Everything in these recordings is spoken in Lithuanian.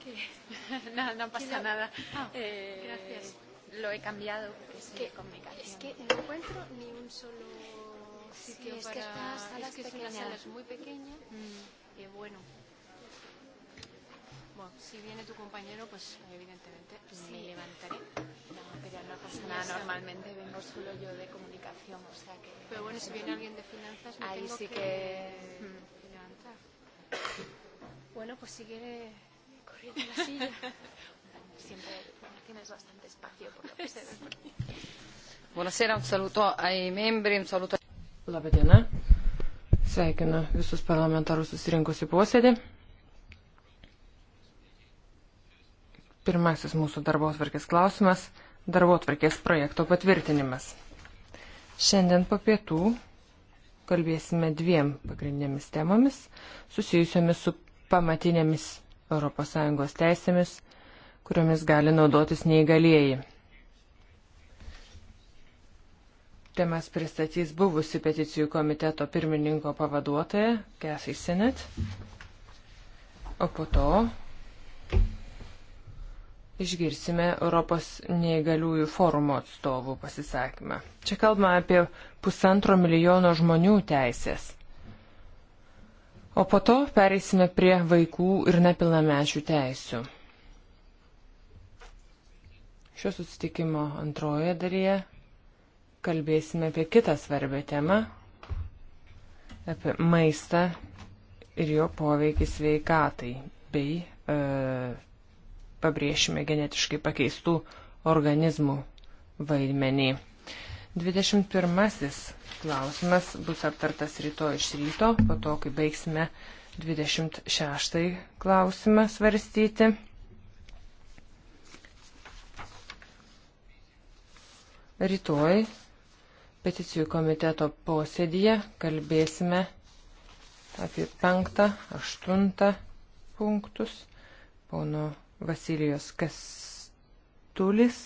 Okay. no, no pasa Quiero... nada. Ah, eh, gracias. Lo he cambiado porque es que, es que no encuentro ni un solo sitio sí, es para... Que esta sala es que es una sala es muy pequeña mm. y eh, bueno... Bueno, si viene tu compañero, pues evidentemente sí. me levantaré. No, pero no pasa nada. No, normalmente vengo solo yo de comunicación, o sea que... Pero bueno, si viene alguien de finanzas, me ahí tengo sí que... que... Mm. levantar. Bueno, pues si quiere corriendo la silla. Siempre tienes bastante espacio por lo que se ve. Buonasera, un saluto ai membri, un saluto. Labadiena. Sveikinu visus parlamentarus susirinkusi posėdį. Pirmasis mūsų darbo atvarkės klausimas - darbo atvarkės projekto patvirtinimas. Šiandien po pietų kalbėsime dviem pagrindinėmis temomis susijusiomis su pamatinėmis ES teisėmis, kuriomis gali naudotis neįgalieji. Temas pristatys buvusi peticijų komiteto pirmininko pavaduotoja, Kesai Senet. O po to išgirsime Europos neįgaliųjų forumo atstovų pasisakymą. Čia kalbama apie pusantro milijono žmonių teisės. O po to pereisime prie vaikų ir nepilnamečių teisių. Šio susitikimo antrojoje dalyje kalbėsime apie kitą svarbę temą - apie maistą ir jo poveikį sveikatai, bei e, pabrėšime genetiškai pakeistų organizmų vaidmenį. 21 klausimas bus aptartas rytoj iš ryto, po to, kai baigsime 26 klausimą svarstyti. Rytoj peticijų komiteto posėdėje kalbėsime apie penktą, aštuntą punktus. Pono Vasilijos Kastulis,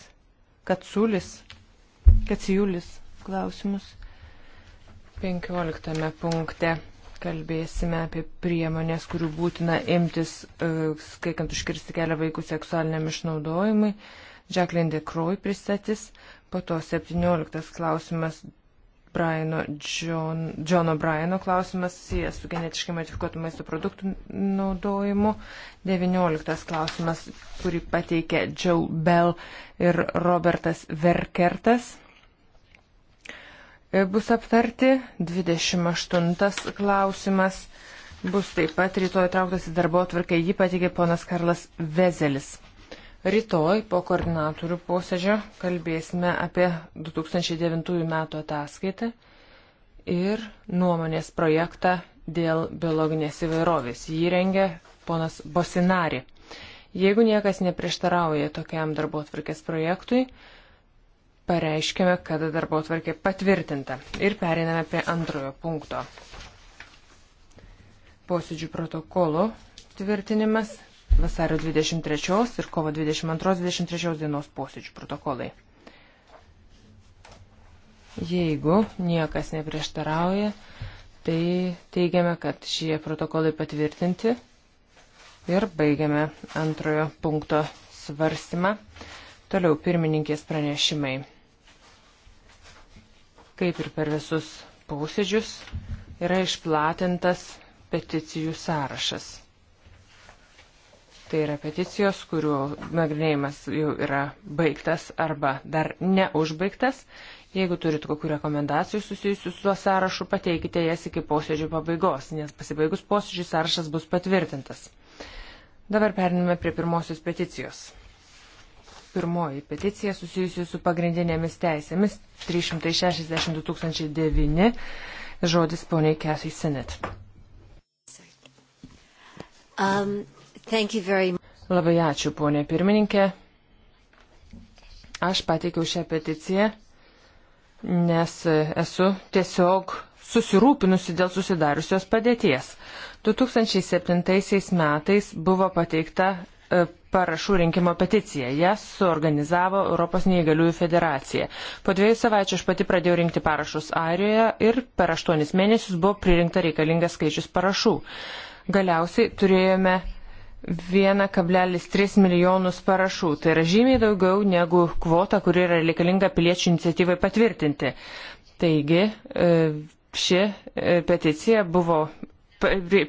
Katsulis, Katsijulis klausimus. 15 punkte kalbėsime apie priemonės, kurių būtina imtis, e, skaitant užkirsti kelią vaikų seksualiniam išnaudojimui. Jacqueline de Croix pristatys, po to 17 klausimas Briano, John, Johno Briano klausimas susijęs su genetiškai modifikuotų maisto produktų naudojimu, 19 klausimas, kurį pateikė Joe Bell ir Robertas Verkertas. E, bus aptarti. 28 klausimas bus taip pat rytoj trauktas į darbo atvarkę. Jį patikė ponas Karlas Vezelis. Rytoj po koordinatorių posėdžio kalbėsime apie 2009 metų ataskaitą ir nuomonės projektą dėl biologinės įvairovės. Jį rengia ponas Bosinari. Jeigu niekas neprieštarauja tokiam darbo atvarkės projektui, pareiškėme, kad darbo tvarkė patvirtinta. Ir periname prie antrojo punkto. Posėdžių protokolo tvirtinimas vasario 23 ir kovo 22-23 dienos posėdžių protokolai. Jeigu niekas neprieštarauja, tai teigiame, kad šie protokolai patvirtinti ir baigiame antrojo punkto svarstymą. Toliau pirmininkės pranešimai kaip ir per visus posėdžius, yra išplatintas peticijų sąrašas. Tai yra peticijos, kurių nagrinėjimas jau yra baigtas arba dar neužbaigtas. Jeigu turit kokių rekomendacijų susijusių su tuo sąrašu, pateikite jas iki posėdžio pabaigos, nes pasibaigus posėdžiui sąrašas bus patvirtintas. Dabar perinime prie pirmosios peticijos. Pirmoji peticija susijusi su pagrindinėmis teisėmis 362 2009. Žodis poniai Kathy Sinet. Um, Labai ačiū, ponė pirmininkė. Aš pateikiau šią peticiją, nes esu tiesiog susirūpinusi dėl susidariusios padėties. 2007 metais buvo pateikta e, parašų rinkimo peticiją. Ją suorganizavo Europos neįgaliųjų federacija. Po dviejų savaičių aš pati pradėjau rinkti parašus Airijoje ir per aštuonis mėnesius buvo pririnkta reikalingas skaičius parašų. Galiausiai turėjome 1,3 milijonus parašų. Tai yra žymiai daugiau negu kvota, kuri yra reikalinga piliečių iniciatyvai patvirtinti. Taigi, e, ši e, peticija buvo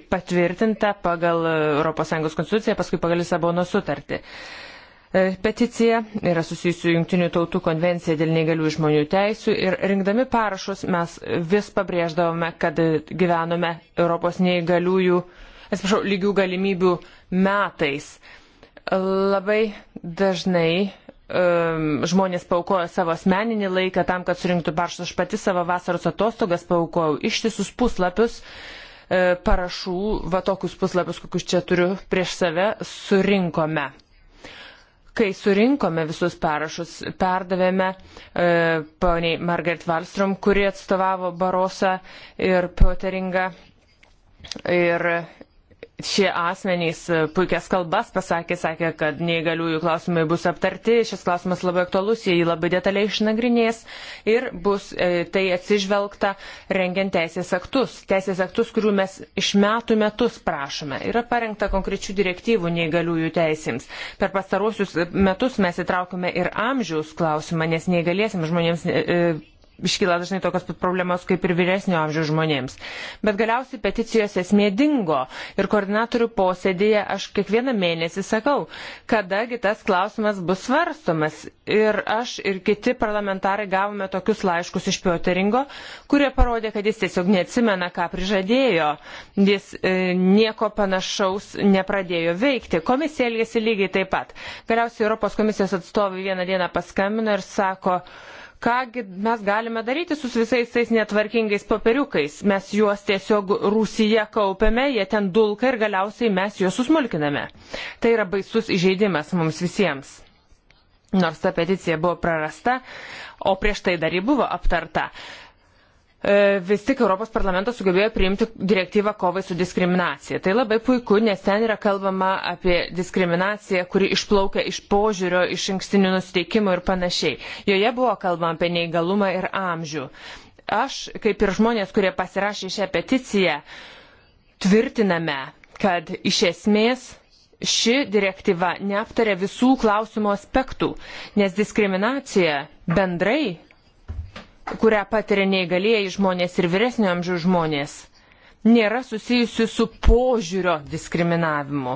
patvirtinta pagal ES konstituciją, paskui pagal Lisabono sutartį. E, Peticija yra susijusi Junktinių tautų konvencija dėl negalių žmonių teisų ir rinkdami parašus mes vis pabrėždavome, kad gyvenome Europos neįgaliųjų, atsiprašau, lygių galimybių metais. Labai dažnai žmonės paukojo savo asmeninį laiką tam, kad surinktų parašus. Aš pati savo vasaros atostogas paukojau ištisus puslapius E, parašų, va tokius puslapius, kokius čia turiu prieš save, surinkome. Kai surinkome visus parašus, perdavėme e, poniai Margaret Wallström, kuri atstovavo Barosą ir Pioteringą ir šie asmenys e, puikias kalbas pasakė, sakė, kad neįgaliųjų klausimai bus aptarti, šis klausimas labai aktualus, jie jį labai detaliai išnagrinės ir bus e, tai atsižvelgta rengiant teisės aktus. Teisės aktus, kurių mes iš metų metus prašome. Yra parengta konkrečių direktyvų neįgaliųjų teisėms. Per pastarosius metus mes įtraukime ir amžiaus klausimą, nes neįgaliesiams žmonėms. E, iškyla dažnai tokios problemos kaip ir vyresnio amžiaus žmonėms. Bet galiausiai peticijos esmė dingo ir koordinatorių posėdėje aš kiekvieną mėnesį sakau, kadagi tas klausimas bus svarstomas. Ir aš ir kiti parlamentarai gavome tokius laiškus iš Pioteringo, kurie parodė, kad jis tiesiog neatsimena, ką prižadėjo. Jis e, nieko panašaus nepradėjo veikti. Komisija elgėsi lygiai taip pat. Galiausiai Europos komisijos atstovai vieną dieną paskambino ir sako, Kągi mes galime daryti su visais tais netvarkingais papiriukais? Mes juos tiesiog rūsyje kaupiame, jie ten dulka ir galiausiai mes juos susmulkiname. Tai yra baisus įžeidimas mums visiems. Nors ta peticija buvo prarasta, o prieš tai dar ji buvo aptarta. Uh, E, vis tik Europos parlamentas sugebėjo priimti direktyvą kovai su diskriminacija. Tai labai puiku, nes ten yra kalbama apie diskriminaciją, kuri išplaukia iš požiūrio, iš ankstinių nusteikimų ir panašiai. Joje buvo kalbama apie neįgalumą ir amžių. Aš, kaip ir žmonės, kurie pasirašė šią peticiją, tvirtiname, kad iš esmės ši direktyva neaptarė visų klausimo aspektų, nes diskriminacija bendrai kurią patiria neįgalėjai žmonės ir vyresnio amžiaus žmonės, nėra susijusi su požiūrio diskriminavimu.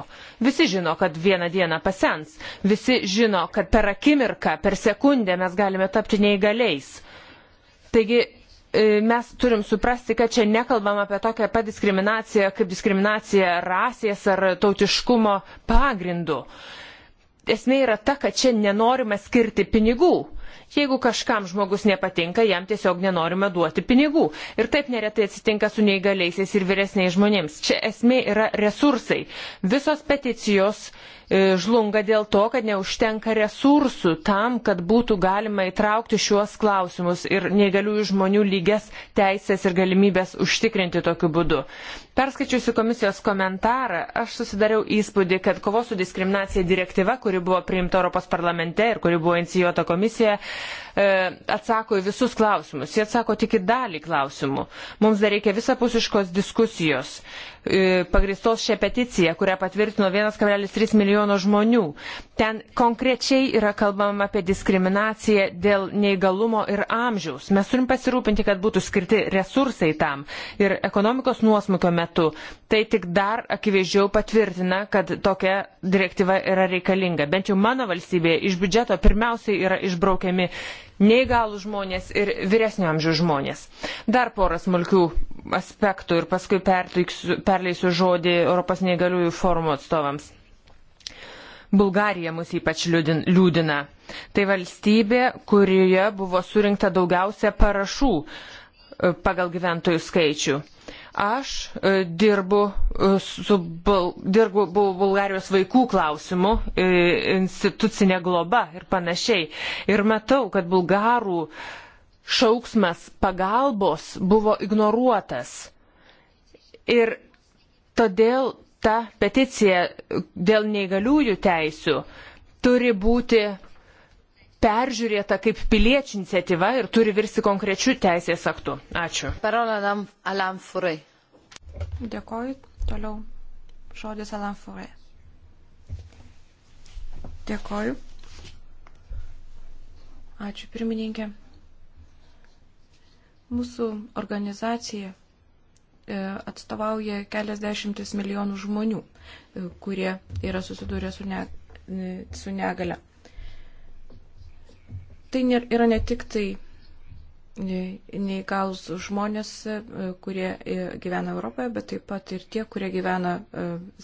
Visi žino, kad vieną dieną pasens, visi žino, kad per akimirką, per sekundę mes galime tapti neįgaliais. Taigi e, mes turim suprasti, kad čia nekalbam apie tokią pat diskriminaciją kaip diskriminacija rasės ar tautiškumo pagrindų. Esmė yra ta, kad čia nenorima skirti pinigų. Jeigu kažkam žmogus nepatinka, jam tiesiog nenorime duoti pinigų. Ir taip neretai atsitinka su neįgaliaisiais ir vyresniais žmonėms. Čia esmė yra resursai. Visos peticijos E, žlunga dėl to, kad neužtenka resursų tam, kad būtų galima įtraukti šiuos klausimus ir negaliųjų žmonių lygias teisės ir galimybės užtikrinti tokiu būdu. Perskaičiusi komisijos komentarą, aš susidariau įspūdį, kad kovos su diskriminacija direktyva, kuri buvo priimta Europos parlamente ir kuri buvo inicijuota komisija, e, atsako į visus klausimus. Jie atsako tik į dalį klausimų. Mums dar reikia visapusiškos diskusijos e, pagristos šią peticiją, kurią patvirtino 1,3 milijonų milijono žmonių. Ten konkrečiai yra kalbama apie diskriminaciją dėl neįgalumo ir amžiaus. Mes turim pasirūpinti, kad būtų skirti resursai tam. Ir ekonomikos nuosmukio metu tai tik dar akivaizdžiau patvirtina, kad tokia direktyva yra reikalinga. Bent jau mano valstybėje iš biudžeto pirmiausiai yra išbraukiami neįgalų žmonės ir vyresnio amžiaus žmonės. Dar poras smulkių aspektų ir paskui perleisiu žodį Europos neįgaliųjų forumo atstovams. Bulgarija mus ypač liūdina. Tai valstybė, kurioje buvo surinkta daugiausia parašų e, pagal gyventojų skaičių. Aš e, dirbu e, su dirbu Bulgarijos vaikų klausimu, institucinė globa ir panašiai. Ir matau, kad bulgarų šauksmas pagalbos buvo ignoruotas. Ir todėl ta peticija dėl neįgaliųjų teisių turi būti peržiūrėta kaip piliečių iniciatyva ir turi virsti konkrečių teisės aktų. Ačiū. Parola Alam, Alam Furai. Dėkoju. Toliau žodis Alam Furai. Dėkoju. Ačiū pirmininkė. Mūsų organizacija E, atstovauja keliasdešimtis milijonų žmonių, e, kurie yra susidūrę su, ne, e, su negale. Tai yra ne tik tai neįgalus žmonės, kurie gyvena Europoje, bet taip pat ir tie, kurie gyvena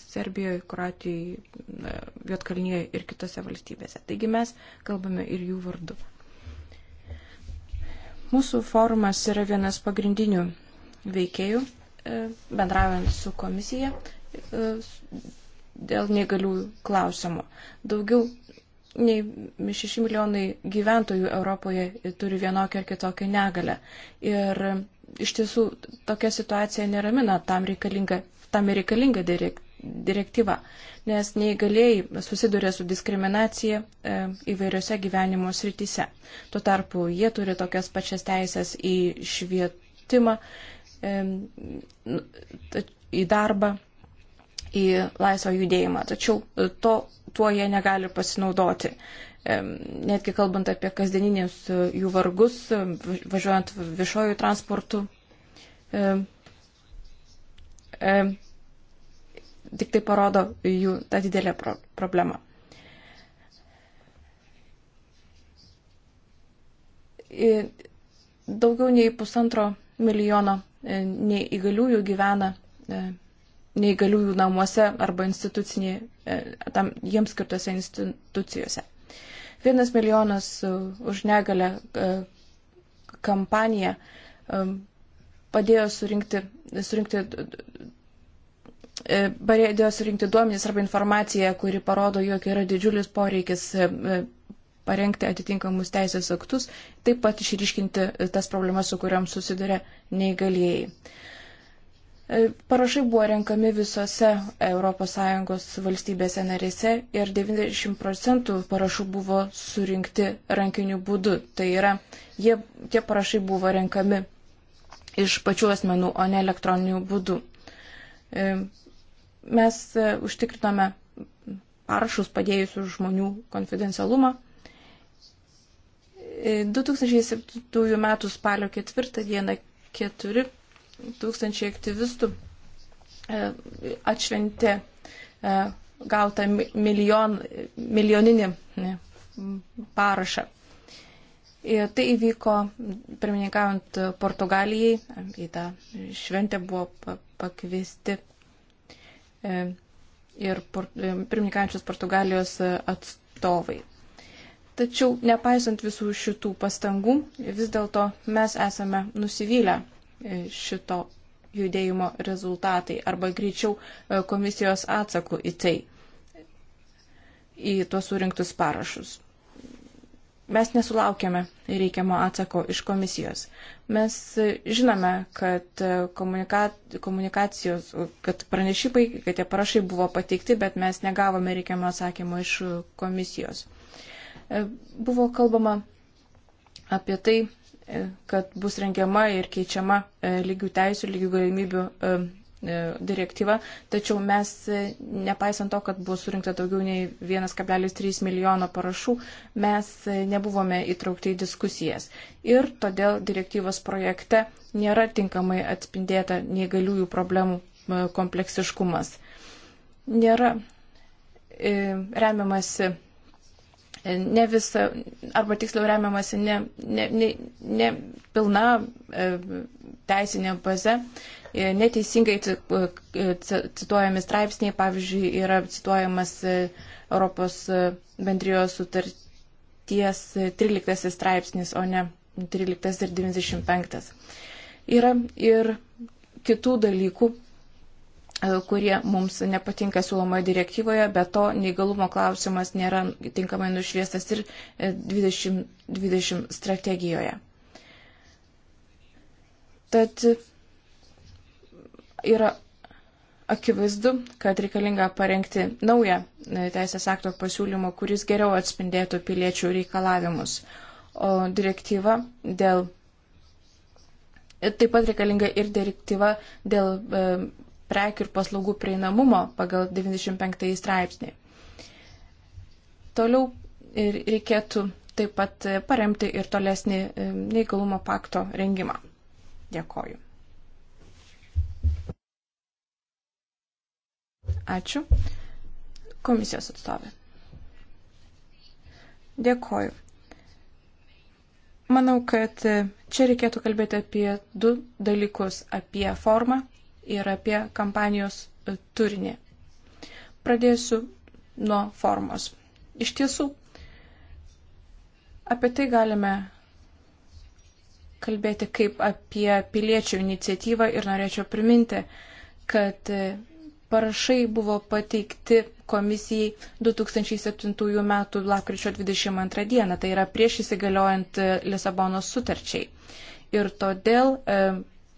Serbijoje, Kroatijoje, Jotkalnyje ir kitose valstybėse. Taigi mes kalbame ir jų vardu. Mūsų forumas yra vienas pagrindinių veikėjų E, bendraujant su komisija e, dėl neįgaliųjų klausimų. Daugiau nei 6 milijonai gyventojų Europoje turi vienokią ar kitokią negalę. Ir iš tiesų tokia situacija neramina, tam reikalinga, tam reikalinga direkt, direktyva, nes neįgaliai susiduria su diskriminacija e, įvairiose gyvenimo srityse. Tuo tarpu jie turi tokias pačias teisės į švietimą, Nu, į darbą, į laisvą judėjimą. Tačiau e, to, tuo jie negali pasinaudoti. Netgi kalbant apie kasdieninius e, jų vargus, e, važiuojant viešojų transportų. Tik tai parodo jų tą didelę pro problemą. Daugiau nei pusantro milijono E, neįgaliųjų gyvena e, neįgaliųjų namuose arba institucinėje, tam jiems skirtose institucijose. Vienas milijonas e, už negalę kampanija padėjo surinkti, surinkti padėjo surinkti duomenys arba informaciją, kuri parodo, jog yra didžiulis poreikis parengti atitinkamus teisės aktus, taip pat išryškinti tas problemas, su kuriam susiduria neįgalėjai. E, parašai buvo renkami visose ES valstybėse narėse ir 90 procentų parašų buvo surinkti rankiniu būdu. Tai yra, jie, tie parašai buvo renkami iš pačių asmenų, o ne elektroniniu būdu. E, mes e, užtikrinome parašus padėjusių žmonių konfidencialumą 2007 m. spalio 4 dieną 4 tūkstančiai aktyvistų e, atšventė e, gautą milijon, milijoninį parašą. Ir tai įvyko, pirmininkaujant Portugalijai, į tą šventę buvo pakviesti e, ir pirmininkaujančios Portugalijos atstovai. Tačiau nepaisant visų šitų pastangų, vis dėlto mes esame nusivylę e, šito judėjimo rezultatai arba greičiau e, komisijos atsakų į tai, į tuos surinktus parašus. Mes nesulaukėme reikiamo atsako iš komisijos. Mes e, žinome, kad, komunikacijos, kad pranešimai, kad tie parašai buvo pateikti, bet mes negavome reikiamo atsakymo iš komisijos. E, buvo kalbama apie tai, e, kad bus rengiama ir keičiama e, lygių teisų, lygių galimybių direktyva, tačiau mes, nepaisant to, kad buvo surinkta daugiau nei 1,3 milijono parašų, mes nebuvome įtraukti į diskusijas. Ir todėl direktyvos projekte nėra tinkamai atspindėta neįgaliųjų problemų kompleksiškumas. Nėra remiamasi ne visa, arba tiksliau remiamasi ne, ne, ne, ne pilna e, teisinė baze. E, neteisingai e, cituojami straipsniai, pavyzdžiui, yra cituojamas Europos bendrijos sutarties 13 straipsnis, o ne 13 ir 95. Yra ir kitų dalykų, E, kurie mums nepatinka siūlomoje direktyvoje, bet to neįgalumo klausimas nėra tinkamai nušviestas ir 2020 e, 20 strategijoje. Tad yra akivaizdu, kad reikalinga parengti naują e, teisės akto pasiūlymą, kuris geriau atspindėtų piliečių reikalavimus. O direktyva dėl. Taip pat reikalinga ir direktyva dėl prekių ir paslaugų prieinamumo pagal 95 straipsnį. Toliau reikėtų taip pat e, paremti ir tolesnį e, neįgalumo pakto rengimą. Dėkoju. Ačiū. Komisijos atstovė. Dėkoju. Manau, kad e, čia reikėtų kalbėti apie du dalykus - apie formą ir apie kampanijos e, turinį. Pradėsiu nuo formos. Iš tiesų, apie tai galime kalbėti kaip apie piliečių iniciatyvą ir norėčiau priminti, kad e, parašai buvo pateikti komisijai 2007 m. lapkričio 22 d. Tai yra prieš įsigaliojant e, Lisabonos sutarčiai. Ir todėl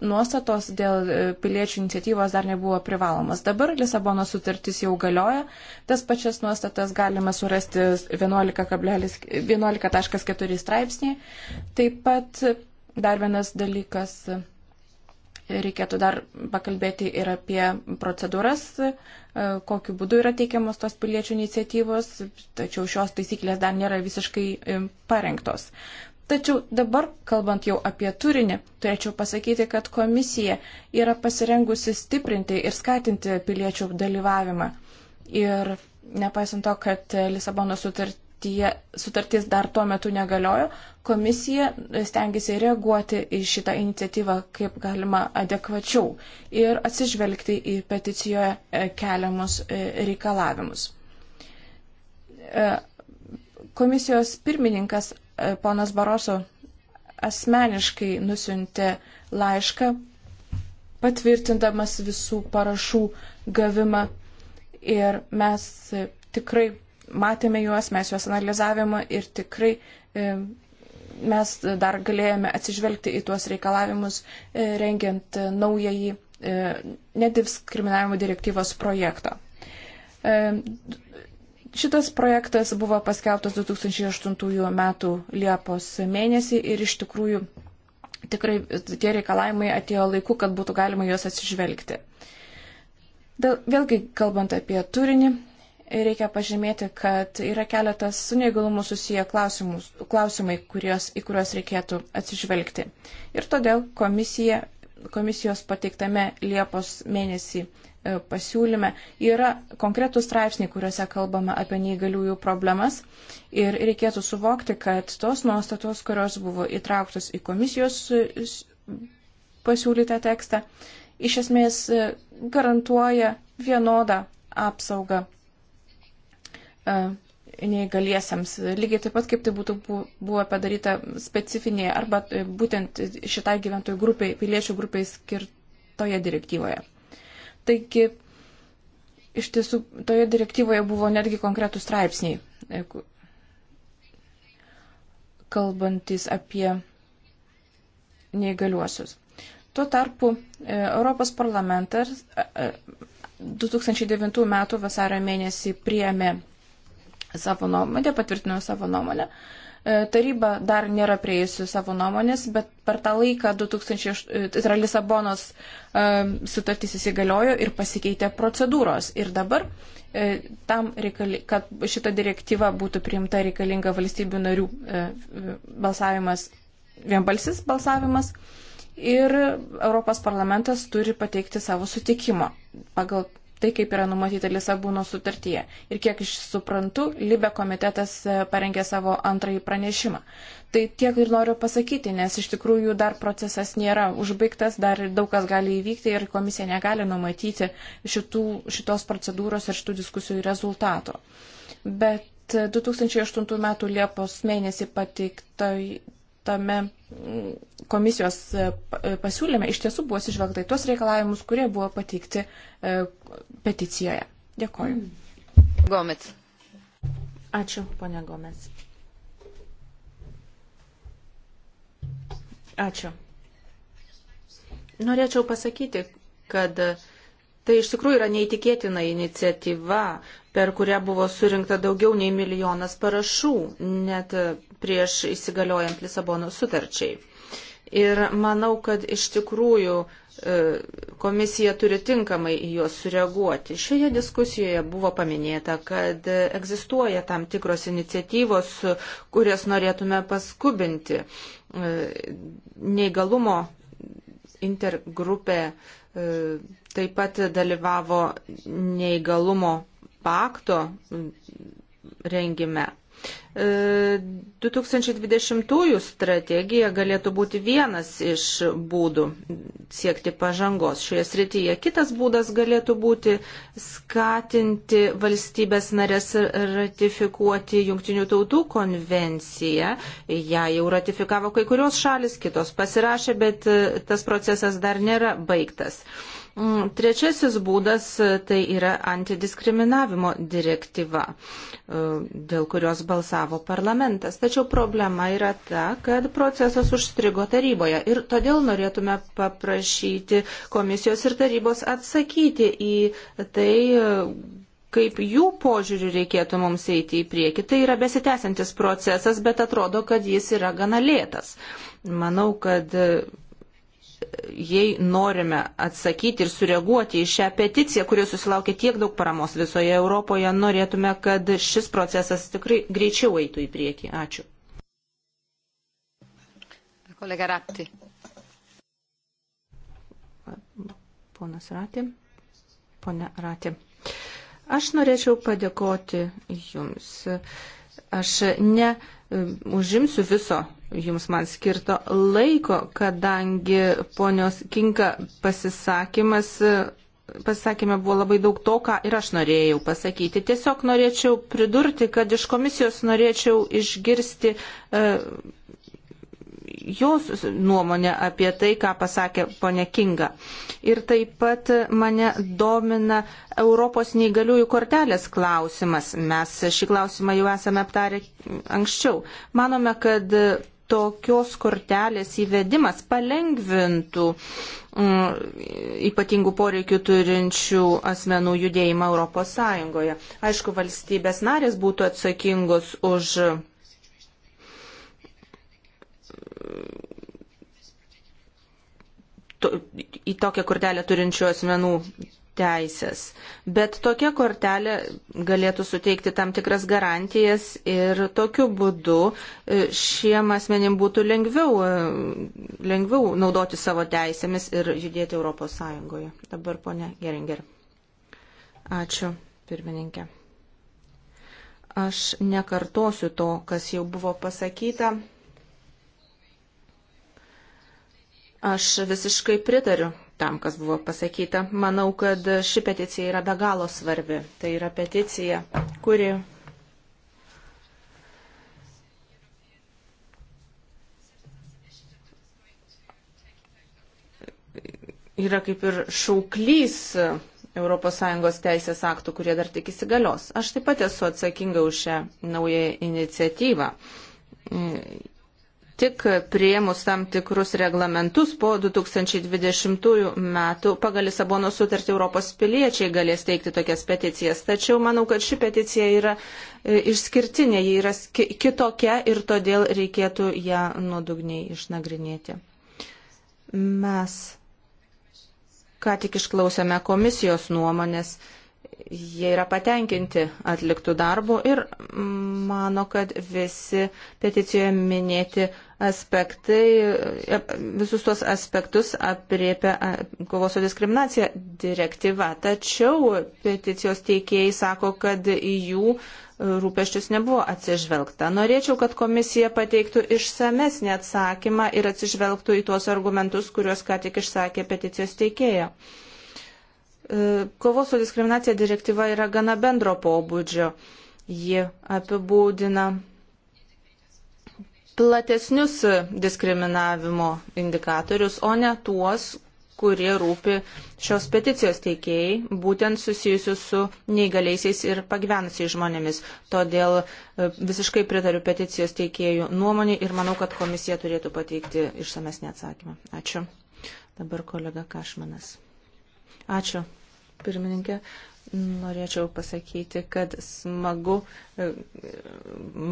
nuostatos dėl e, piliečių iniciatyvos dar nebuvo privalomas. Dabar Lisabono sutartis jau galioja, tas pačias nuostatas galima surasti 11.4 11 straipsnį. Taip pat dar vienas dalykas, reikėtų dar pakalbėti ir apie procedūras, e, kokiu būdu yra teikiamos tos piliečių iniciatyvos, tačiau šios taisyklės dar nėra visiškai e, parengtos. Tačiau dabar, kalbant jau apie turinį, turėčiau pasakyti, kad komisija yra pasirengusi stiprinti ir skatinti piliečių dalyvavimą. Ir nepaisant to, kad Lisabono sutartyje, sutartis dar tuo metu negaliojo, komisija stengiasi reaguoti į šitą iniciatyvą kaip galima adekvačiau ir atsižvelgti į peticijoje e, keliamus e, reikalavimus. E, komisijos pirmininkas ponas Baroso asmeniškai nusintė laišką, patvirtindamas visų parašų gavimą. Ir mes tikrai matėme juos, mes juos analizavome ir tikrai e, mes dar galėjome atsižvelgti į tuos reikalavimus, e, rengiant naująjį e, nediskriminavimo direktyvos projektą. Šitas projektas buvo paskelbtas 2008 m. Liepos mėnesį ir iš tikrųjų tikrai tie reikalavimai atėjo laiku, kad būtų galima juos atsižvelgti. Dėl, vėlgi, kalbant apie turinį, reikia pažymėti, kad yra keletas su neįgalumu susiję klausimai, kurios, į kuriuos reikėtų atsižvelgti. Ir todėl komisija, komisijos pateiktame Liepos mėnesį E, pasiūlyme yra konkretų straipsniai, kuriuose kalbama apie neįgaliųjų problemas ir reikėtų suvokti, kad tos nuostatos, kurios buvo įtrauktos į komisijos e, pasiūlytą tekstą, iš esmės e, garantuoja vienodą apsaugą neįgaliesiems. Lygiai taip pat, kaip tai būtų buvo padaryta specifinėje arba būtent šitai gyventojų grupiai, piliečių grupiai skirtoje direktyvoje. Taigi, iš tiesų, toje direktyvoje buvo netgi konkretų straipsniai, kalbantis apie neįgaliuosius. Tuo tarpu e, Europos parlamentas 2009 e, e, m. vasario mėnesį priėmė savo nuomonę, patvirtino savo nuomonę E, taryba dar nėra prieėjusi savo nuomonės, bet per tą laiką 2008, tai yra Lisabonos e, sutartys įsigaliojo ir pasikeitė procedūros. Ir dabar e, tam, reikali, kad šita direktyva būtų priimta reikalinga valstybių narių balsavimas, vienbalsis balsavimas. Ir Europos parlamentas turi pateikti savo sutikimą pagal tai, kaip yra numatyta Lisabono sutartyje. Ir kiek iš suprantu, Libe komitetas e, parengė savo antrąjį pranešimą. Tai tiek ir noriu pasakyti, nes iš tikrųjų dar procesas nėra užbaigtas, dar daug kas gali įvykti ir komisija negali numatyti šitų, šitos procedūros ir šitų diskusijų rezultato. Bet 2008 e, m. Liepos mėnesį pateiktai tame komisijos e, e, pasiūlyme iš tiesų buvo atsižvelgta į tuos reikalavimus, kurie buvo pateikti e, peticijoje. Dėkoju. Gomets. Ačiū, ponia Gomets. Ačiū. Norėčiau pasakyti, kad tai iš tikrųjų yra neįtikėtina iniciatyva, per kurią buvo surinkta daugiau nei milijonas parašų, net prieš įsigaliojant Lisabono sutarčiai. Ir manau, kad iš tikrųjų e, komisija turi tinkamai į juos sureaguoti. Šioje diskusijoje buvo paminėta, kad egzistuoja tam tikros iniciatyvos, kurias norėtume paskubinti. E, neįgalumo intergrupė e, taip pat dalyvavo neįgalumo pakto rengime. 2020 e, strategija galėtų būti vienas iš būdų siekti pažangos šioje srityje. Kitas būdas galėtų būti skatinti valstybės narės ratifikuoti Junktinių tautų konvenciją. Ja jau ratifikavo kai kurios šalis, kitos pasirašė, bet tas procesas dar nėra baigtas. Uh, Mm, trečiasis būdas e, tai yra antidiskriminavimo direktyva, e, dėl kurios balsavo parlamentas. Tačiau problema yra ta, kad procesas užstrigo taryboje ir todėl norėtume paprašyti komisijos ir tarybos atsakyti į tai, e, kaip jų požiūrių reikėtų mums eiti į priekį. Tai yra besitęsiantis procesas, bet atrodo, kad jis yra gana lėtas. Manau, kad jei norime atsakyti ir sureaguoti į šią peticiją, kuri susilaukė tiek daug paramos visoje Europoje, norėtume, kad šis procesas tikrai greičiau eitų į priekį. Ačiū. Kolega Rapti. Ponas Ratė. Pone Ratė. Aš norėčiau padėkoti Jums. Aš ne užimsiu viso jums man skirto laiko, kadangi ponios Kinka pasisakymas e, pasakėme, buvo labai daug to, ką ir aš norėjau pasakyti. Tiesiog norėčiau pridurti, kad iš komisijos norėčiau išgirsti e, jos nuomonę apie tai, ką pasakė ponė Kinga. Ir taip pat mane domina Europos neįgaliųjų kortelės klausimas. Mes šį klausimą jau esame aptarę anksčiau. Manome, kad tokios kortelės įvedimas palengvintų mm, ypatingų poreikių turinčių asmenų judėjimą Europos Sąjungoje. Aišku, valstybės narės būtų atsakingos už to, į tokią kortelę turinčių asmenų teisės. Bet tokia kortelė galėtų suteikti tam tikras garantijas ir tokiu būdu e, šiem asmenim būtų lengviau, e, lengviau naudoti savo teisėmis ir judėti Europos Sąjungoje. Dabar ponė Geringer. Ačiū, pirmininkė. Aš nekartosiu to, kas jau buvo pasakyta. Aš visiškai pritariu tam, kas buvo pasakyta. Manau, kad ši peticija yra be galo svarbi. Tai yra peticija, kuri yra kaip ir šauklys ES teisės aktų, kurie dar tik įsigalios. Aš taip pat esu atsakinga už šią naują iniciatyvą tik prieimus tam tikrus reglamentus po 2020 metų pagal Lisabono sutartį Europos piliečiai galės teikti tokias peticijas. Tačiau manau, kad ši peticija yra e, išskirtinė, ji yra kitokia ir todėl reikėtų ją nuodugniai išnagrinėti. Mes ką tik išklausėme komisijos nuomonės jie yra patenkinti atliktų darbų ir mano, kad visi peticijoje minėti aspektai, visus tuos aspektus apriepia kovos su diskriminacija direktyva. Tačiau peticijos teikėjai sako, kad į jų rūpeščius nebuvo atsižvelgta. Norėčiau, kad komisija pateiktų išsamesnį atsakymą ir atsižvelgtų į tuos argumentus, kuriuos ką tik išsakė peticijos teikėja. Kovos su diskriminacija direktyva yra gana bendro pobūdžio. Ji apibūdina platesnius diskriminavimo indikatorius, o ne tuos, kurie rūpi šios peticijos teikėjai, būtent susijusius su neįgaliaisiais ir pagyvenusiais žmonėmis. Todėl e, visiškai pritariu peticijos teikėjų nuomonį ir manau, kad komisija turėtų pateikti išsamesnį atsakymą. Ačiū. Dabar kolega Kašmanas. Ačiū pirmininkė. Norėčiau pasakyti, kad smagu e,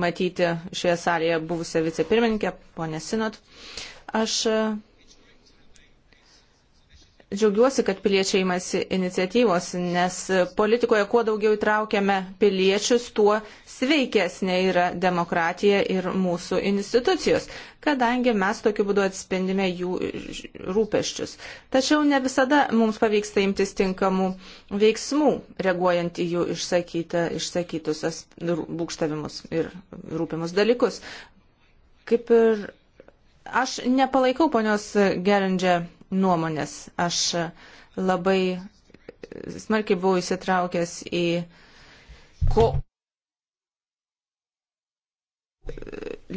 matyti šioje salėje buvusią vicepirmininkę, ponę Sinot. Aš e, Džiaugiuosi, kad piliečiai imasi iniciatyvos, nes politikoje kuo daugiau įtraukiame piliečius, tuo sveikesnė yra demokratija ir mūsų institucijos, kadangi mes tokiu būdu atspindime jų rūpeščius. Tačiau ne visada mums pavyksta imtis tinkamų veiksmų, reaguojant į jų išsakytą, išsakytus būkštavimus ir rūpimus dalykus. Kaip ir Aš nepalaikau ponios Gerindžia nuomonės. Aš labai smarkiai buvau įsitraukęs į ko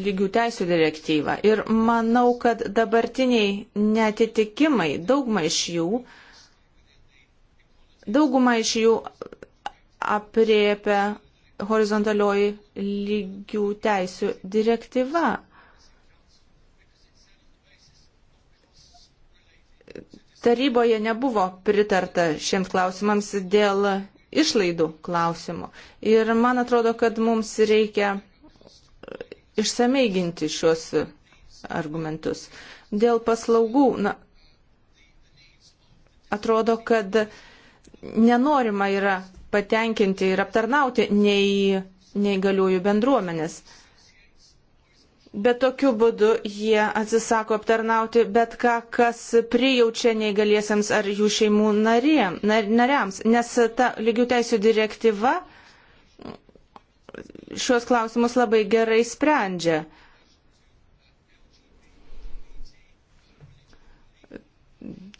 lygių teisų direktyvą. Ir manau, kad dabartiniai netitikimai, daugma iš jų, dauguma iš jų apriepia horizontalioji lygių teisų direktyva. Taryboje nebuvo pritarta šiems klausimams dėl išlaidų klausimų. Ir man atrodo, kad mums reikia išsamei ginti šios argumentus. Dėl paslaugų, na, atrodo, kad nenorima yra patenkinti ir aptarnauti nei, neįgaliųjų bendruomenės. Bet tokiu būdu jie atsisako aptarnauti bet ką, kas prijaučia neįgaliesiams ar jų šeimų narėm, nariams, nes ta lygių teisų direktyva šios klausimus labai gerai sprendžia.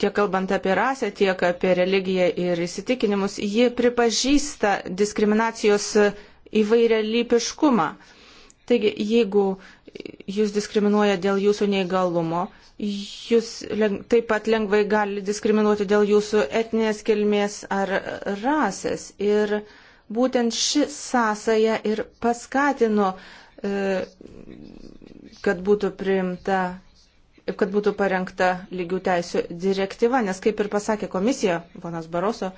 tiek kalbant apie rasę, tiek apie religiją ir įsitikinimus, ji pripažįsta diskriminacijos įvairialypiškumą. Taigi, jeigu jūs diskriminuoja dėl jūsų neįgalumo, jūs taip pat lengvai gali diskriminuoti dėl jūsų etninės kilmės ar rasės. Ir būtent ši sąsaja ir paskatino, e, kad būtų priimta kad būtų parengta lygių teisų direktyva, nes kaip ir pasakė komisija, ponas Baroso,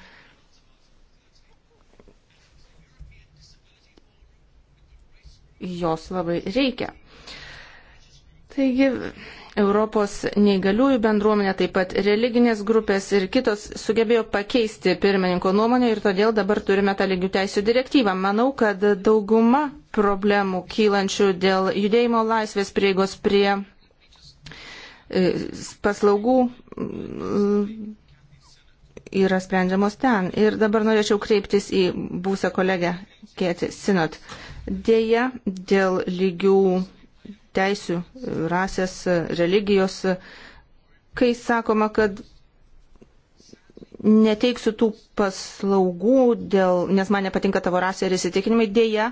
jos labai reikia. Taigi Europos neįgaliųjų bendruomenė, taip pat religinės grupės ir kitos sugebėjo pakeisti pirmininko nuomonę ir todėl dabar turime tą lygių teisų direktyvą. Manau, kad dauguma problemų kylančių dėl judėjimo laisvės prieigos prie e, paslaugų mm, yra sprendžiamos ten. Ir dabar norėčiau kreiptis į būsę kolegę Kėti Sinot. Dėja, dėl lygių teisių, rasės, religijos, kai sakoma, kad neteiksiu tų paslaugų, dėl, nes man nepatinka tavo rasė ir įsitikinimai, dėja,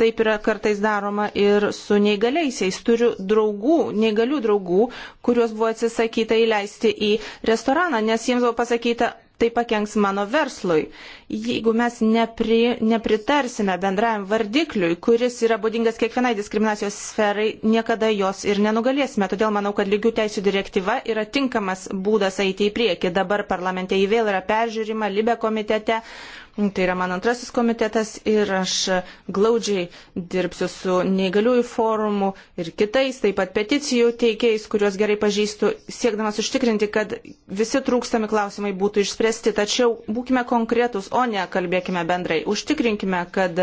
taip yra kartais daroma ir su neįgaliaisiais. Turiu draugų, neįgalių draugų, kuriuos buvo atsisakyta įleisti į restoraną, nes jiems buvo pasakyta, tai pakenks mano verslui. Jeigu mes nepri, nepritarsime bendrajam vardikliui, kuris yra būdingas kiekvienai diskriminacijos sferai, niekada jos ir nenugalėsime. Todėl manau, kad lygių teisų direktyva yra tinkamas būdas eiti į priekį. Dabar parlamente jį vėl yra peržiūrima, Libe komitete. Tai yra man antrasis komitetas ir aš glaudžiai dirbsiu su neįgaliųjų forumu ir kitais, taip pat peticijų teikėjais, kuriuos gerai pažįstu, siekdamas užtikrinti, kad visi trūkstami klausimai būtų išspręsti. Tačiau būkime konkretus, o ne kalbėkime bendrai. Užtikrinkime, kad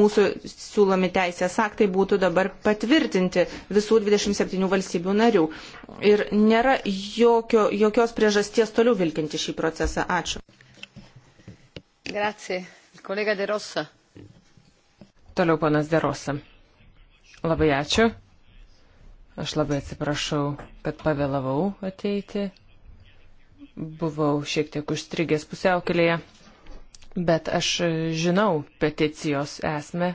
mūsų siūlomi teisės aktai būtų dabar patvirtinti visų 27 valstybių narių. Ir nėra jokio, jokios priežasties toliau vilkinti šį procesą. Ačiū. Grazie. Kolega Derosa. Toliau panas Derosa. Labai ačiū. Aš labai atsiprašau, kad pavėlavau ateiti. Buvau šiek tiek užstrigęs pusiaukelėje, bet aš žinau peticijos esmę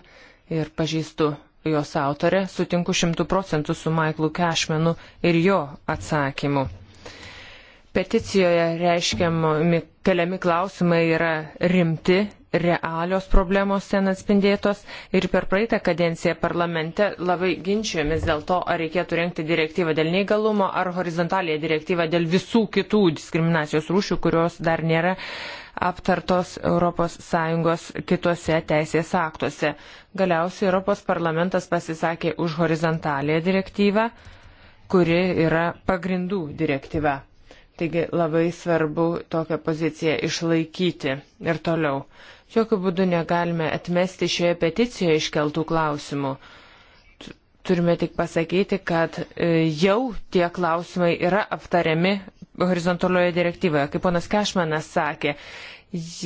ir pažįstu jos autorę, sutinku šimtų procentų su Michaelu Cashmanu ir jo atsakymu. Peticijoje reiškiami keliami klausimai yra rimti, realios problemos ten atspindėtos ir per praeitą kadenciją parlamente labai ginčijomis dėl to, ar reikėtų renkti direktyvą dėl neįgalumo ar horizontalėje direktyvą dėl visų kitų diskriminacijos rūšių, kurios dar nėra aptartos ES kitose teisės aktuose. Galiausiai Europos parlamentas pasisakė už horizontalėje direktyvą, kuri yra pagrindų direktyva. Taigi labai svarbu tokią poziciją išlaikyti ir toliau. Jokių būdų negalime atmesti šioje peticijoje iškeltų klausimų. Turime tik pasakyti, kad e, jau tie klausimai yra aptariami horizontalioje direktyvoje. Kaip ponas Kešmanas sakė,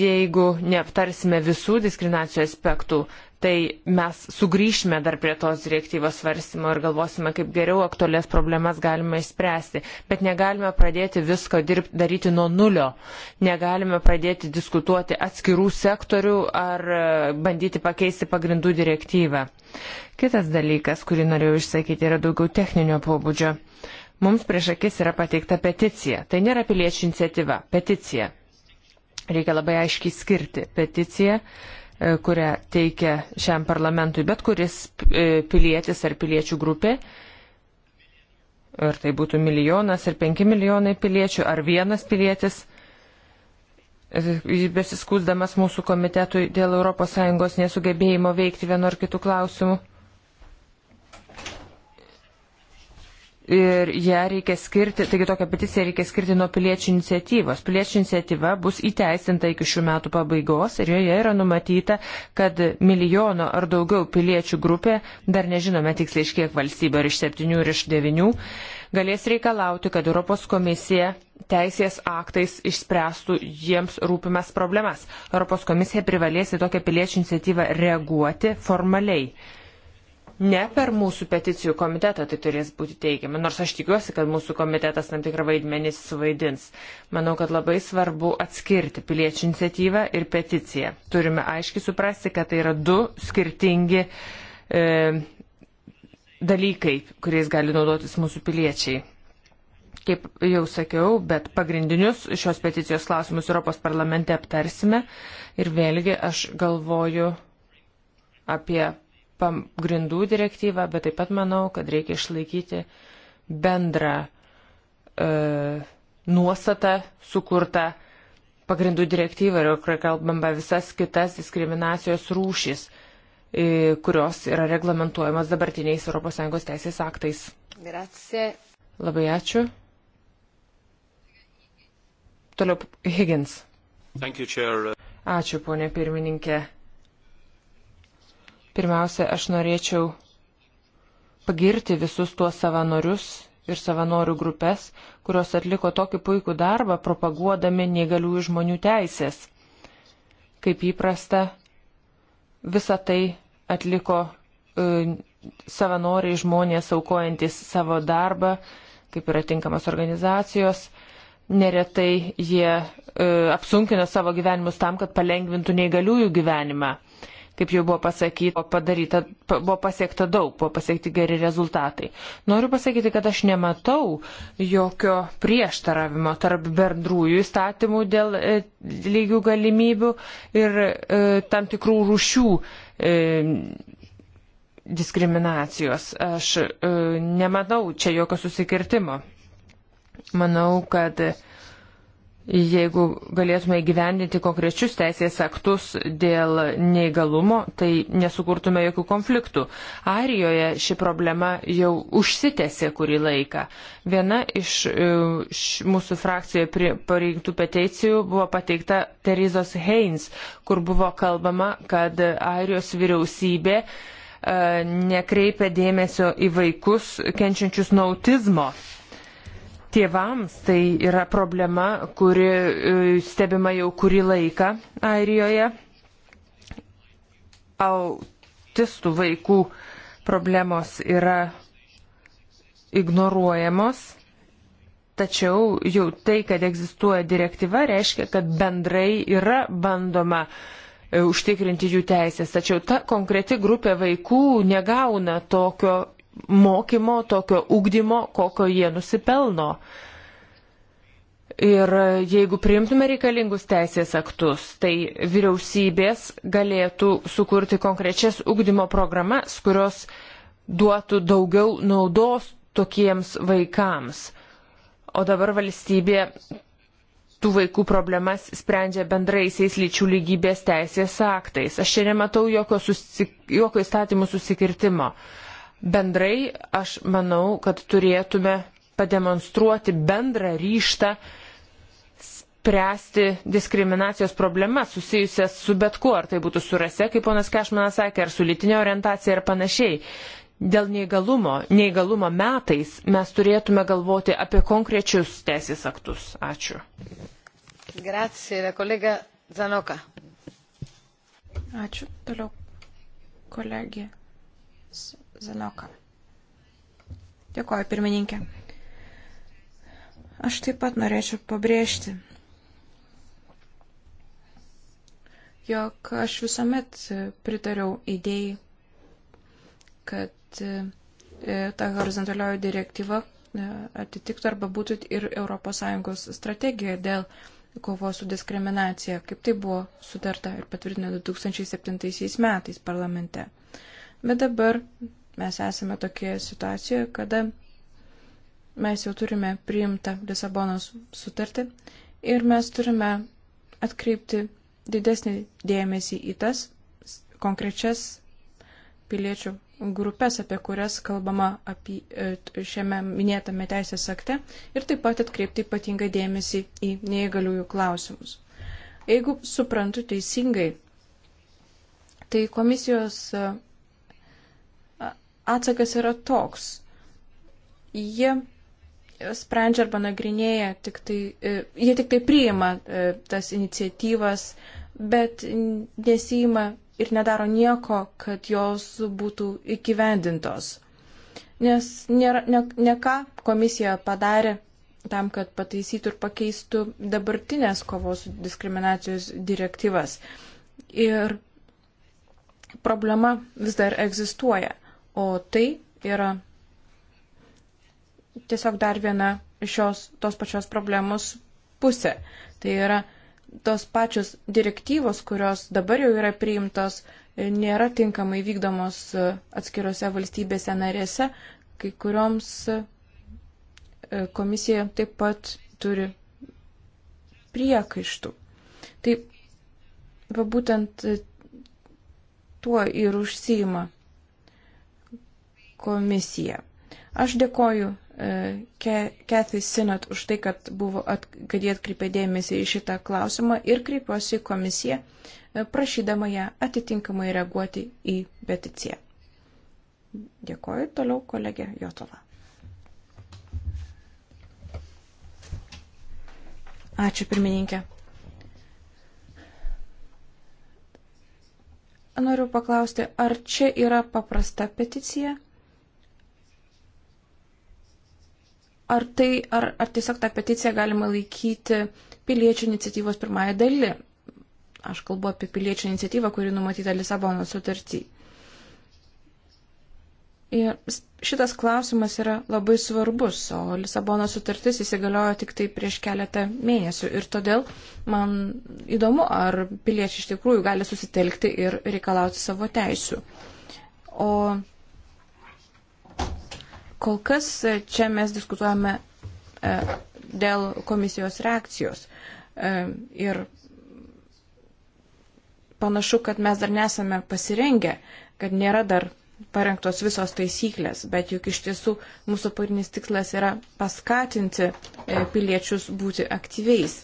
jeigu neaptarsime visų diskriminacijos aspektų, tai mes sugrįšime dar prie tos direktyvos svarstymo ir galvosime, kaip geriau aktualias problemas galime išspręsti. Bet negalime pradėti visko dirb, daryti nuo nulio. Negalime pradėti diskutuoti atskirų sektorių ar e, bandyti pakeisti pagrindų direktyvą. Kitas dalykas, kurį norėjau išsakyti, yra daugiau techninio pobūdžio. Mums prieš akis yra pateikta peticija. Tai nėra piliečių iniciatyva. Peticija. Reikia labai aiškiai skirti peticiją E, kurią teikia šiam parlamentui bet kuris e, pilietis ar piliečių grupė. Ar tai būtų milijonas ir penki milijonai piliečių, ar vienas pilietis, e, besiskūsdamas mūsų komitetui dėl ES nesugebėjimo veikti vienu ar kitu klausimu. ir ją reikia skirti, taigi tokią peticiją reikia skirti nuo piliečių iniciatyvos. Piliečių iniciatyva bus įteisinta iki šių metų pabaigos ir joje yra numatyta, kad milijono ar daugiau piliečių grupė, dar nežinome tiksliai iš kiek valstybių, ar iš septynių, ar iš devinių, galės reikalauti, kad Europos komisija teisės aktais išspręstų jiems rūpimas problemas. Europos komisija privalės į tokią piliečių iniciatyvą reaguoti formaliai ne per mūsų peticijų komitetą tai turės būti teigiama, nors aš tikiuosi, kad mūsų komitetas tam tikrą vaidmenį suvaidins. Manau, kad labai svarbu atskirti piliečių iniciatyvą ir peticiją. Turime aiškiai suprasti, kad tai yra du skirtingi e, dalykai, kuriais gali naudotis mūsų piliečiai kaip jau sakiau, bet pagrindinius šios peticijos klausimus Europos parlamente aptarsime. Ir vėlgi aš galvoju apie pagrindų direktyvą, bet taip pat manau, kad reikia išlaikyti bendrą e, nuostatą sukurtą pagrindų direktyvą ir kur kalbama visas kitas diskriminacijos rūšis, e, kurios yra reglamentuojamas dabartiniais ES teisės aktais. Grazie. Labai ačiū. Toliau Higgins. You, Ačiū, ponė pirmininkė. Pirmiausia, aš norėčiau pagirti visus tuos savanorius ir savanorių grupės, kurios atliko tokį puikų darbą propaguodami negaliųjų žmonių teisės. Kaip įprasta, visą tai atliko e, savanoriai žmonės aukojantis savo darbą, kaip yra tinkamas organizacijos. Neretai jie e, apsunkina savo gyvenimus tam, kad palengvintų neįgaliųjų gyvenimą. E, kaip jau buvo pasakyta, padaryta, buvo pasiekta daug, buvo pasiekti geri rezultatai. Noriu pasakyti, kad aš nematau jokio prieštaravimo tarp bendrųjų įstatymų dėl e, lygių galimybių ir e, tam tikrų rušių. E, diskriminacijos. Aš e, nematau čia jokio susikirtimo. Manau, kad e, Jeigu galėtume įgyvendinti konkrečius teisės aktus dėl neįgalumo, tai nesukurtume jokių konfliktų. Airijoje ši problema jau užsitęsė kurį laiką. Viena iš, iš e, mūsų frakcijoje pareigtų peticijų buvo pateikta Terizos Heins, kur buvo kalbama, kad Airijos vyriausybė e, nekreipia dėmesio į vaikus kenčiančius nuo autizmo. E, Tėvams tai yra problema, kuri e, stebima jau kurį laiką Airijoje. Autistų vaikų problemos yra ignoruojamos, tačiau jau tai, kad egzistuoja direktyva, reiškia, kad bendrai yra bandoma e, užtikrinti jų teisės. Tačiau ta konkreti grupė vaikų negauna tokio mokymo, tokio ugdymo, kokio jie nusipelno. Ir jeigu priimtume reikalingus teisės aktus, tai vyriausybės galėtų sukurti konkrečias ugdymo programas, kurios duotų daugiau naudos tokiems vaikams. O dabar valstybė tų vaikų problemas sprendžia bendraisiais lyčių lygybės teisės aktais. Aš čia nematau jokio, susi, jokio įstatymų susikirtimo. Uh, Bendrai aš manau, kad turėtume pademonstruoti bendrą ryštą spręsti diskriminacijos problemas susijusias su bet kuo, ar tai būtų su rase, kaip ponas Kešmanas sakė, ar su lytinė orientacija ir panašiai. Dėl neįgalumo, neįgalumo metais mes turėtume galvoti apie konkrečius teisės aktus. Ačiū. Grazie, kolega Zanoka. Ačiū. Toliau kolegė Zanoka. Dėkoju, pirmininkė. Aš taip pat norėčiau pabrėžti, jog aš visuomet pritariau idėjai, kad e, ta horizontalioji direktyva e, atitiktų arba būtų ir ES strategija dėl kovos su diskriminacija, kaip tai buvo sutarta ir patvirtinta 2007 metais parlamente. Bet dabar Mes esame tokioje situacijoje, kada mes jau turime priimtą Lisabonos sutartį ir mes turime atkreipti didesnį dėmesį į tas konkrečias piliečių grupės, apie kurias kalbama apie, e, šiame minėtame teisės akte ir taip pat atkreipti ypatingą dėmesį į neįgaliųjų klausimus. Jeigu suprantu teisingai, tai komisijos e, atsakas yra toks. Jie sprendžia arba nagrinėja, tik tai, e, jie tik tai priima e, tas iniciatyvas, bet nesima ir nedaro nieko, kad jos būtų įgyvendintos. Nes nėra, ne, ne ką komisija padarė tam, kad pataisytų ir pakeistų dabartinės kovos diskriminacijos direktyvas. Ir problema vis dar egzistuoja. O tai yra tiesiog dar viena šios tos pačios problemos pusė. Tai yra tos pačios direktyvos, kurios dabar jau yra priimtos, nėra tinkamai vykdomos atskirose valstybėse narėse, kai kurioms e, komisija taip pat turi priekaištų. Tai va būtent e, tuo ir užsijima komisiją. Aš dėkoju e, Kathy Sinat už tai, kad, buvo, at, kad jie atkreipė dėmesį į šitą klausimą ir kreipiuosi į komisiją, e, prašydama ją atitinkamai reaguoti į peticiją. Dėkoju toliau kolegė Jotova. Ačiū pirmininkė. Noriu paklausti, ar čia yra paprasta peticija? ar, tai, ar, ar tiesiog tą peticiją galima laikyti piliečių iniciatyvos pirmąją dalį. Aš kalbu apie piliečių iniciatyvą, kuri numatyta Lisabono sutartį. Ir šitas klausimas yra labai svarbus, o Lisabono sutartis įsigaliojo tik tai prieš keletą mėnesių. Ir todėl man įdomu, ar piliečiai iš tikrųjų gali susitelkti ir reikalauti savo teisų. O Kol kas e, čia mes diskutuojame e, dėl komisijos reakcijos. E, ir panašu, kad mes dar nesame pasirengę, kad nėra dar parengtos visos taisyklės, bet juk iš tiesų mūsų pagrindinis tikslas yra paskatinti piliečius būti aktyviais.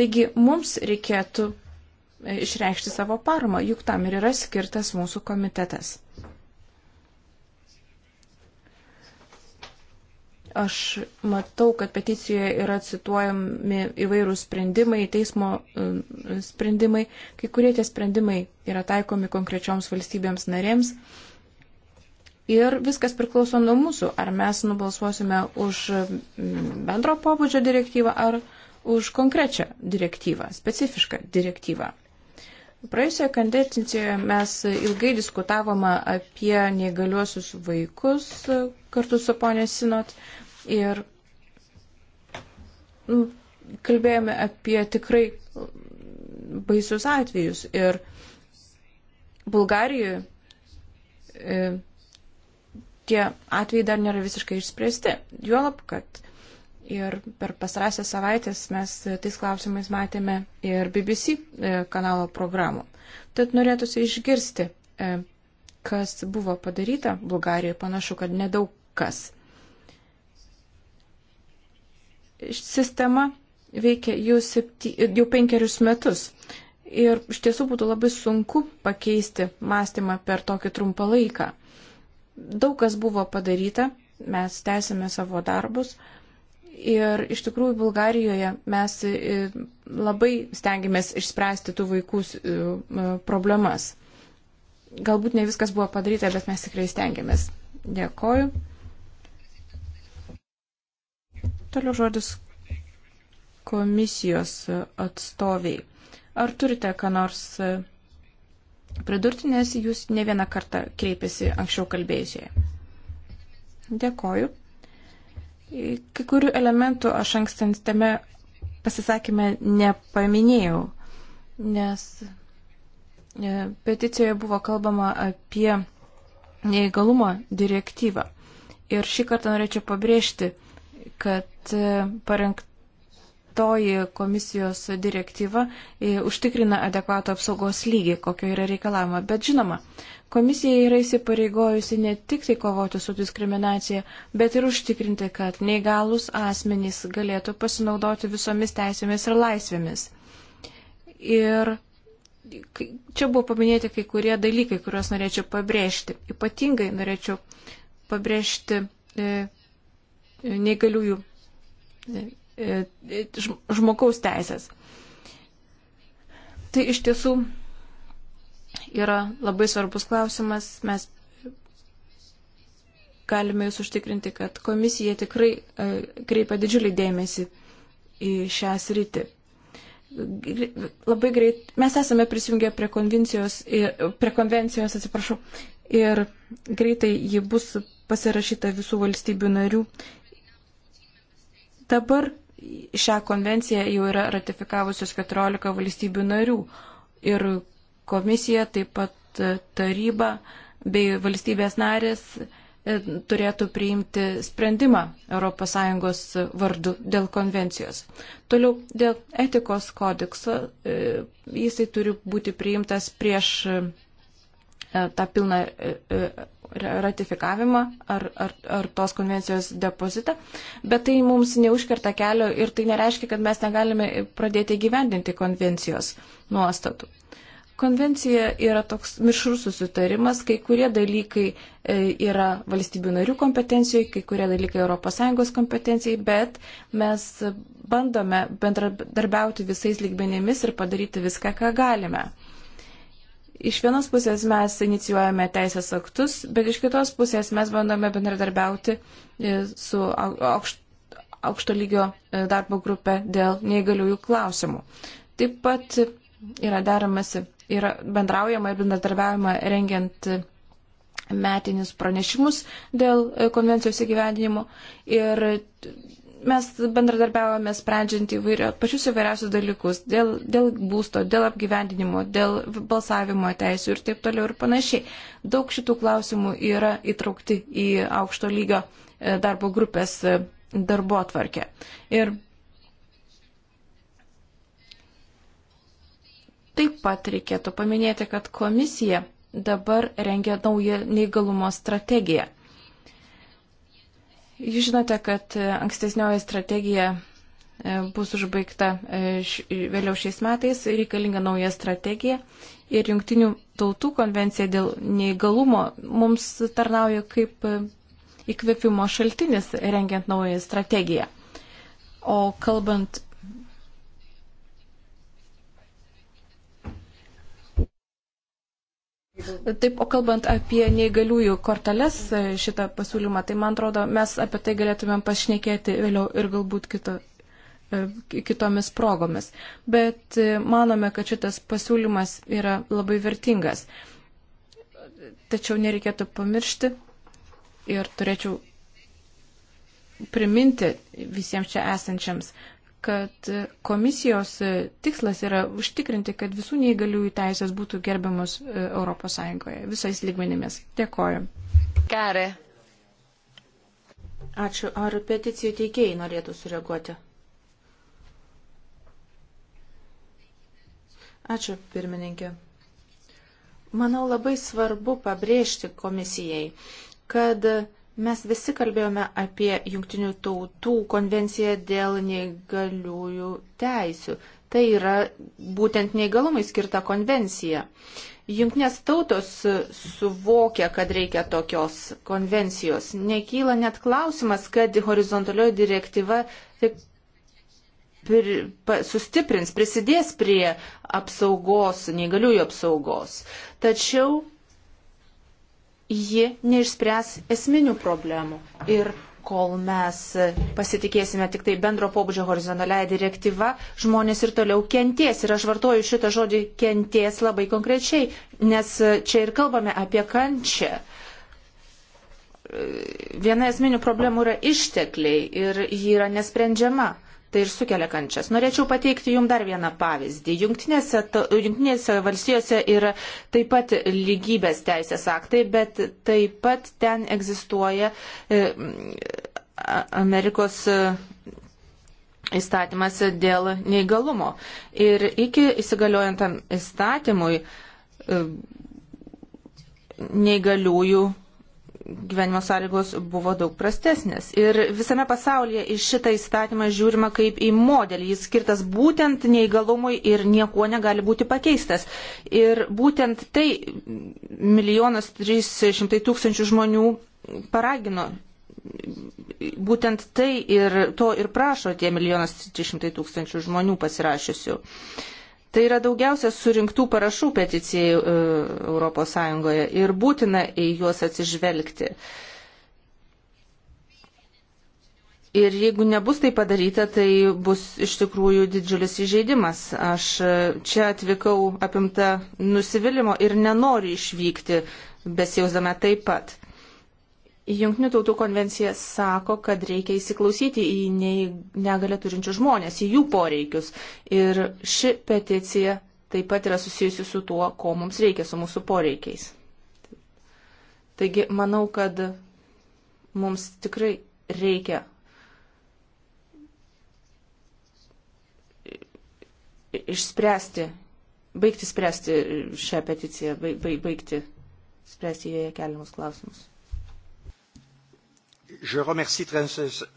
Taigi mums reikėtų išreikšti savo paramą, juk tam ir yra skirtas mūsų komitetas. Aš matau, kad peticijoje yra cituojami įvairūs sprendimai, teismo e, sprendimai. Kai kurie tie sprendimai yra taikomi konkrečioms valstybėms narėms. Ir viskas priklauso nuo mūsų, ar mes nubalsuosime už mm, bendro pobūdžio direktyvą, ar už konkrečią direktyvą, specifišką direktyvą. Praėjusioje kandencijoje mes ilgai diskutavome apie neįgaliuosius vaikus kartu su ponė Sinot ir nu, kalbėjome apie tikrai baisius atvejus. Ir Bulgarijoje e, tie atvejai dar nėra visiškai išspręsti. Juolab, kad Ir per pastarąsias savaitės mes tais klausimais matėme ir BBC e, kanalo programų. Tad norėtųsi išgirsti, e, kas buvo padaryta Bulgarijoje, panašu, kad nedaug kas. Sistema veikia jau, septy, jau penkerius metus. Ir iš tiesų būtų labai sunku pakeisti mąstymą per tokį trumpą laiką. Daug kas buvo padaryta, mes tęsėme savo darbus, Ir iš tikrųjų Bulgarijoje mes e, labai stengiamės išspręsti tų vaikų e, problemas. Galbūt ne viskas buvo padaryta, bet mes tikrai stengiamės. Dėkoju. Toliau žodis komisijos atstoviai. Ar turite ką nors e, pridurti, nes jūs ne vieną kartą kreipėsi anksčiau kalbėjusioje? Dėkoju. Kai kurių elementų aš ankstantame pasisakymę nepaminėjau, nes e, peticijoje buvo kalbama apie neįgalumo direktyvą. Ir šį kartą norėčiau pabrėžti, kad e, parengtoji komisijos direktyva e, užtikrina adekvato apsaugos lygį, kokio yra reikalavimo. Bet žinoma, Komisija yra įsipareigojusi ne tik tai kovoti su diskriminacija, bet ir užtikrinti, kad neįgalus asmenys galėtų pasinaudoti visomis teisėmis ir laisvėmis. Ir čia buvo paminėti kai kurie dalykai, kuriuos norėčiau pabrėžti. Ypatingai norėčiau pabrėžti e, neįgaliųjų e, e, žmogaus teisės. Tai iš tiesų yra labai svarbus klausimas. Mes galime jūs užtikrinti, kad komisija tikrai e, kreipia didžiulį dėmesį į šią sritį. Labai greit, mes esame prisijungę prie konvencijos, prie konvencijos atsiprašau, ir greitai ji bus pasirašyta visų valstybių narių. Dabar šią konvenciją jau yra ratifikavusios 14 valstybių narių ir Komisija, taip pat taryba bei valstybės narės e, turėtų priimti sprendimą ES vardu dėl konvencijos. Toliau, dėl etikos kodekso e, jisai turi būti priimtas prieš e, tą pilną ratifikavimą ar, ar, ar tos konvencijos depozitą, bet tai mums neužkerta kelio ir tai nereiškia, kad mes negalime pradėti gyvendinti konvencijos nuostatų. Uh, Konvencija yra toks mišrus susitarimas, kai kurie dalykai e, yra valstybių narių kompetencijoje, kai kurie dalykai ES kompetencijai, bet mes bandome bendradarbiauti visais lygmenėmis ir padaryti viską, ką galime. Iš vienos pusės mes inicijuojame teisės aktus, bet iš kitos pusės mes bandome bendradarbiauti e, su aukšto lygio e, darbo grupė dėl neįgaliųjų klausimų. Taip pat yra deramasi yra bendraujama ir bendradarbiaujama rengiant metinius pranešimus dėl e, konvencijos įgyvendinimo. Ir mes bendradarbiavome sprendžiant įvairia, pačius įvairiausius dalykus dėl, dėl būsto, dėl apgyvendinimo, dėl balsavimo teisų ir taip toliau ir panašiai. Daug šitų klausimų yra įtraukti į aukšto lygio e, darbo grupės e, darbo atvarkę. Ir Taip pat reikėtų paminėti, kad komisija dabar rengia naują neįgalumo strategiją. Jūs žinote, kad ankstesnioji strategija e, bus užbaigta e, vėliau šiais metais, reikalinga nauja strategija ir jungtinių tautų konvencija dėl neįgalumo mums tarnauja kaip e, įkvėpimo šaltinis rengiant naują strategiją. O kalbant Taip, o kalbant apie neįgaliųjų korteles e, šitą pasiūlymą, tai man atrodo, mes apie tai galėtumėm pašnekėti vėliau ir galbūt kito, e, kitomis progomis. Bet e, manome, kad šitas pasiūlymas yra labai vertingas. Tačiau nereikėtų pamiršti ir turėčiau priminti visiems čia esančiams, kad komisijos tikslas yra užtikrinti, kad visų neįgaliųjų teisės būtų gerbiamos ES visais lygmenimis. Dėkoju. Kare. Ačiū. Ar peticijų teikėjai norėtų sureaguoti? Ačiū, pirmininkė. Manau, labai svarbu pabrėžti komisijai, kad Mes visi kalbėjome apie Junktinių tautų konvenciją dėl neįgaliųjų teisių. Tai yra būtent neįgalumai skirta konvencija. Junktinės tautos suvokia, kad reikia tokios konvencijos. Nekyla net klausimas, kad horizontalioji direktyva tik pir, pa, sustiprins, prisidės prie apsaugos, neįgaliųjų apsaugos. Tačiau ji neišspręs esminių problemų. Ir kol mes pasitikėsime tik tai bendro pobūdžio horizontaliai direktyva, žmonės ir toliau kenties. Ir aš vartoju šitą žodį kenties labai konkrečiai, nes čia ir kalbame apie kančią. Viena esminių problemų yra ištekliai ir ji yra nesprendžiama tai ir sukelia kančias. Norėčiau pateikti jums dar vieną pavyzdį. Jungtinėse, jungtinėse valstijose yra taip pat lygybės teisės aktai, bet taip pat ten egzistuoja e, Amerikos e, įstatymas dėl neįgalumo. Ir iki įsigaliojant tam įstatymui e, neįgaliųjų gyvenimo sąlygos buvo daug prastesnės. Ir visame pasaulyje į šitą įstatymą žiūrima kaip į modelį. Jis skirtas būtent neįgalumui ir niekuo negali būti pakeistas. Ir būtent tai milijonas trys šimtai tūkstančių žmonių paragino. Būtent tai ir to ir prašo tie milijonas trys šimtai tūkstančių žmonių pasirašysių. Uh, Tai yra daugiausia surinktų parašų peticijai ES ir būtina į juos atsižvelgti. Ir jeigu nebus tai padaryta, tai bus iš tikrųjų didžiulis įžeidimas. Aš e, čia atvykau apimta nusivylimą ir nenoriu išvykti, besijausdama taip pat. Junktinių tautų konvencija sako, kad reikia įsiklausyti į negalę turinčių žmonės, į jų poreikius. Ir ši peticija taip pat yra susijusi su tuo, ko mums reikia, su mūsų poreikiais. Taigi, manau, kad mums tikrai reikia išspręsti, baigti spręsti šią peticiją, baigti spręsti joje keliamus klausimus. Je remercie très,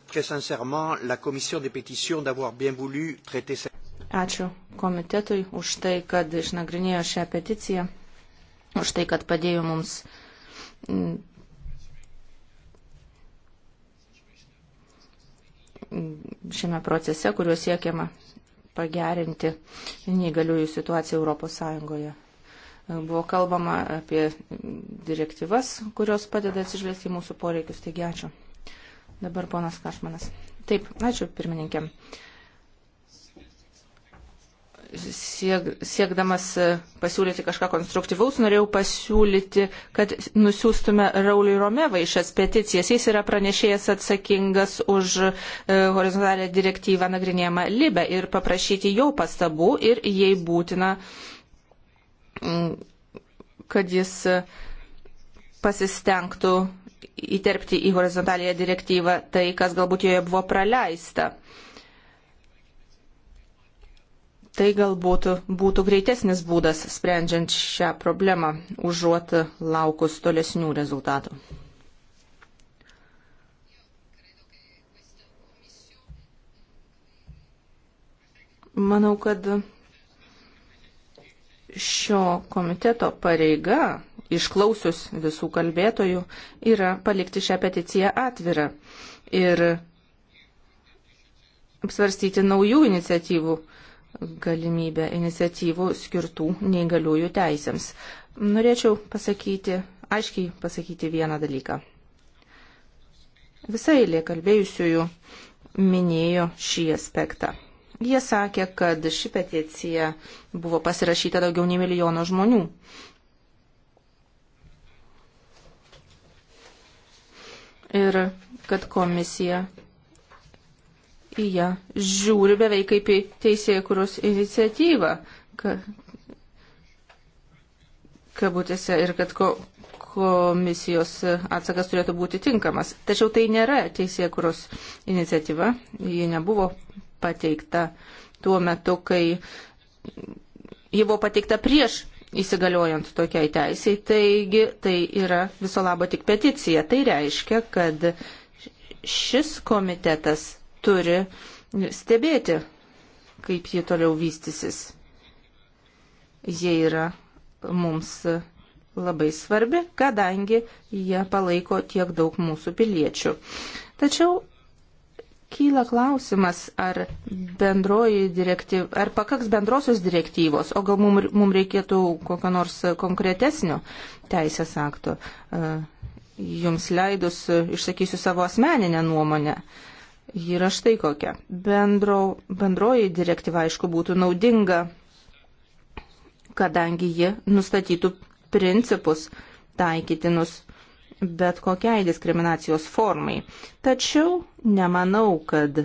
très sincèrement la Commission des pétitions d'avoir bien voulu traiter cette. Ačiū komitetui už tai, kad išnagrinėjo šią peticiją, už tai, kad padėjo mums mm, šiame procese, kuriuo siekiama pagerinti neįgaliųjų situaciją Europos Sąjungoje. Buvo kalbama apie direktyvas, kurios padeda atsižvelgti į mūsų poreikius. Taigi ačiū. Dabar ponas Kašmanas. Taip, ačiū pirmininkė. Siek, siekdamas e, pasiūlyti kažką konstruktyvaus, norėjau pasiūlyti, kad nusiųstume Rauliui Romevai šias peticijas. Jis yra pranešėjas atsakingas už e, horizontalę direktyvą nagrinėjimą Libę ir paprašyti jau pastabų ir jei būtina, mm, kad jis e, pasistengtų įterpti į horizontalėje direktyvą tai, kas galbūt joje buvo praleista. Tai galbūt būtų greitesnis būdas sprendžiant šią problemą, užuot laukus tolesnių rezultatų. Manau, kad šio komiteto pareiga išklausius visų kalbėtojų, yra palikti šią peticiją atvirą ir apsvarstyti naujų iniciatyvų galimybę, iniciatyvų skirtų neįgaliųjų teisėms. Norėčiau pasakyti, aiškiai pasakyti vieną dalyką. Visa eilė kalbėjusiųjų minėjo šį aspektą. Jie sakė, kad ši peticija buvo pasirašyta daugiau nei milijono žmonių. ir kad komisija į ją žiūri beveik kaip į teisėjų kuros iniciatyvą, ka, kabutėse, ir kad ko, komisijos atsakas turėtų būti tinkamas. Tačiau tai nėra teisėjų kuros iniciatyva, ji nebuvo pateikta tuo metu, kai ji buvo pateikta prieš įsigaliojant tokiai teisiai, taigi tai yra viso labo tik peticija. Tai reiškia, kad šis komitetas turi stebėti, kaip jie toliau vystysis. Jie yra mums labai svarbi, kadangi jie palaiko tiek daug mūsų piliečių. Tačiau kyla klausimas, ar, direktyv, ar pakaks bendrosios direktyvos, o gal mums mum reikėtų kokio nors konkretesnio teisės akto. E, jums leidus išsakysiu savo asmeninę nuomonę. Ji yra štai kokia. Bendro, bendroji direktyva, aišku, būtų naudinga, kadangi ji nustatytų principus taikytinus bet kokiai diskriminacijos formai. Tačiau nemanau, kad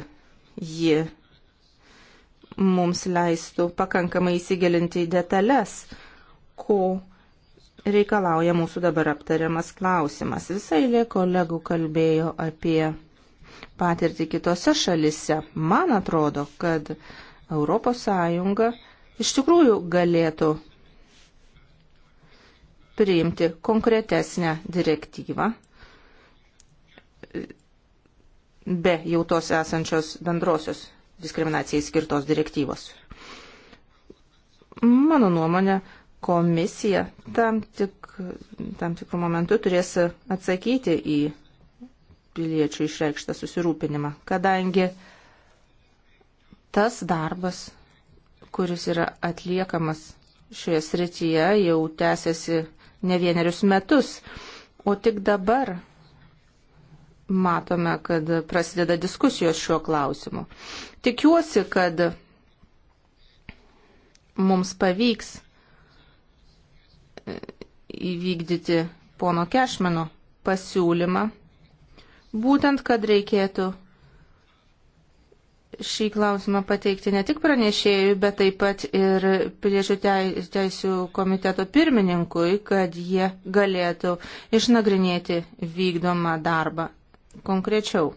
ji mums leistų pakankamai įsigilinti į detalės, ko reikalauja mūsų dabar aptariamas klausimas. Visai lė kolegų kalbėjo apie patirtį kitose šalise. Man atrodo, kad ES iš tikrųjų galėtų priimti konkretesnę direktyvą be jau tos esančios bendrosios diskriminacijai skirtos direktyvos. Mano nuomonė, komisija tam, tik, tam tikrų momentų turės atsakyti į piliečių išreikštą susirūpinimą, kadangi tas darbas, kuris yra atliekamas šioje srityje, jau tęsiasi ne vienerius metus. O tik dabar matome, kad prasideda diskusijos šiuo klausimu. Tikiuosi, kad mums pavyks e, įvykdyti pono Kešmeno pasiūlymą, būtent, kad reikėtų šį klausimą pateikti ne tik pranešėjui, bet taip pat ir piliečių teisų komiteto pirmininkui, kad jie galėtų išnagrinėti vykdomą darbą konkrečiau.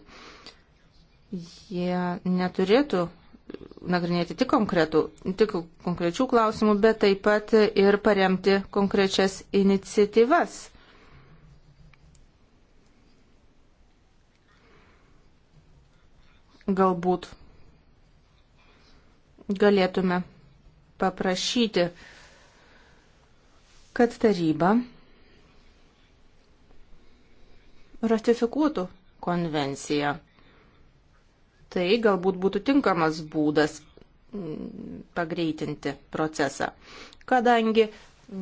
Jie neturėtų nagrinėti tik, konkretų, tik konkrečių klausimų, bet taip pat ir paremti konkrečias iniciatyvas. Galbūt galėtume paprašyti, kad taryba ratifikuotų konvenciją. Tai galbūt būtų tinkamas būdas mm, pagreitinti procesą, kadangi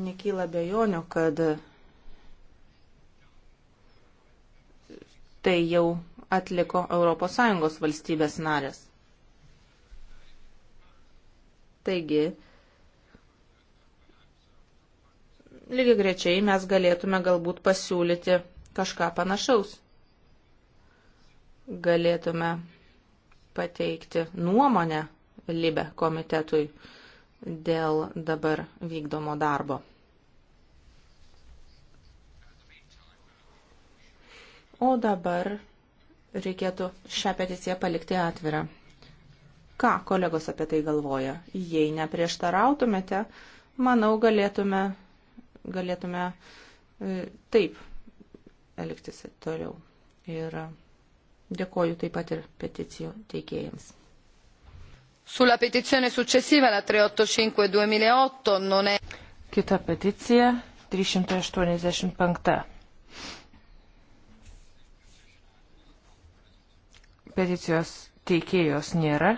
nekyla bejonių, kad tai jau atliko ES valstybės narės. Taigi, lygiai grečiai mes galėtume galbūt pasiūlyti kažką panašaus. Galėtume pateikti nuomonę Libe komitetui dėl dabar vykdomo darbo. O dabar reikėtų šią peticiją palikti atvirą ką kolegos apie tai galvoja. Jei neprieštarautumėte, manau, galėtume, galėtume e, taip elgtis toliau. Ir dėkoju taip pat ir peticijų teikėjams. Sulla petizione successiva, la 385-2008, non è. Kita peticija 385. Peticijos teikėjos nėra,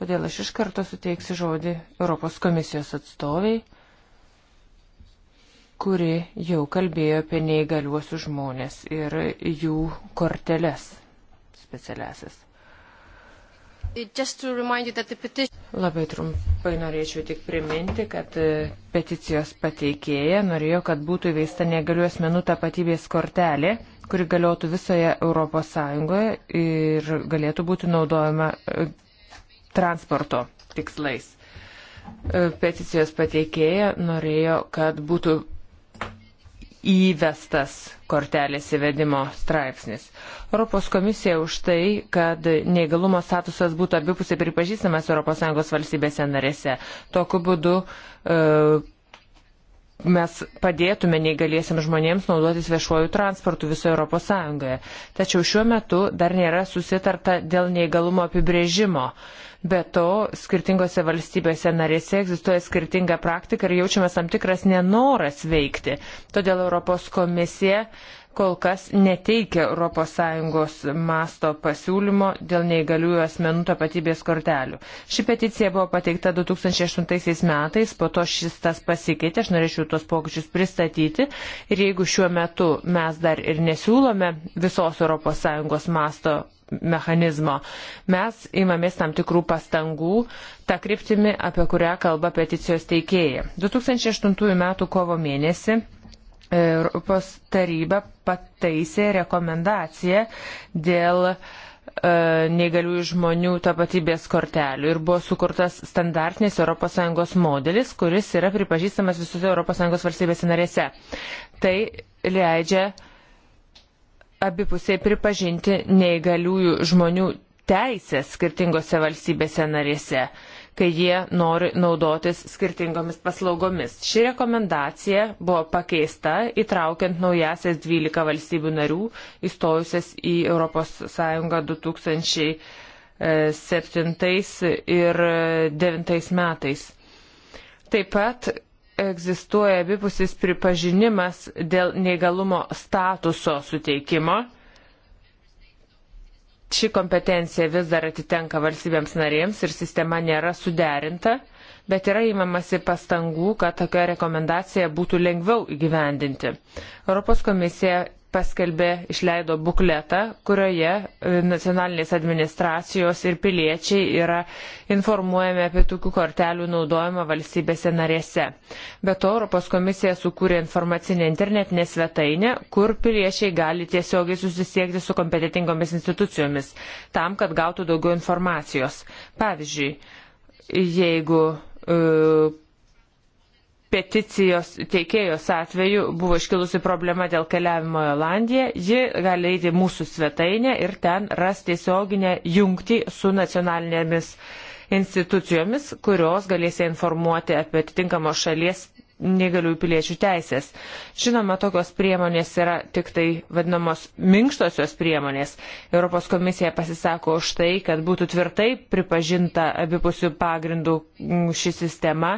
Todėl aš iš karto suteiksiu žodį Europos komisijos atstoviai, kuri jau kalbėjo apie neįgaliuosius žmonės ir jų korteles specialiasis. Labai trumpai norėčiau tik priminti, kad e, peticijos pateikėja norėjo, kad būtų įveista negaliu asmenų tapatybės kortelė, kuri galiotų visoje ES ir galėtų būti naudojama e, transporto tikslais. E, peticijos pateikėja norėjo, kad būtų įvestas kortelės įvedimo straipsnis. Europos komisija už tai, kad neįgalumo statusas būtų abipusiai pripažįstamas ES valstybėse narėse. Tokiu būdu e, mes padėtume neįgaliesiams žmonėms naudotis viešuoju transportu visoje Europos Sąjungoje. Tačiau šiuo metu dar nėra susitarta dėl neįgalumo apibrėžimo. Be to, skirtingose valstybėse narėse egzistuoja skirtinga praktika ir jaučiamas tam tikras nenoras veikti. Todėl Europos komisija uh, kol kas neteikia ES masto pasiūlymo dėl neįgaliųjų asmenų tapatybės kortelių. Ši peticija buvo pateikta 2008 metais, po to šis tas pasikeitė, aš norėčiau tuos pokyčius pristatyti ir jeigu šiuo metu mes dar ir nesiūlome visos ES masto mechanizmo. Mes imamės tam tikrų pastangų tą kryptimį, apie kurią kalba peticijos teikėjai. 2008 m. kovo mėnesį Europos taryba pataisė rekomendaciją dėl e, neįgaliųjų žmonių tapatybės kortelių ir buvo sukurtas standartinis ES modelis, kuris yra pripažįstamas visose ES valstybėse narėse. Tai leidžia abipusiai pripažinti neįgaliųjų žmonių teisės skirtingose valstybėse narėse. Uh, kai jie nori naudotis skirtingomis paslaugomis. Ši rekomendacija buvo pakeista įtraukiant naujasias 12 valstybių narių įstojusias į ES 2007 e, ir 2009 e, metais. Taip pat egzistuoja abipusis pripažinimas dėl neįgalumo statuso suteikimo ši kompetencija vis dar atitenka valstybėms narėms ir sistema nėra suderinta, bet yra įmamasi pastangų, kad tokia rekomendacija būtų lengviau įgyvendinti. Europos komisija paskelbė, išleido bukletą, kurioje e, nacionalinės administracijos ir piliečiai yra informuojami apie tokių kortelių naudojimą valstybėse narėse. Be to, Europos komisija sukūrė informacinę internetinę svetainę, kur piliečiai gali tiesiogiai susisiekti su kompetitingomis institucijomis, tam, kad gautų daugiau informacijos. Pavyzdžiui, jeigu uh, peticijos teikėjos atveju buvo iškilusi problema dėl keliavimo į Olandiją, ji gali eiti mūsų svetainę ir ten ras tiesioginę jungtį su nacionalinėmis institucijomis, kurios galės informuoti apie atitinkamos šalies negaliųjų piliečių teisės. Žinoma, tokios priemonės yra tik tai vadinamos minkštosios priemonės. Europos komisija pasisako už tai, kad būtų tvirtai pripažinta abipusių pagrindų ši sistema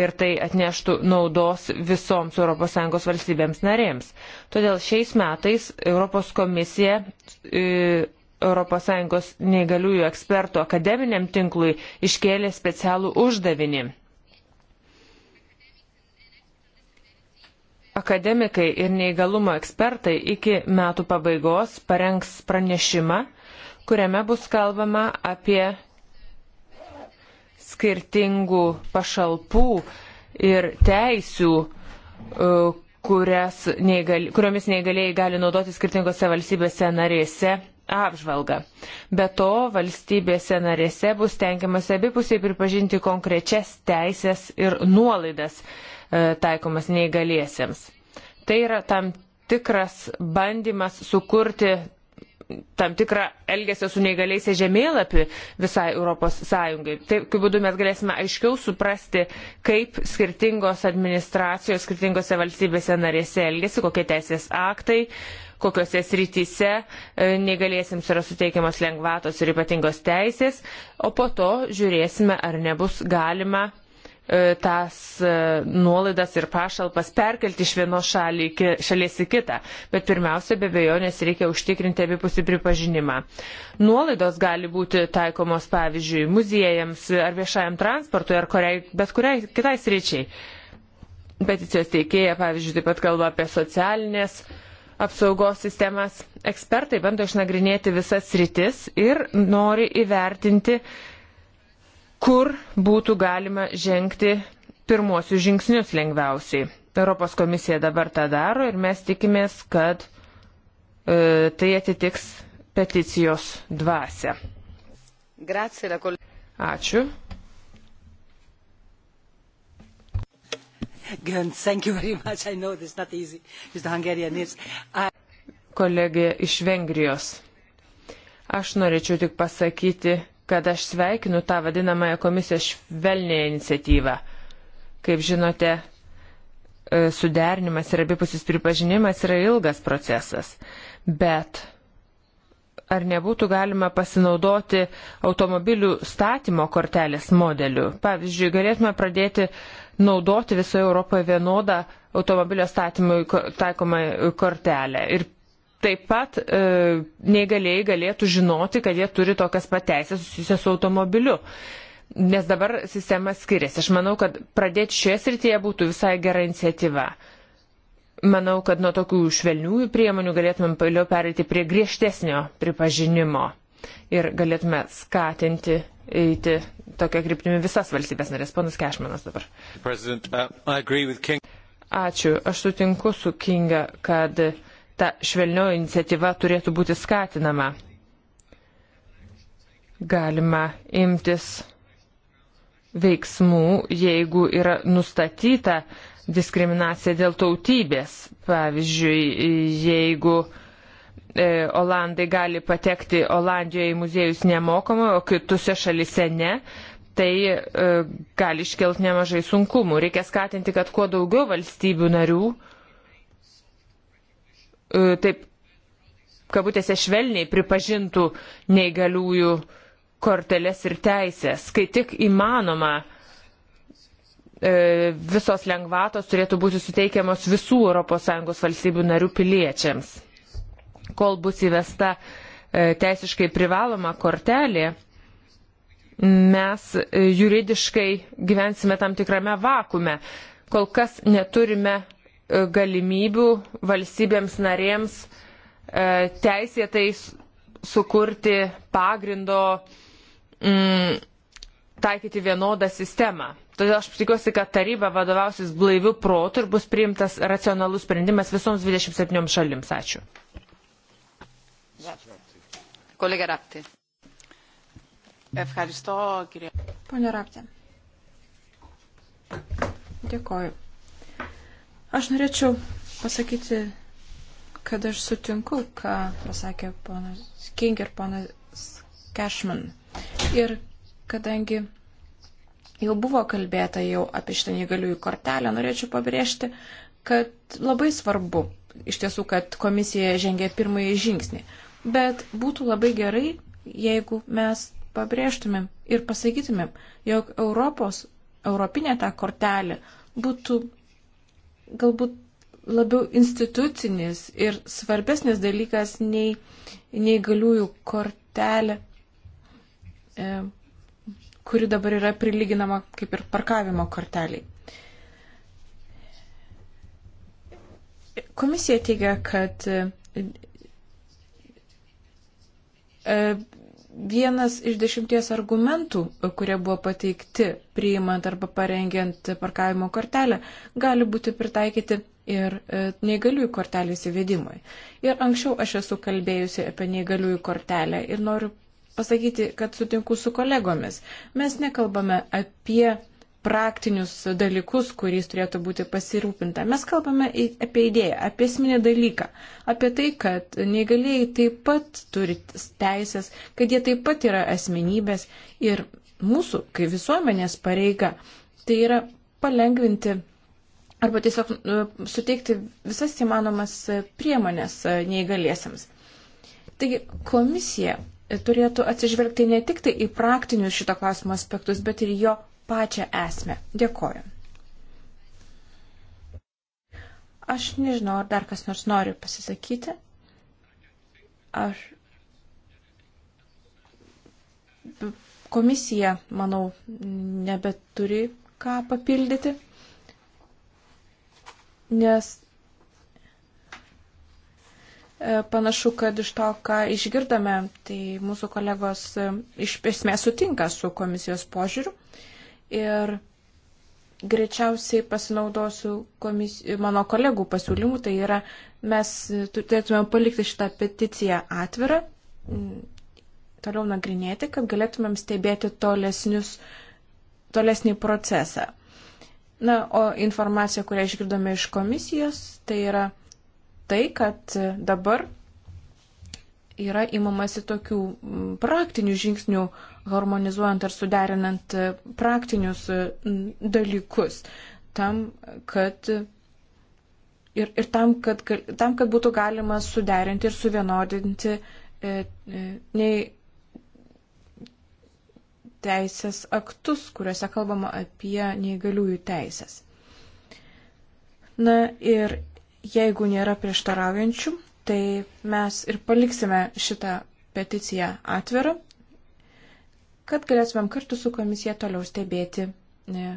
ir tai atneštų naudos visoms ES valstybėms narėms. Todėl šiais metais Europos komisija e, ES neįgaliųjų ekspertų akademiniam tinklui iškėlė specialų uždavinį akademikai ir neįgalumo ekspertai iki metų pabaigos parengs pranešimą, kuriame bus kalbama apie skirtingų pašalpų ir teisių, e, kurias, neįgali, kuriomis neįgaliai gali naudoti skirtingose valstybėse narėse apžvalgą. Be to, valstybėse narėse bus tenkiamasi abipusiai pripažinti konkrečias teisės ir nuolaidas E, taikomas neįgaliesiems. Tai yra tam tikras bandymas sukurti tam tikrą elgesio su neįgaliaisiais žemėlapį visai Europos Sąjungai. Tokiu būdu mes galėsime aiškiau suprasti, kaip skirtingos administracijos skirtingose valstybėse narėse elgesi, kokie teisės aktai, kokiuose srityse e, negalėsims yra suteikiamos lengvatos ir ypatingos teisės, o po to žiūrėsime, ar nebus galima E, tas e, nuolaidas ir pašalpas perkelti iš vienos šaly, šalies į kitą. Bet pirmiausia, be bejonės reikia užtikrinti abipusį pripažinimą. Nuolaidos gali būti taikomos, pavyzdžiui, muziejams ar viešajam transportui ar kuriai, bet kuriai kitai sričiai. Peticijos teikėja, pavyzdžiui, taip pat kalba apie socialinės apsaugos sistemas. Ekspertai bando išnagrinėti visas sritis ir nori įvertinti, uh, kur būtų galima žengti pirmosius žingsnius lengviausiai. Europos komisija dabar tą daro ir mes tikimės, kad e, tai atitiks peticijos dvasę. Ačiū. Kolegė iš Vengrijos. Aš norėčiau tik pasakyti, kad aš sveikinu tą vadinamąją komisijos švelnėje iniciatyvą. Kaip žinote, e, suderinimas ir abipusis pripažinimas yra ilgas procesas, bet ar nebūtų galima pasinaudoti automobilių statymo kortelės modeliu? Pavyzdžiui, galėtume pradėti naudoti visoje Europoje vienodą automobilio statymui taikomą kortelę ir Taip pat e, neįgaliai galėtų žinoti, kad jie turi tokias pateisės susijusias su automobiliu. Nes dabar sistema skiriasi. Aš manau, kad pradėti šioje srityje būtų visai gera iniciatyva. Manau, kad nuo tokių švelniųjų priemonių galėtumėm paliau pereiti prie griežtesnio pripažinimo ir galėtume skatinti eiti tokia kryptimi visas valstybės narės. Ponas Kešmanas dabar. Uh, Ačiū. Aš sutinku su Kinga, kad uh, ta švelnioji iniciatyva turėtų būti skatinama. Galima imtis veiksmų, jeigu yra nustatyta diskriminacija dėl tautybės. Pavyzdžiui, jeigu e, Olandai gali patekti Olandijoje į muziejus nemokamai, o kitose šalise ne, tai e, gali iškelti nemažai sunkumų. Reikia skatinti, kad kuo daugiau valstybių narių E, taip, kabutėse švelniai pripažintų neįgaliųjų korteles ir teisės, kai tik įmanoma e, visos lengvatos turėtų būti suteikiamos visų ES valstybių narių piliečiams. Kol bus įvesta e, teisiškai privaloma kortelė, mes juridiškai gyvensime tam tikrame vakume. Kol kas neturime E, galimybių valstybėms narėms e, teisėtai sukurti pagrindo mm, taikyti vienodą sistemą. Todėl aš tikiuosi, kad taryba vadovausis blaivių protų ir bus priimtas racionalus sprendimas visoms 27 šalims. Ačiū. Kolega Rapti. Efharisto, kirie. Pone Rapti. Dėkoju. Aš norėčiau pasakyti, kad aš sutinku, ką pasakė ponas King ir ponas Cashman. Ir kadangi jau buvo kalbėta jau apie šitą neįgaliųjų kortelę, norėčiau pabrėžti, kad labai svarbu iš tiesų, kad komisija žengė pirmąjį žingsnį. Bet būtų labai gerai, jeigu mes pabrėžtumėm ir pasakytumėm, jog Europos, europinė ta kortelė būtų galbūt labiau institucinis ir svarbesnis dalykas nei neįgaliųjų kortelė, e, kuri dabar yra prilyginama kaip ir parkavimo korteliai. Komisija teigia, kad e, vienas iš dešimties argumentų, kurie buvo pateikti priimant arba parengiant parkavimo kortelę, gali būti pritaikyti ir e, neįgaliųjų kortelės įvedimui. Ir anksčiau aš esu kalbėjusi apie neįgaliųjų kortelę ir noriu pasakyti, kad sutinku su kolegomis. Mes nekalbame apie praktinius dalykus, kuriais turėtų būti pasirūpinta. Mes kalbame apie idėją, apie esminį dalyką, apie tai, kad neįgalėjai taip pat turi teisės, kad jie taip pat yra asmenybės ir mūsų, kai visuomenės pareiga, tai yra palengvinti arba tiesiog e, suteikti visas įmanomas priemonės e, neįgaliesiams. Taigi komisija turėtų atsižvelgti ne tik tai į praktinius šito klausimo aspektus, bet ir jo pačią esmę. Dėkoju. Aš nežinau, ar dar kas nors nori pasisakyti. Aš. Komisija, manau, nebeturi ką papildyti, nes e, Panašu, kad iš to, ką išgirdome, tai mūsų kolegos e, iš esmės sutinka su komisijos požiūriu ir greičiausiai pasinaudosiu komis... mano kolegų pasiūlymų, tai yra mes turėtume palikti šitą peticiją atvirą, toliau nagrinėti, kad galėtumėm stebėti tolesnius, tolesnį procesą. Na, o informacija, kurią išgirdome iš komisijos, tai yra tai, kad dabar yra imamasi tokių praktinių žingsnių harmonizuojant ar suderinant e, praktinius e, dalykus tam, kad e, ir, ir tam, kad, tam, kad būtų galima suderinti ir suvienodinti e, e, nei teisės aktus, kuriuose kalbama apie neįgaliųjų teisės. Na ir jeigu nėra prieštaraujančių, tai mes ir paliksime šitą peticiją atvirą kad galėtumėm kartu su komisija toliau stebėti e,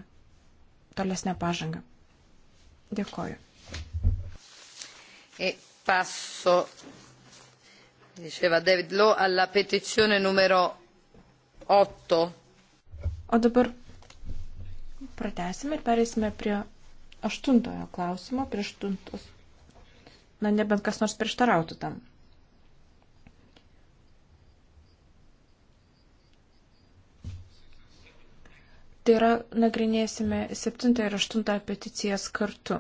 tolesnę pažangą. Dėkoju. E passo, diceva David Law, alla petizione numero 8. O dabar pratesime ir pereisime prie aštuntojo klausimo, prie aštuntos. Na, nebent kas nors prieštarautų tam. Tai yra, nagrinėsime 7 ir 8 peticijas kartu.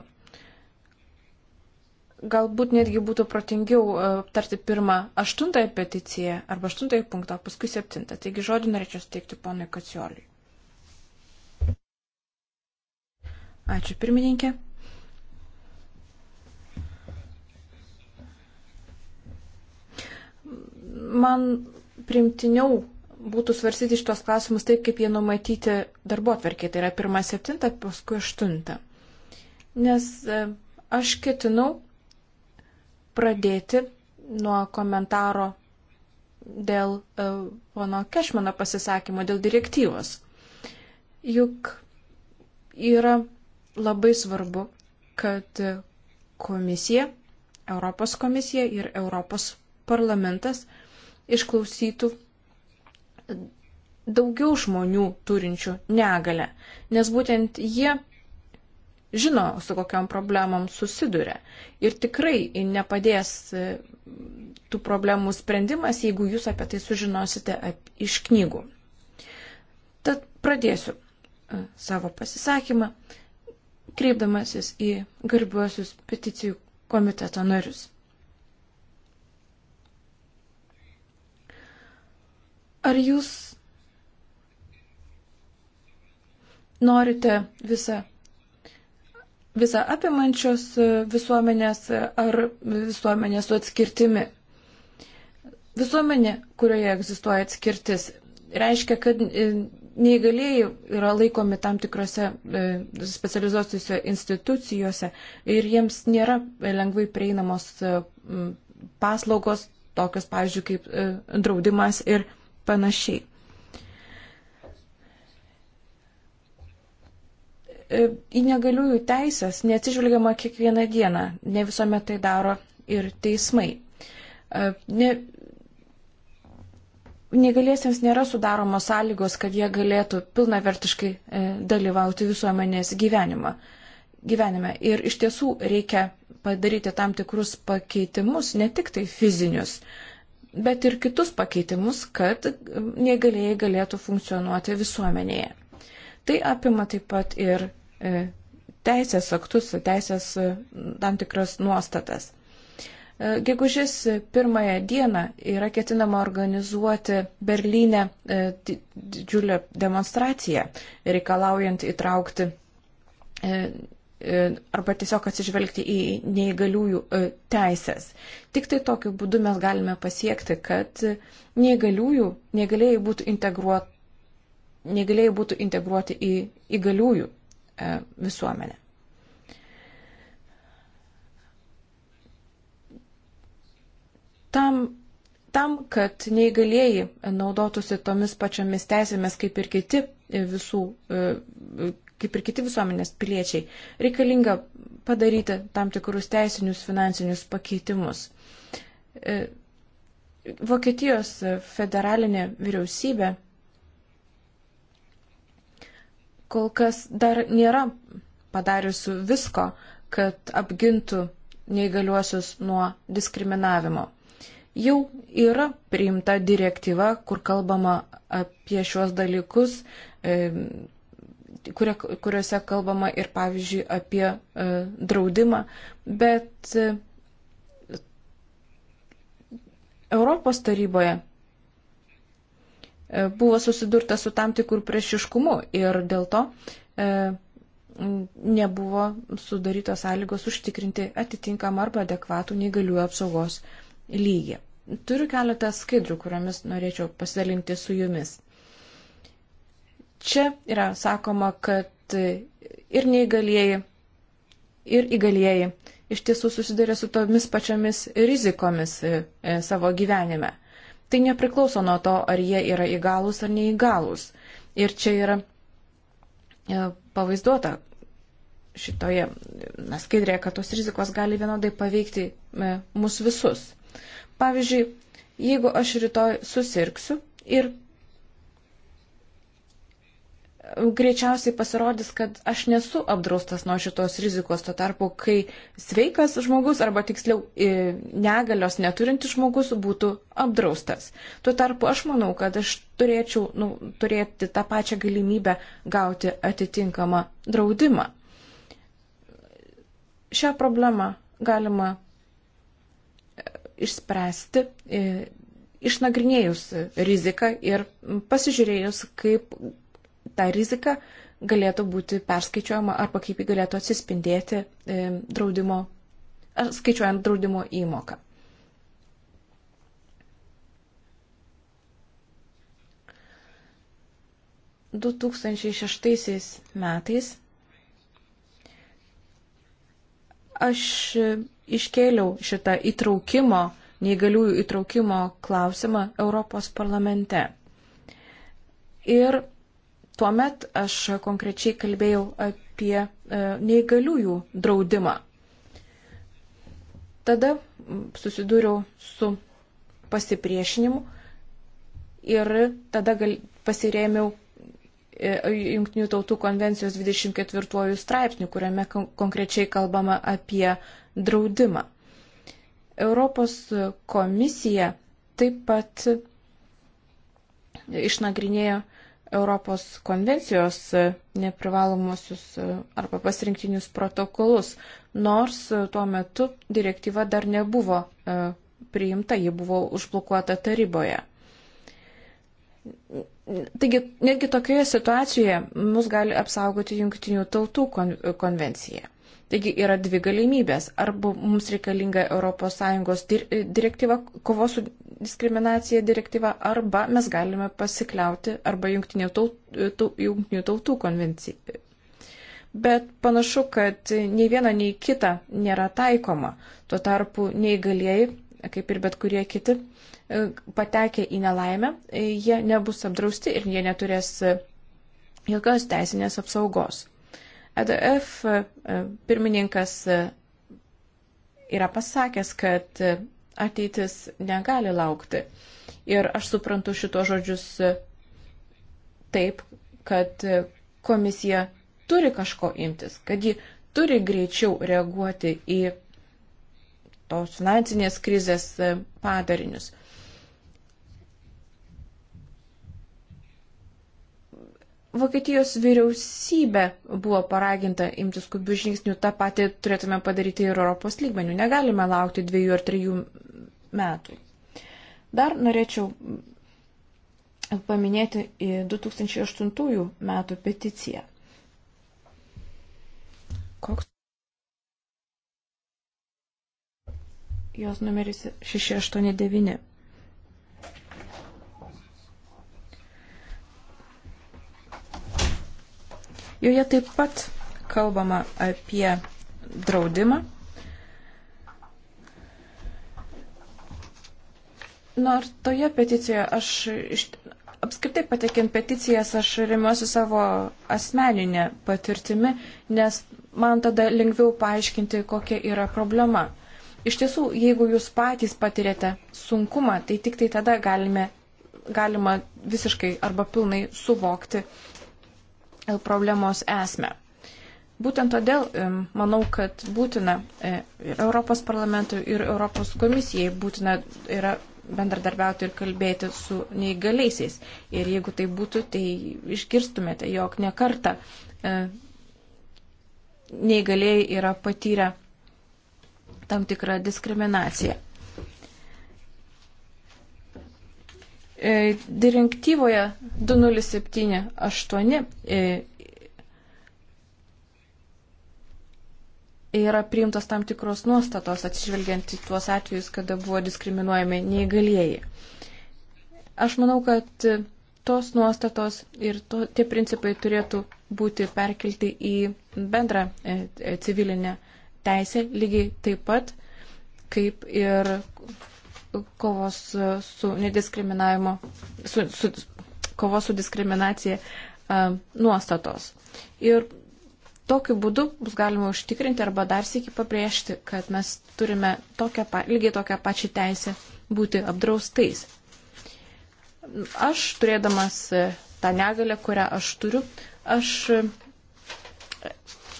Galbūt netgi būtų protingiau e, aptarti pirmą 8 peticiją arba 8 punktą, paskui 7. Taigi žodį norėčiau suteikti ponui Kacioliui. Ačiū pirmininkė. Man primtiniau būtų svarstyti šitos klausimus taip, kaip jie numatyti darbo atverkiai. Tai yra pirmą septintą, paskui aštuntą. Nes e, aš ketinau pradėti nuo komentaro dėl e, pono Kešmano pasisakymo, dėl direktyvos. Juk yra labai svarbu, kad komisija, Europos komisija ir Europos parlamentas išklausytų daugiau žmonių turinčių negalę, nes būtent jie žino, su kokiam problemom susiduria. Ir tikrai nepadės e, tų problemų sprendimas, jeigu jūs apie tai sužinosite iš knygų. Tad pradėsiu e, savo pasisakymą, kreipdamasis į garbiuosius peticijų komiteto narius. Ar jūs norite visą visą apimančios visuomenės ar visuomenės su atskirtimi. Visuomenė, kurioje egzistuoja atskirtis, reiškia, kad e, neįgalėjai yra laikomi tam tikrose e, specializuotose institucijose ir jiems nėra lengvai prieinamos e, paslaugos, tokios, pavyzdžiui, kaip draudimas ir panašiai. E, į negaliųjų teisės neatsižvelgiama kiekvieną dieną, ne visuomet tai daro ir teismai. E, ne, negalėsiams nėra sudaromos sąlygos, kad jie galėtų pilnavertiškai e, dalyvauti visuomenės gyvenimą, gyvenime. Ir iš tiesų reikia padaryti tam tikrus pakeitimus, ne tik tai fizinius. Uh, bet ir kitus pakeitimus, kad negalėjai galėtų funkcionuoti visuomenėje. Tai apima taip pat ir e, teisės aktus, teisės e, tam tikras nuostatas. E, gegužės pirmąją dieną yra ketinama organizuoti Berlyne didžiulę demonstraciją, reikalaujant įtraukti E, arba tiesiog atsižvelgti į neįgaliųjų e, teisės. Tik tai tokiu būdu mes galime pasiekti, kad neįgaliųjų, neįgalėjai būtų, integruot, neįgalėjai būtų integruoti į įgaliųjų e, visuomenę. Tam, tam, kad neįgalėjai naudotųsi tomis pačiomis teisėmis kaip ir kiti visų kaip ir kiti visuomenės piliečiai, reikalinga padaryti tam tikrus teisinius finansinius pakeitimus. E, Vokietijos federalinė vyriausybė kol kas dar nėra padariusių visko, kad apgintų neįgaliuosius nuo diskriminavimo. Jau yra priimta direktyva, kur kalbama apie šiuos dalykus, e, kuriuose kalbama ir, pavyzdžiui, apie e, draudimą, bet e, Europos taryboje e, buvo susidurta su tam tikrų priešiškumu ir dėl to nebuvo sudarytos sąlygos užtikrinti atitinkamą arba adekvatų neįgaliųjų apsaugos lygį. Turiu keletą skaidrių, kuriomis norėčiau pasidalinti su jumis. Čia yra sakoma, kad ir neįgalieji, ir įgalieji iš tiesų susiduria su tomis pačiomis rizikomis e, e, savo gyvenime. Tai nepriklauso nuo to, ar jie yra įgalus ar neįgalus. Ir čia yra e, pavaizduota šitoje skaidrėje, kad tos rizikos gali vienodai paveikti mus visus. Pavyzdžiui, jeigu aš rytoj susirgsiu ir greičiausiai pasirodys, kad aš nesu apdraustas nuo šitos rizikos, tuo tarpu, kai sveikas žmogus arba tiksliau e, negalios neturintis žmogus būtų apdraustas. Tuo tarpu aš manau, kad aš turėčiau nu, turėti tą pačią galimybę gauti atitinkamą draudimą. Šią problemą galima e, išspręsti e, išnagrinėjus riziką ir pasižiūrėjus, kaip ta rizika galėtų būti perskaičiuojama arba kaip ji galėtų atsispindėti e, draudimo, skaičiuojant draudimo įmoką. Du tūkstančiai šeštaisiais metais aš iškėliau šitą įtraukimo, neįgaliųjų įtraukimo klausimą Europos parlamente. Ir Tuomet aš konkrečiai kalbėjau apie e, neįgaliųjų draudimą. Tada susidūriau su pasipriešinimu ir tada gal, pasirėmiau e, Junktinių tautų konvencijos 24 straipsnių, kuriame konkrečiai kalbama apie draudimą. Europos komisija taip pat išnagrinėjo Europos konvencijos e, neprivalomosius e, arba pasirinktinius protokolus, nors e, tuo metu direktyva dar nebuvo priimta, ji buvo užblokuota taryboje. Taigi, netgi tokioje situacijoje mus gali apsaugoti Junktinių tautų konvencija. Taigi yra dvi galimybės. Arba mums reikalinga ES direktyva, kovos su diskriminacija direktyva, arba mes galime pasikliauti arba jungtinių tautų, jungtinių tautų konvenciją. Bet panašu, kad nei viena, nei kita nėra taikoma. Tuo tarpu neįgalieji, kaip ir bet kurie kiti, patekę į nelaimę, jie nebus apdrausti ir jie neturės jokios teisinės apsaugos. EDF e, e, pirmininkas e, yra pasakęs, kad ateitis negali laukti. Ir aš suprantu šito žodžius taip, kad komisija turi kažko imtis, kad ji turi greičiau reaguoti į tos finansinės krizės padarinius. Vokietijos vyriausybė buvo paraginta imtis skubių žingsnių, tą patį turėtume padaryti ir Europos lygmenių. Negalime laukti dviejų ar trijų metų. Dar norėčiau paminėti 2008 metų peticiją. Koks? Jos numeris 689. Joje taip pat kalbama apie draudimą. Nors toje peticijoje aš iš, apskritai patekiant peticijas aš remiuosi savo asmeninę patirtimi, nes man tada lengviau paaiškinti, kokia yra problema. Iš tiesų, jeigu jūs patys patirėte sunkumą, tai tik tai tada galime, galima visiškai arba pilnai suvokti E, problemos esmę. Būtent todėl e, manau, kad būtina e, Europos parlamentui ir Europos komisijai būtina yra bendradarbiauti ir kalbėti su neįgaliaisiais. Ir jeigu tai būtų, tai išgirstumėte, jog nekarta neįgaliai yra patyrę tam tikrą diskriminaciją. E, direktyvoje 2078 e, yra priimtos tam tikros nuostatos atsižvelgiant į tuos atvejus, kada buvo diskriminuojami neįgalieji. Aš manau, kad tos nuostatos ir to, tie principai turėtų būti perkelti į bendrą e, civilinę teisę lygiai taip pat, kaip ir kovos su nediskriminavimo, su, su, kovos su diskriminacija a, nuostatos. Ir tokiu būdu bus galima užtikrinti arba dar sėki pabrėžti, kad mes turime tokią, lygiai tokią pačią teisę būti apdraustais. Aš turėdamas e, tą negalę, kurią aš turiu, aš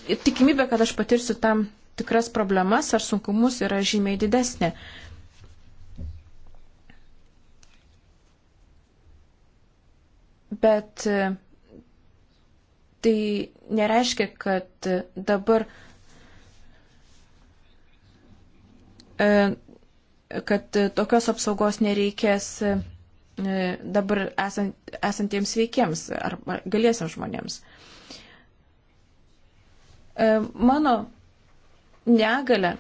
e, tikimybė, kad aš patirsiu tam tikras problemas ar sunkumus yra žymiai didesnė. Bet e, tai nereiškia, kad dabar e, kad tokios apsaugos nereikės e, dabar esant, esantiems veikiems ar galėsiams žmonėms. Mano negalė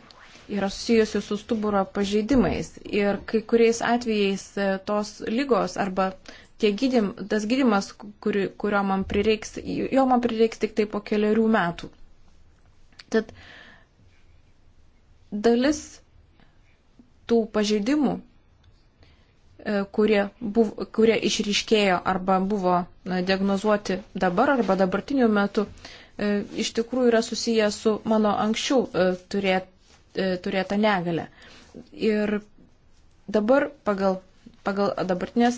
yra susijusi su stuburo pažeidimais ir kai kuriais atvejais tos lygos arba tie gydym, tas gydimas, kuri, kurio man prireiks, jo man prireiks tik tai po keliarių metų. Tad dalis tų pažeidimų, e, kurie, buv, kurie išryškėjo arba buvo diagnozuoti dabar arba dabartiniu metu, e, iš tikrųjų yra susiję su mano anksčiau e, turėt, turėta negale. Ir dabar pagal pagal dabartinės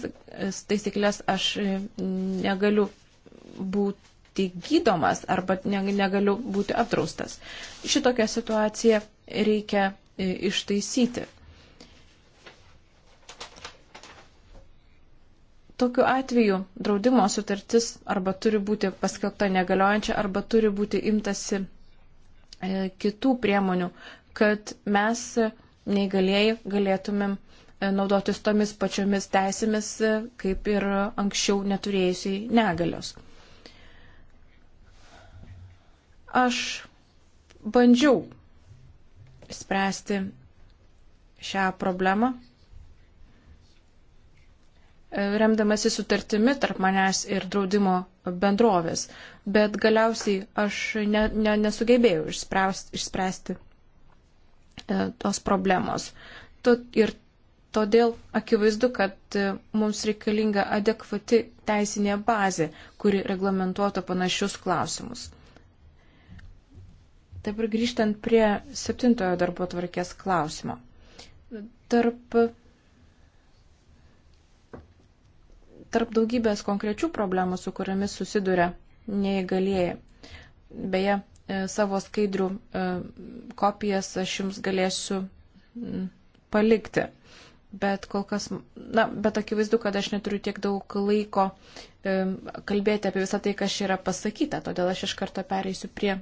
taisyklės aš e, negaliu būti gydomas arba negaliu būti apdraustas. Šitokią situaciją reikia e, ištaisyti. Tokiu atveju draudimo sutartis arba turi būti paskelbta negaliojančia, arba turi būti imtasi e, kitų priemonių, kad mes neįgalėjai galėtumėm E, naudotis tomis pačiomis teisėmis, e, kaip ir anksčiau neturėjusiai negalios. Aš bandžiau spręsti šią problemą, e, remdamasi sutartimi tarp manęs ir draudimo bendrovės, bet galiausiai aš ne, ne, nesugebėjau išspręsti, išspręsti tos problemos. Ir Todėl akivaizdu, kad e, mums reikalinga adekvati teisinė bazė, kuri reglamentuotų panašius klausimus. Dabar grįžtant prie septintojo darbo tvarkės klausimo. Tarp, tarp daugybės konkrečių problemų, su kuriamis susiduria neįgalėjai. Beje, e, savo skaidrių e, kopijas aš jums galėsiu palikti bet kol kas, na, bet akivaizdu, kad aš neturiu tiek daug laiko e, kalbėti apie visą tai, kas yra pasakyta, todėl aš iš karto pereisiu prie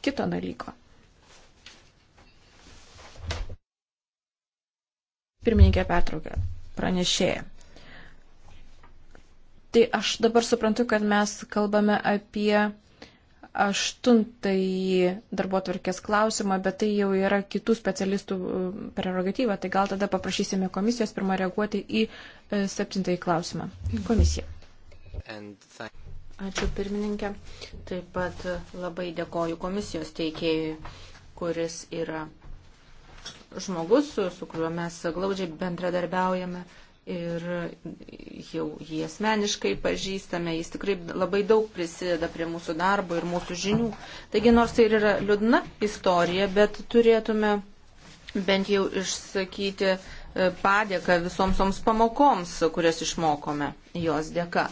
kito dalyko. Pirmininkė pertraukė pranešėja. Tai aš dabar suprantu, kad mes kalbame apie aštuntąjį darbo tvarkės klausimą, bet tai jau yra kitų specialistų e, prerogatyva, tai gal tada paprašysime komisijos pirmą reaguoti į e, septintąjį klausimą. Komisija. Ačiū pirmininkė. Taip pat labai dėkoju komisijos teikėjui, kuris yra žmogus, su kuriuo mes glaudžiai bendradarbiaujame ir jau jį asmeniškai pažįstame, jis tikrai labai daug prisideda prie mūsų darbo ir mūsų žinių. Taigi nors tai ir yra liūdna istorija, bet turėtume bent jau išsakyti e, padėką visoms toms pamokoms, kurias išmokome jos dėka.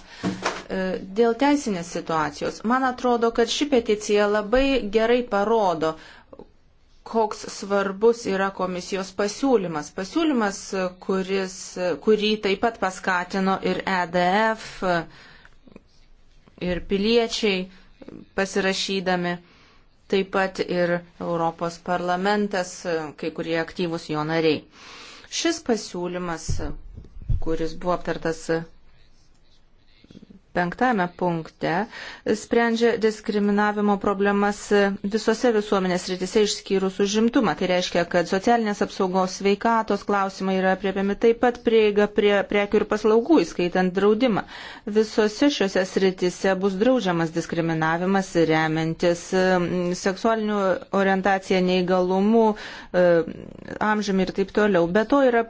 E, dėl teisinės situacijos, man atrodo, kad ši peticija labai gerai parodo, koks svarbus yra komisijos pasiūlymas. Pasiūlymas, kuris, kurį taip pat paskatino ir EDF, ir piliečiai pasirašydami, taip pat ir Europos parlamentas, kai kurie aktyvus jo nariai. Šis pasiūlymas, kuris buvo aptartas penktame punkte sprendžia diskriminavimo problemas visose visuomenės rytise išskyrus užimtumą. Tai reiškia, kad socialinės apsaugos sveikatos klausimai yra priepiami taip pat prieiga prie prekių ir paslaugų, įskaitant draudimą. Visose šiuose sritise bus draudžiamas diskriminavimas remiantis seksualiniu orientacija, neįgalumu, e, amžiumi ir taip toliau. Be to yra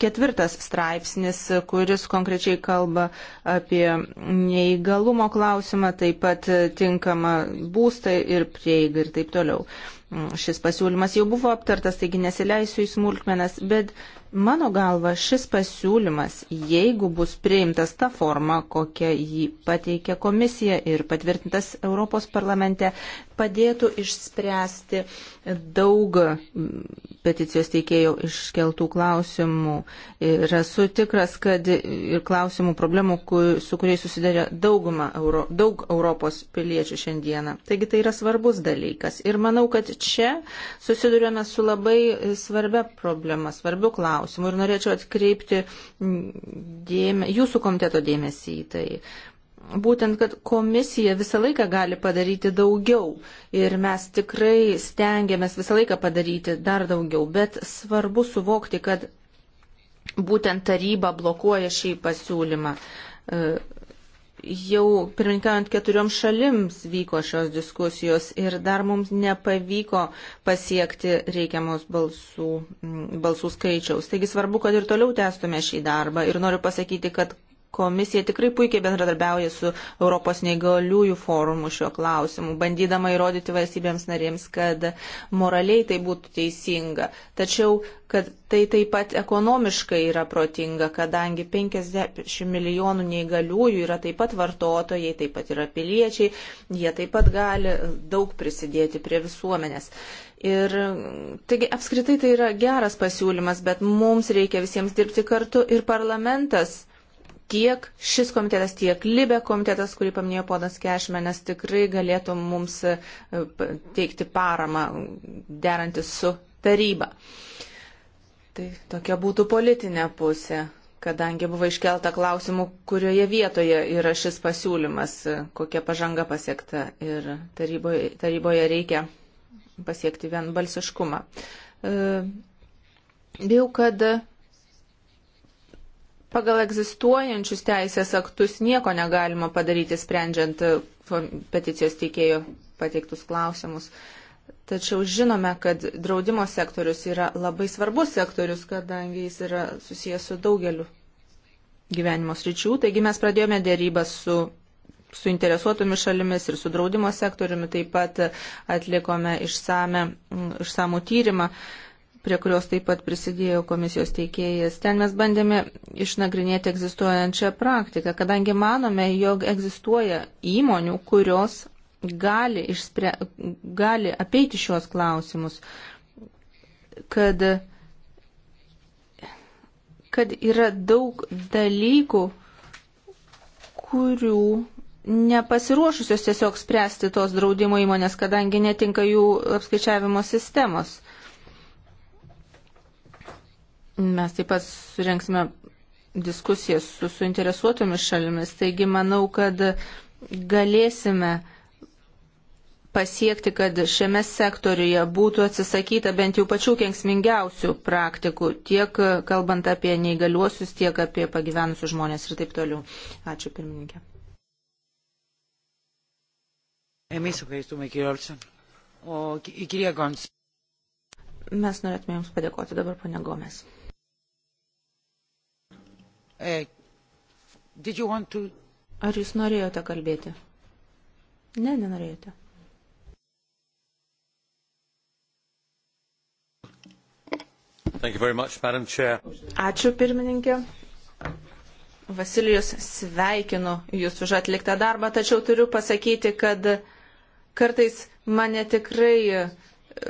ketvirtas straipsnis, kuris konkrečiai kalba apie neįgalumo klausimą, taip pat tinkamą būstą ir prieigą ir taip toliau. Mm, šis pasiūlymas jau buvo aptartas, taigi nesileisiu į smulkmenas, bet mano galva šis pasiūlymas, jeigu bus priimtas ta forma, kokią jį pateikė komisija ir patvirtintas Europos parlamente, padėtų išspręsti daug peticijos teikėjų iškeltų klausimų. Ir esu tikras, kad ir klausimų problemų, su kuriais susidarė dauguma Euro, daug Europos piliečių šiandieną. Taigi tai yra svarbus dalykas. Ir manau, kad čia susidurėme su labai svarbia problema, svarbiu klausimu. Ir norėčiau atkreipti dėme, jūsų komiteto dėmesį į tai būtent, kad komisija visą laiką gali padaryti daugiau ir mes tikrai stengiamės visą laiką padaryti dar daugiau, bet svarbu suvokti, kad būtent taryba blokuoja šį pasiūlymą. E, jau pirmininkaujant keturiom šalims vyko šios diskusijos ir dar mums nepavyko pasiekti reikiamos balsų, balsų skaičiaus. Taigi svarbu, kad ir toliau tęstume šį darbą ir noriu pasakyti, kad Komisija tikrai puikiai bendradarbiauja su Europos neįgaliųjų forumu šiuo klausimu, bandydama įrodyti valstybėms narėms, kad moraliai tai būtų teisinga. Tačiau, kad tai taip pat ekonomiškai yra protinga, kadangi 50 milijonų neįgaliųjų yra taip pat vartotojai, taip pat yra piliečiai, jie taip pat gali daug prisidėti prie visuomenės. Ir taigi apskritai tai yra geras pasiūlymas, bet mums reikia visiems dirbti kartu ir parlamentas tiek šis komitetas, tiek Libė komitetas, kurį paminėjo ponas Kešmenas, tikrai galėtų mums e, teikti paramą derantis su taryba. Tai tokia būtų politinė pusė, kadangi buvo iškelta klausimų, kurioje vietoje yra šis pasiūlymas, e, kokia pažanga pasiekta ir taryboje, taryboje reikia pasiekti vienbalsiškumą. E, bijau, kad Pagal egzistuojančius teisės aktus nieko negalima padaryti, sprendžiant e, peticijos teikėjo pateiktus klausimus. Tačiau žinome, kad draudimo sektorius yra labai svarbus sektorius, kadangi jis yra susijęs su daugeliu gyvenimo sričių. Taigi mes pradėjome dėrybą su suinteresuotomis šalimis ir su draudimo sektoriumi, taip pat atlikome išsame, išsamų tyrimą prie kurios taip pat prisidėjo komisijos teikėjas. Ten mes bandėme išnagrinėti egzistuojančią praktiką, kadangi manome, jog egzistuoja įmonių, kurios gali, išspre, gali apeiti šios klausimus, kad, kad yra daug dalykų, kurių nepasiruošusios tiesiog spręsti tos draudimo įmonės, kadangi netinka jų apskaičiavimo sistemos. Mes taip pat surinksime diskusijas su suinteresuotomis šalimis, taigi manau, kad galėsime pasiekti, kad šiame sektoriuje būtų atsisakyta bent jau pačių kengsmingiausių praktikų, tiek kalbant apie neįgaliuosius, tiek apie pagyvenusius žmonės ir taip toliau. Ačiū pirmininkė. Mes norėtume Jums padėkoti dabar, pane Gomes. Uh, to... Ar jūs norėjote kalbėti? Ne, nenorėjote. Much, Ačiū pirmininkė. Vasilijus, sveikinu jūs už atliktą darbą, tačiau turiu pasakyti, kad kartais mane tikrai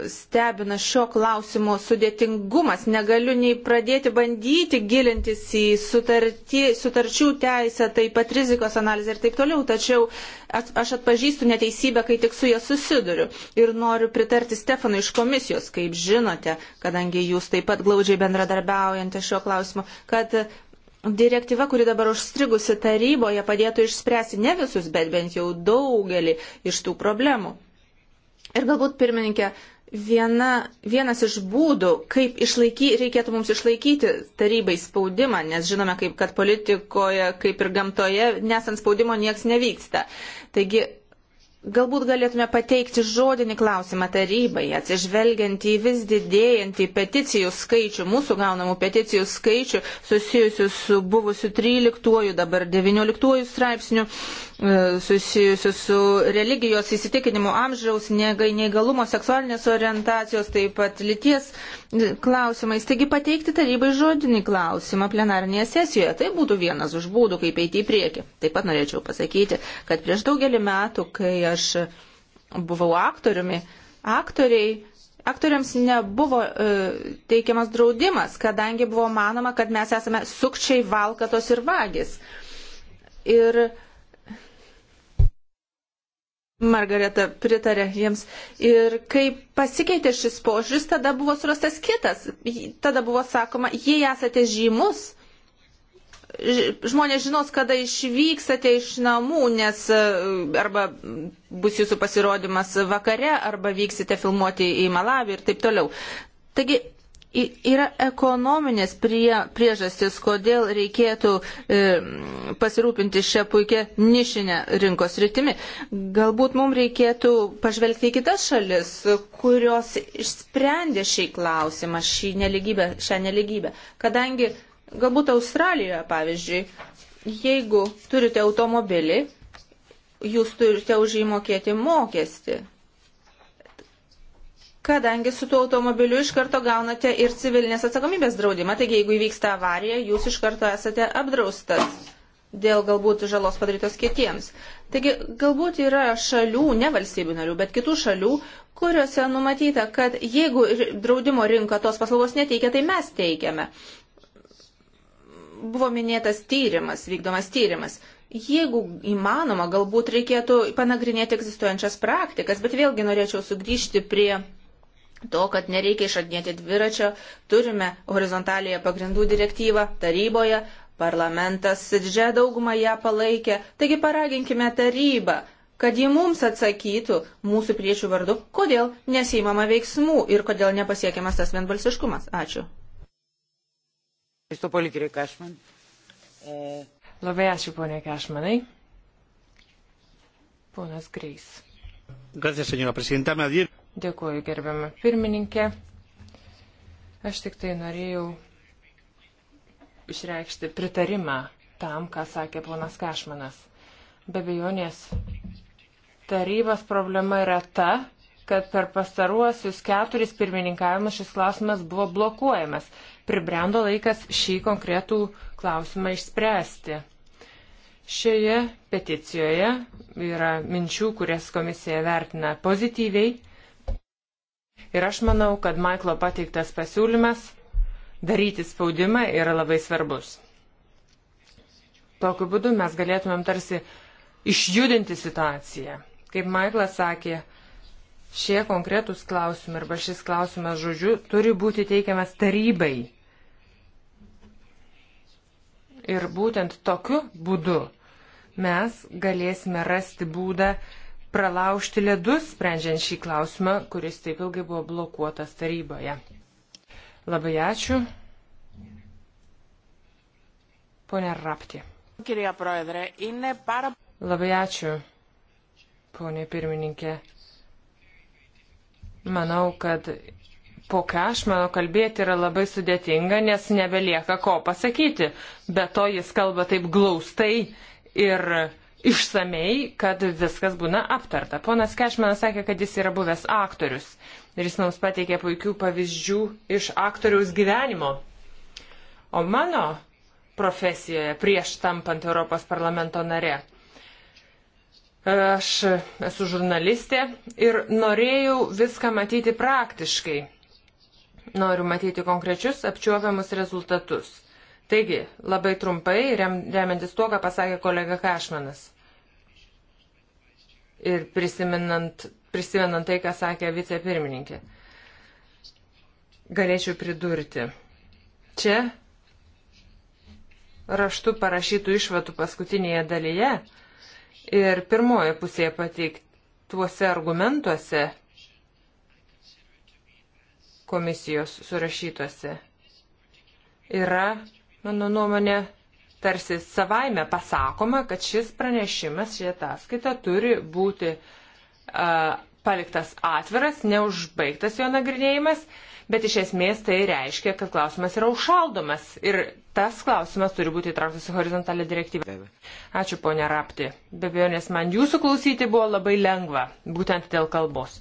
stebina šio klausimo sudėtingumas. Negaliu nei pradėti bandyti gilintis į sutartį, sutarčių teisę, taip pat rizikos analizę ir taip toliau, tačiau at, aš atpažįstu neteisybę, kai tik su ja susiduriu. Ir noriu pritarti Stefanui iš komisijos, kaip žinote, kadangi jūs taip pat glaudžiai bendradarbiaujate šio klausimo, kad direktyva, kuri dabar užstrigusi taryboje, padėtų išspręsti ne visus, bet bent jau daugelį iš tų problemų. Ir galbūt, pirmininkė, viena, vienas iš būdų, kaip išlaiky, reikėtų mums išlaikyti tarybai spaudimą, nes žinome, kaip, kad politikoje, kaip ir gamtoje, nesant spaudimo nieks nevyksta. Taigi, galbūt galėtume pateikti žodinį klausimą tarybai, atsižvelgiant į vis didėjantį peticijų skaičių, mūsų gaunamų peticijų skaičių susijusių su buvusiu 13, dabar 19 straipsniu E, susijusių su religijos įsitikinimu, amžiaus, neįgalumo, seksualinės orientacijos, taip pat lyties klausimais. Taigi pateikti tarybai žodinį klausimą plenarinėje sesijoje. Tai būtų vienas iš būdų, kaip eiti į priekį. Taip pat norėčiau pasakyti, kad prieš daugelį metų, kai aš buvau aktoriumi, aktoriai aktoriams nebuvo e, teikiamas draudimas, kadangi buvo manoma, kad mes esame sukčiai valkatos ir vagis. Ir Margareta pritarė jiems. Ir kai pasikeitė šis požiūris, tada buvo surastas kitas. Tada buvo sakoma, jei esate žymus, žmonės žinos, kada išvyksate iš namų, nes e, arba bus jūsų pasirodymas vakare, arba vyksite filmuoti į Malavį ir taip toliau. Taigi Yra ekonominės prie, priežastis, kodėl reikėtų e, pasirūpinti šią puikią nišinę rinkos rytimi. Galbūt mums reikėtų pažvelgti į kitas šalis, kurios išsprendė šį klausimą, šį neligybę, šią neligybę. Kadangi galbūt Australijoje, pavyzdžiui, jeigu turite automobilį, jūs turite už jį mokėti mokestį kadangi su tuo automobiliu iš karto gaunate ir civilinės atsakomybės draudimą, taigi jeigu įvyksta avarija, jūs iš karto esate apdraustas dėl galbūt žalos padarytos kitiems. Taigi galbūt yra šalių, ne valstybių narių, bet kitų šalių, kuriuose numatyta, kad jeigu draudimo rinka tos paslaugos neteikia, tai mes teikiame. Buvo minėtas tyrimas, vykdomas tyrimas. Jeigu įmanoma, galbūt reikėtų panagrinėti egzistuojančias praktikas, bet vėlgi norėčiau sugrįžti prie to, kad nereikia išradinėti dviračio, turime horizontalėje pagrindų direktyvą taryboje, parlamentas didžiąją daugumą ją palaikė, taigi paraginkime tarybą, kad ji mums atsakytų mūsų priečių vardu, kodėl nesimama veiksmų ir kodėl nepasiekiamas tas vienbalsiškumas. Ačiū. Labai ačiū, ponė Kešmanai. Ponas Greis. Dėkuoju, gerbiamą pirmininkę. Aš tik tai norėjau išreikšti pritarimą tam, ką sakė ponas Kašmanas. Be bejonės, tarybos problema yra ta, kad per pastaruosius keturis pirmininkavimus šis klausimas buvo blokuojamas. Pribrendo laikas šį konkretų klausimą išspręsti. Šioje peticijoje yra minčių, kurias komisija vertina pozityviai. Ir aš manau, kad Maiklo pateiktas pasiūlymas daryti spaudimą yra labai svarbus. Tokiu būdu mes galėtumėm tarsi išjudinti situaciją. Kaip Maiklas sakė, šie konkretūs klausimai arba šis klausimas žodžiu turi būti teikiamas tarybai Ir būtent tokiu būdu mes galėsime rasti būdą pralaužti ledus, sprendžiant šį klausimą, kuris taip ilgai buvo blokuotas taryboje. Labai ačiū. Pone Rapti. Labai ačiū, ponė pirmininkė. Manau, kad po Kešmano kalbėti yra labai sudėtinga, nes nebelieka ko pasakyti. Be to jis kalba taip glaustai ir išsamei, kad viskas būna aptarta. Ponas Kešmanas sakė, kad jis yra buvęs aktorius ir jis mums pateikė puikių pavyzdžių iš aktoriaus gyvenimo. O mano profesijoje prieš tampant Europos parlamento nare. Aš esu žurnalistė ir norėjau viską matyti praktiškai. Noriu matyti konkrečius apčiuopiamus rezultatus. Taigi, labai trumpai, rem, remiantis tuo, ką pasakė kolega Kašmanas. Ir prisimenant, prisimenant tai, ką sakė vicepirmininkė. Galėčiau pridurti. Čia raštu parašytų išvadų paskutinėje dalyje ir pirmoje pusėje pateiktuose argumentuose komisijos surašytuose yra, mano nuomonė, tarsi savaime pasakoma, kad šis pranešimas, šie ataskaita turi būti a, paliktas atviras, neužbaigtas jo nagrinėjimas, bet iš esmės tai reiškia, kad klausimas yra užšaldomas ir tas klausimas turi būti įtrauktas į horizontalę direktyvą. Ačiū ponia Rapti. Be abejo, nes man jūsų klausyti buvo labai lengva, būtent dėl kalbos.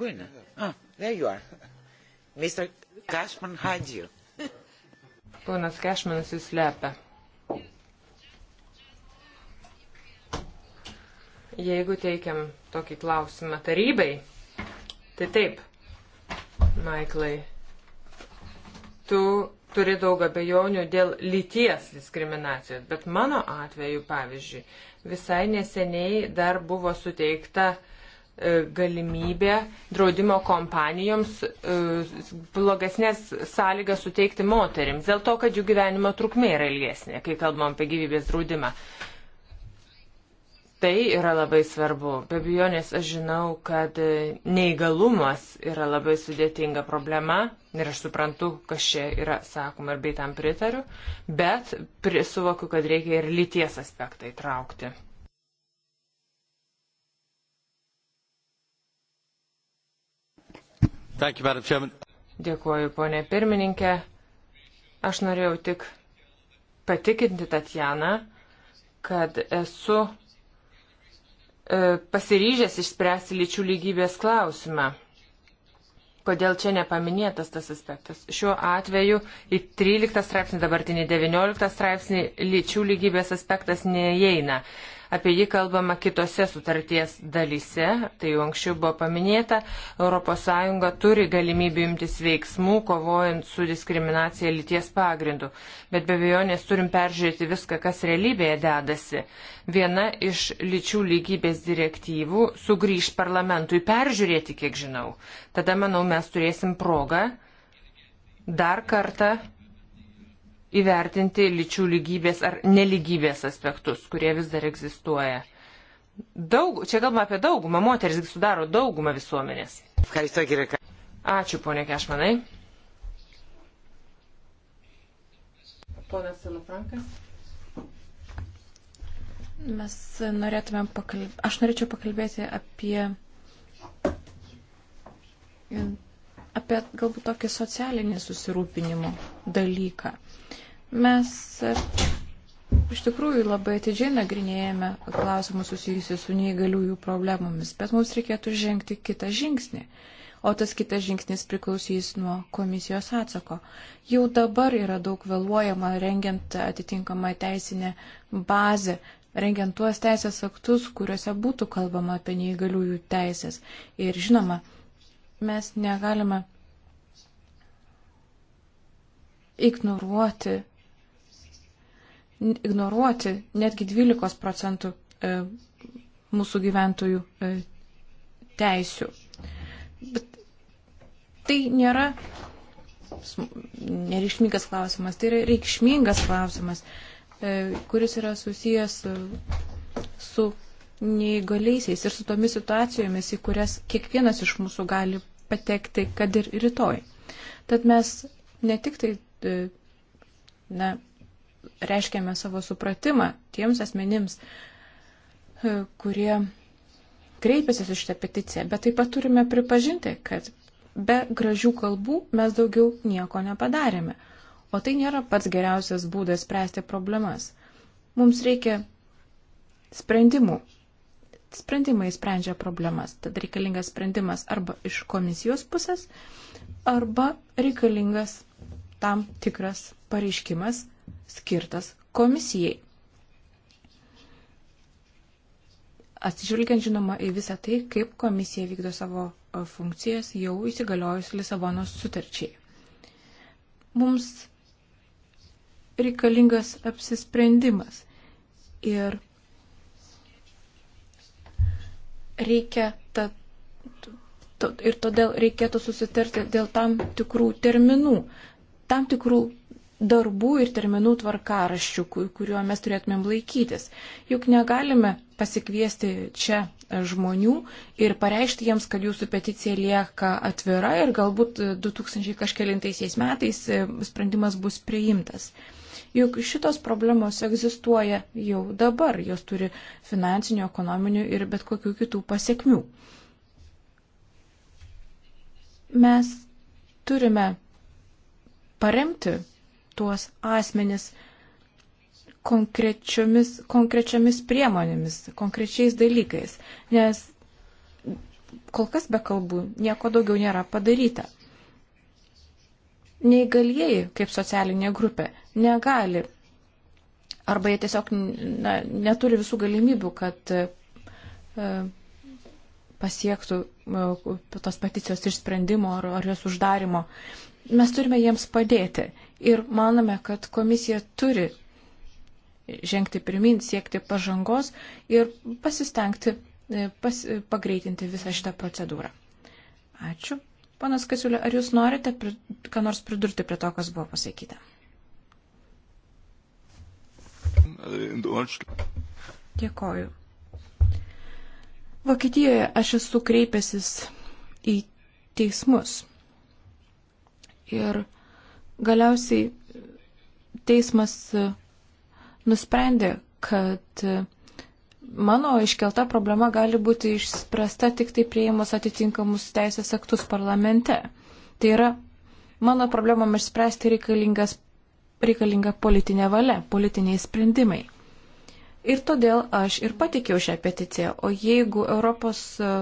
Πού είναι? Α, there you are. Mr. Cashman had you. Ponas Kešmanas jūs lepia. Jeigu teikiam tokį klausimą tarybai, tai taip, Maiklai, tu turi daug abejonių dėl lyties diskriminacijos, bet mano atveju, pavyzdžiui, visai neseniai dar buvo suteikta uh, E, galimybė draudimo kompanijoms e, blogesnės sąlygas suteikti moterims, dėl to, kad jų gyvenimo trukmė yra ilgesnė, kai kalbam apie gyvybės draudimą. Tai yra labai svarbu. Be abejonės aš žinau, kad neįgalumas yra labai sudėtinga problema ir aš suprantu, kas čia yra sakoma ir bei tam pritariu, bet suvokiu, kad reikia ir lyties aspektą įtraukti. You, Dėkuoju, ponė pirmininkė. Aš norėjau tik patikinti Tatjaną, kad esu e, pasiryžęs išspręsti lyčių lygybės klausimą. Kodėl čia nepaminėtas tas aspektas? Šiuo atveju į 13 straipsnį, dabartinį 19 straipsnį lyčių lygybės aspektas neįeina. Apie jį kalbama kitose sutarties dalyse, tai jau anksčiau buvo paminėta, ES turi galimybę imtis veiksmų, kovojant su diskriminacija lyties pagrindu. Bet be abejonės turim peržiūrėti viską, kas realybėje dedasi. Viena iš lyčių lygybės direktyvų sugrįž parlamentui peržiūrėti, kiek žinau. Tada, manau, mes turėsim progą dar kartą įvertinti lyčių lygybės ar neligybės aspektus, kurie vis dar egzistuoja. Daug, čia kalbame apie daugumą, moteris sudaro daugumą visuomenės. Ačiū, ponė Kešmanai. Ponas Salafrankas. Mes norėtumėm pakalbėti, aš norėčiau pakalbėti apie, apie galbūt tokį socialinį susirūpinimo dalyką. Mes e, iš tikrųjų labai atidžiai nagrinėjame klausimus susijusius su neįgaliųjų problemomis, bet mums reikėtų žengti kitą žingsnį. O tas kitas žingsnis priklausys nuo komisijos atsako. Jau dabar yra daug vėluojama rengiant atitinkamą teisinę bazę, rengiant tuos teisės aktus, kuriuose būtų kalbama apie neįgaliųjų teisės. Ir žinoma, mes negalime ignoruoti ignoruoti netgi 12 procentų e, mūsų gyventojų e, teisių. Bet tai nėra nereikšmingas klausimas, tai yra reikšmingas klausimas, e, kuris yra susijęs su neįgaliaisiais ir su tomis situacijomis, į kurias kiekvienas iš mūsų gali patekti, kad ir rytoj. Tad mes ne tik tai na, reiškiame savo supratimą tiems asmenims, e, kurie kreipiasi su šitą peticiją, bet taip pat turime pripažinti, kad be gražių kalbų mes daugiau nieko nepadarėme. O tai nėra pats geriausias būdas spręsti problemas. Mums reikia sprendimų. Sprendimai sprendžia problemas. Tad reikalingas sprendimas arba iš komisijos pusės, arba reikalingas tam tikras pareiškimas skirtas komisijai. Atsižvelgiant žinoma į visą tai, kaip komisija vykdo savo e, funkcijas jau įsigaliojus Lisabonos sutarčiai. Mums reikalingas apsisprendimas ir reikia ta, to, ir todėl reikėtų susitarti dėl tam tikrų terminų, tam tikrų darbų ir terminų tvarkaraščių, kuriuo mes turėtumėm laikytis. Juk negalime pasikviesti čia e, žmonių ir pareišti jiems, kad jūsų peticija lieka atvira ir galbūt 2000 e, kažkėlintaisiais metais e, sprendimas bus priimtas. Juk šitos problemos egzistuoja jau dabar, jos turi finansinių, ekonominių ir bet kokių kitų pasiekmių. Mes turime paremti tuos asmenis konkrečiomis, konkrečiomis priemonėmis, konkrečiais dalykais, nes kol kas be kalbų nieko daugiau nėra padaryta. Neįgalieji kaip socialinė grupė negali arba jie tiesiog na, neturi visų galimybių, kad e, pasiektų e, tos peticijos išsprendimo ar, ar jos uždarimo. Mes turime jiems padėti ir manome, kad komisija turi žengti pirmin, siekti pažangos ir pasistengti e, pas, e, pagreitinti visą šitą procedūrą. Ačiū. Panas Kasiulė, ar jūs norite pri, ką nors pridurti prie to, kas buvo pasakyta? Dėkoju. Vokietijoje aš esu kreipęsis į teismus Ir galiausiai teismas e, nusprendė, kad e, mano iškelta problema gali būti išspręsta tik tai prieimus atitinkamus teisės aktus parlamente. Tai yra, mano problemam išspręsti reikalinga politinė valia, politiniai sprendimai. Ir todėl aš ir patikėjau šią peticiją. O jeigu Europos e,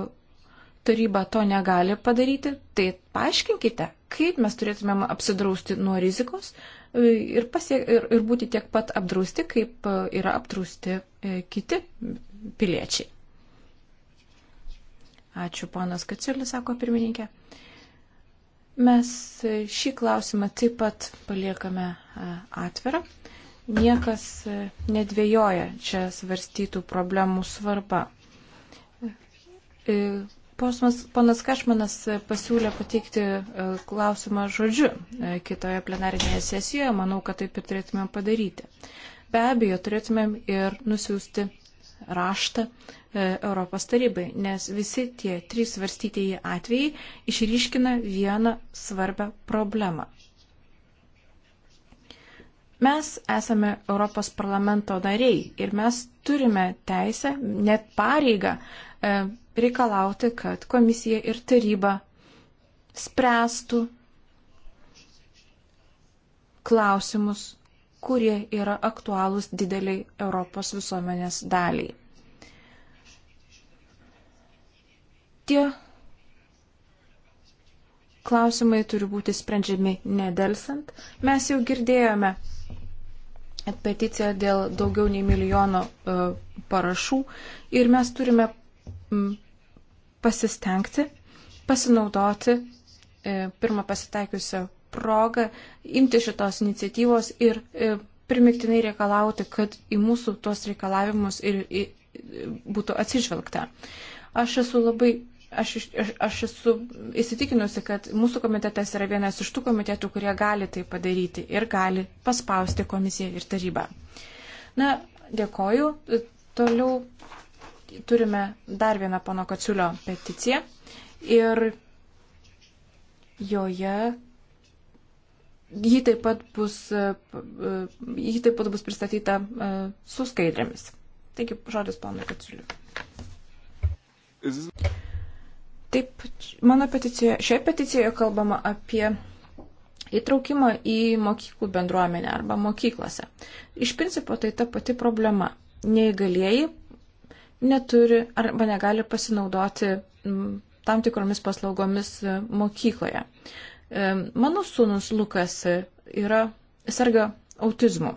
taryba to negali padaryti, tai paaiškinkite, kaip mes turėtumėm apsidrausti nuo rizikos e, ir, pasiek, ir, ir būti tiek pat apdrausti, kaip e, yra apdrausti e, kiti piliečiai. Ačiū, ponas Kaciulis, sako pirmininkė. Mes šį klausimą taip pat paliekame atvirą. Niekas nedvėjoja čia svarstytų problemų svarba Posmas, panas Kašmanas pasiūlė pateikti e, klausimą žodžiu e, kitoje plenarinėje sesijoje. Manau, kad taip ir turėtumėm padaryti. Be abejo, turėtumėm ir nusiųsti raštą e, Europos tarybai, nes visi tie trys svarstytieji atvejai išryškina vieną svarbę problemą. Mes esame Europos parlamento nariai ir mes turime teisę, net pareigą reikalauti, kad komisija ir taryba spręstų klausimus, kurie yra aktualūs dideliai Europos visuomenės daliai. Tie klausimai turi būti sprendžiami nedelsant. Mes jau girdėjome peticiją dėl daugiau nei milijono e, parašų ir mes turime pasistengti, pasinaudoti e, pirmą pasitaikiusią progą, imti šitos iniciatyvos ir e, primiktinai reikalauti, kad į mūsų tuos reikalavimus ir į, būtų atsižvelgta. Aš esu labai, aš, aš, aš esu įsitikinusi, kad mūsų komitetas yra vienas iš tų komitetų, kurie gali tai padaryti ir gali paspausti komisiją ir tarybą. Na, dėkoju. Toliau turime dar vieną pono Kaciulio peticiją ir joje ji taip pat bus, ji taip pat bus pristatyta e, su skaidrėmis. Taigi žodis ponui Kaciuliu. Taip, mano peticijoje, šioje peticijoje kalbama apie įtraukimą į mokyklų bendruomenę arba mokyklose. Iš principo tai ta pati problema. Neįgalieji neturi arba negali pasinaudoti tam tikromis paslaugomis e, mokykloje. E, mano sūnus Lukas e, yra serga autizmu.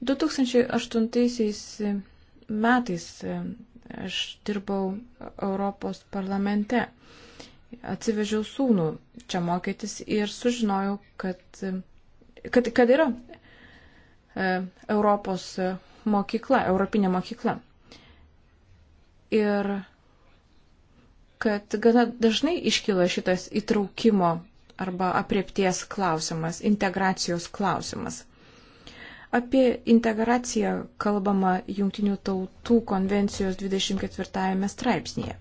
2008 metais aš dirbau Europos parlamente. Atsivežiau sūnų čia mokytis ir sužinojau, kad, kad, kad yra Europos mokykla, Europinė mokykla ir kad gana dažnai iškyla šitas įtraukimo arba apriepties klausimas, integracijos klausimas. Apie integraciją kalbama Junktinių tautų konvencijos 24 straipsnėje.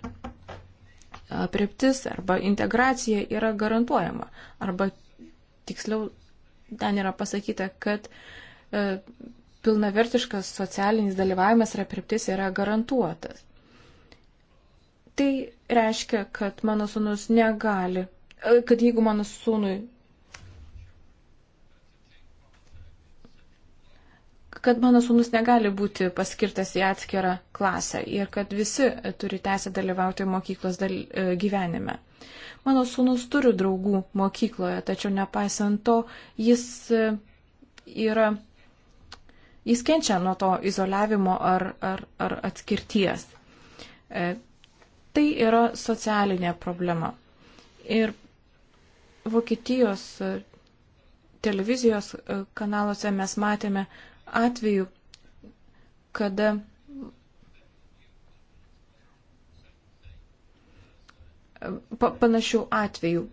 Apriptis arba integracija yra garantuojama, arba tiksliau ten yra pasakyta, kad e, pilnavertiškas socialinis dalyvavimas ir apriptis yra garantuotas. Tai reiškia, kad mano sūnus negali, e, kad jeigu mano sūnui, kad mano sūnus negali būti paskirtas į atskirą klasę ir kad visi turi teisę dalyvauti mokyklos dal, e, gyvenime. Mano sūnus turi draugų mokykloje, tačiau nepaisant to, jis e, yra, jis kenčia nuo to izoliavimo ar, ar, ar atskirties. Tai yra socialinė problema. Ir Vokietijos e, televizijos e, kanaluose mes matėme atveju, kada e, pa, panašių atvejų,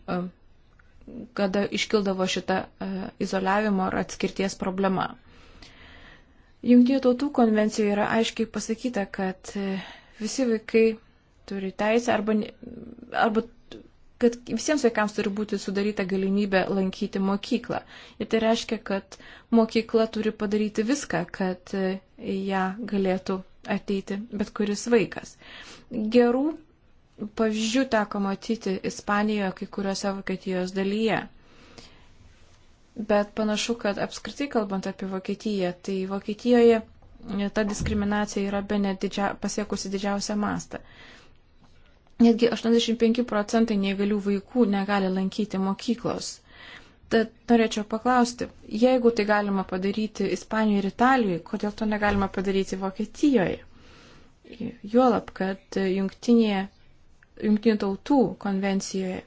kada iškildavo šita izoliavimo ar atskirties problema. Junktinių tautų konvencijoje yra aiškiai pasakyta, kad visi vaikai turi teisę arba, arba kad visiems vaikams turi būti sudaryta galimybė lankyti mokyklą. Ir tai reiškia, kad mokykla turi padaryti viską, kad e, ją galėtų ateiti bet kuris vaikas. Gerų pavyzdžių teko matyti Ispanijoje, kai kuriuose Vokietijos dalyje. Bet panašu, kad apskritai kalbant apie Vokietiją, tai Vokietijoje e, ta diskriminacija yra be net didžia, pasiekusi didžiausią mastą. Netgi 85 procentai neįgalių vaikų negali lankyti mokyklos. Tad norėčiau paklausti, jeigu tai galima padaryti Ispanijoje ir Italijoje, kodėl to negalima padaryti Vokietijoje? Juolab, kad jungtinėje, jungtinių tautų konvencijoje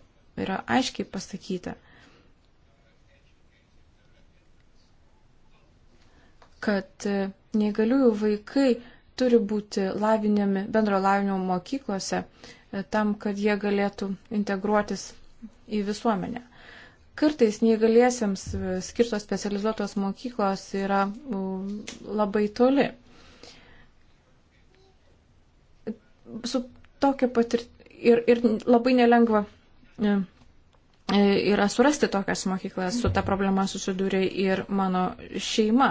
yra aiškiai pasakyta, kad neįgaliųjų vaikai turi būti lavinami bendro lavinimo mokyklose tam, kad jie galėtų integruotis į visuomenę. Kartais neįgaliesiems e, skirtos specializuotos mokyklos yra labai toli. Su tokia patirtimi ir, ir labai nelengva e, e, yra surasti tokias mokyklas, su ta problema susidūrė ir mano šeima.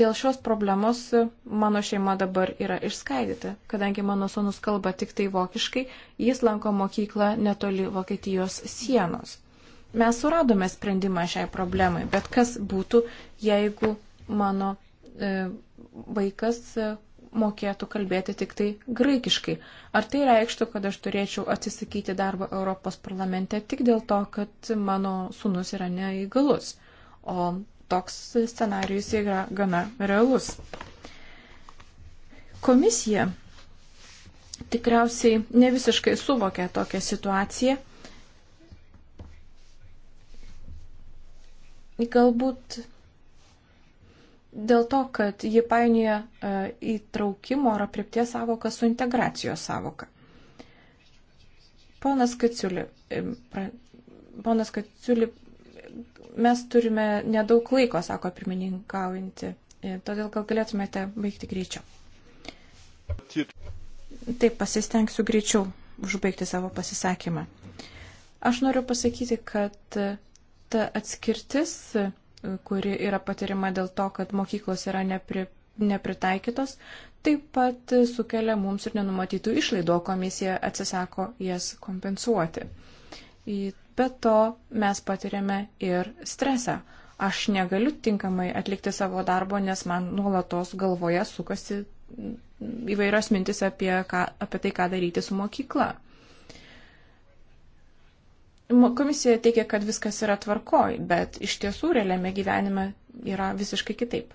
Dėl šios problemos e, mano šeima dabar yra išskaidyta, kadangi mano sonus kalba tik tai vokiškai, jis lanko mokyklą netoli Vokietijos sienos. Mes suradome sprendimą šiai problemai, bet kas būtų, jeigu mano e, vaikas e, mokėtų kalbėti tik tai graikiškai. Ar tai reikštų, kad aš turėčiau atsisakyti darbo Europos parlamente tik dėl to, kad mano sunus yra neįgalus? O toks scenarius yra gana realus. Komisija tikriausiai ne visiškai suvokia tokią situaciją. Galbūt dėl to, kad ji painioja e, įtraukimo ar apriepties savoką su integracijos savoka. Ponas Kaciuli, e, ponas Kaciuli mes turime nedaug laiko, sako pirmininkaujanti. E, todėl gal galėtumėte baigti greičiau. Taip, pasistengsiu greičiau užbaigti savo pasisakymą. Aš noriu pasakyti, kad ta atskirtis, kuri yra patirima dėl to, kad mokyklos yra nepri, nepritaikytos, taip pat sukelia mums ir nenumatytų išlaidų, o komisija atsisako jas kompensuoti. Į Be to mes patiriame ir stresą. Aš negaliu tinkamai atlikti savo darbo, nes man nuolatos galvoje sukasi įvairios mintis apie, ką, apie tai, ką daryti su mokykla. Komisija teigia, kad viskas yra tvarkoj, bet iš tiesų realiame gyvenime yra visiškai kitaip.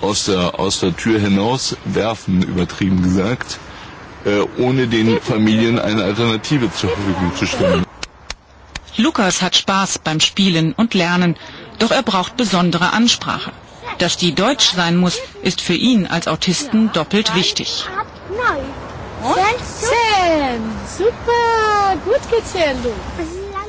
aus der, aus der Tür hinaus werfen, übertrieben gesagt, äh, ohne den Familien eine Alternative zur Verfügung zu stellen. Lukas hat Spaß beim Spielen und Lernen, doch er braucht besondere Ansprache. Dass die deutsch sein muss, ist für ihn als Autisten doppelt wichtig. Nein. 16. Super, gut gezählt, du.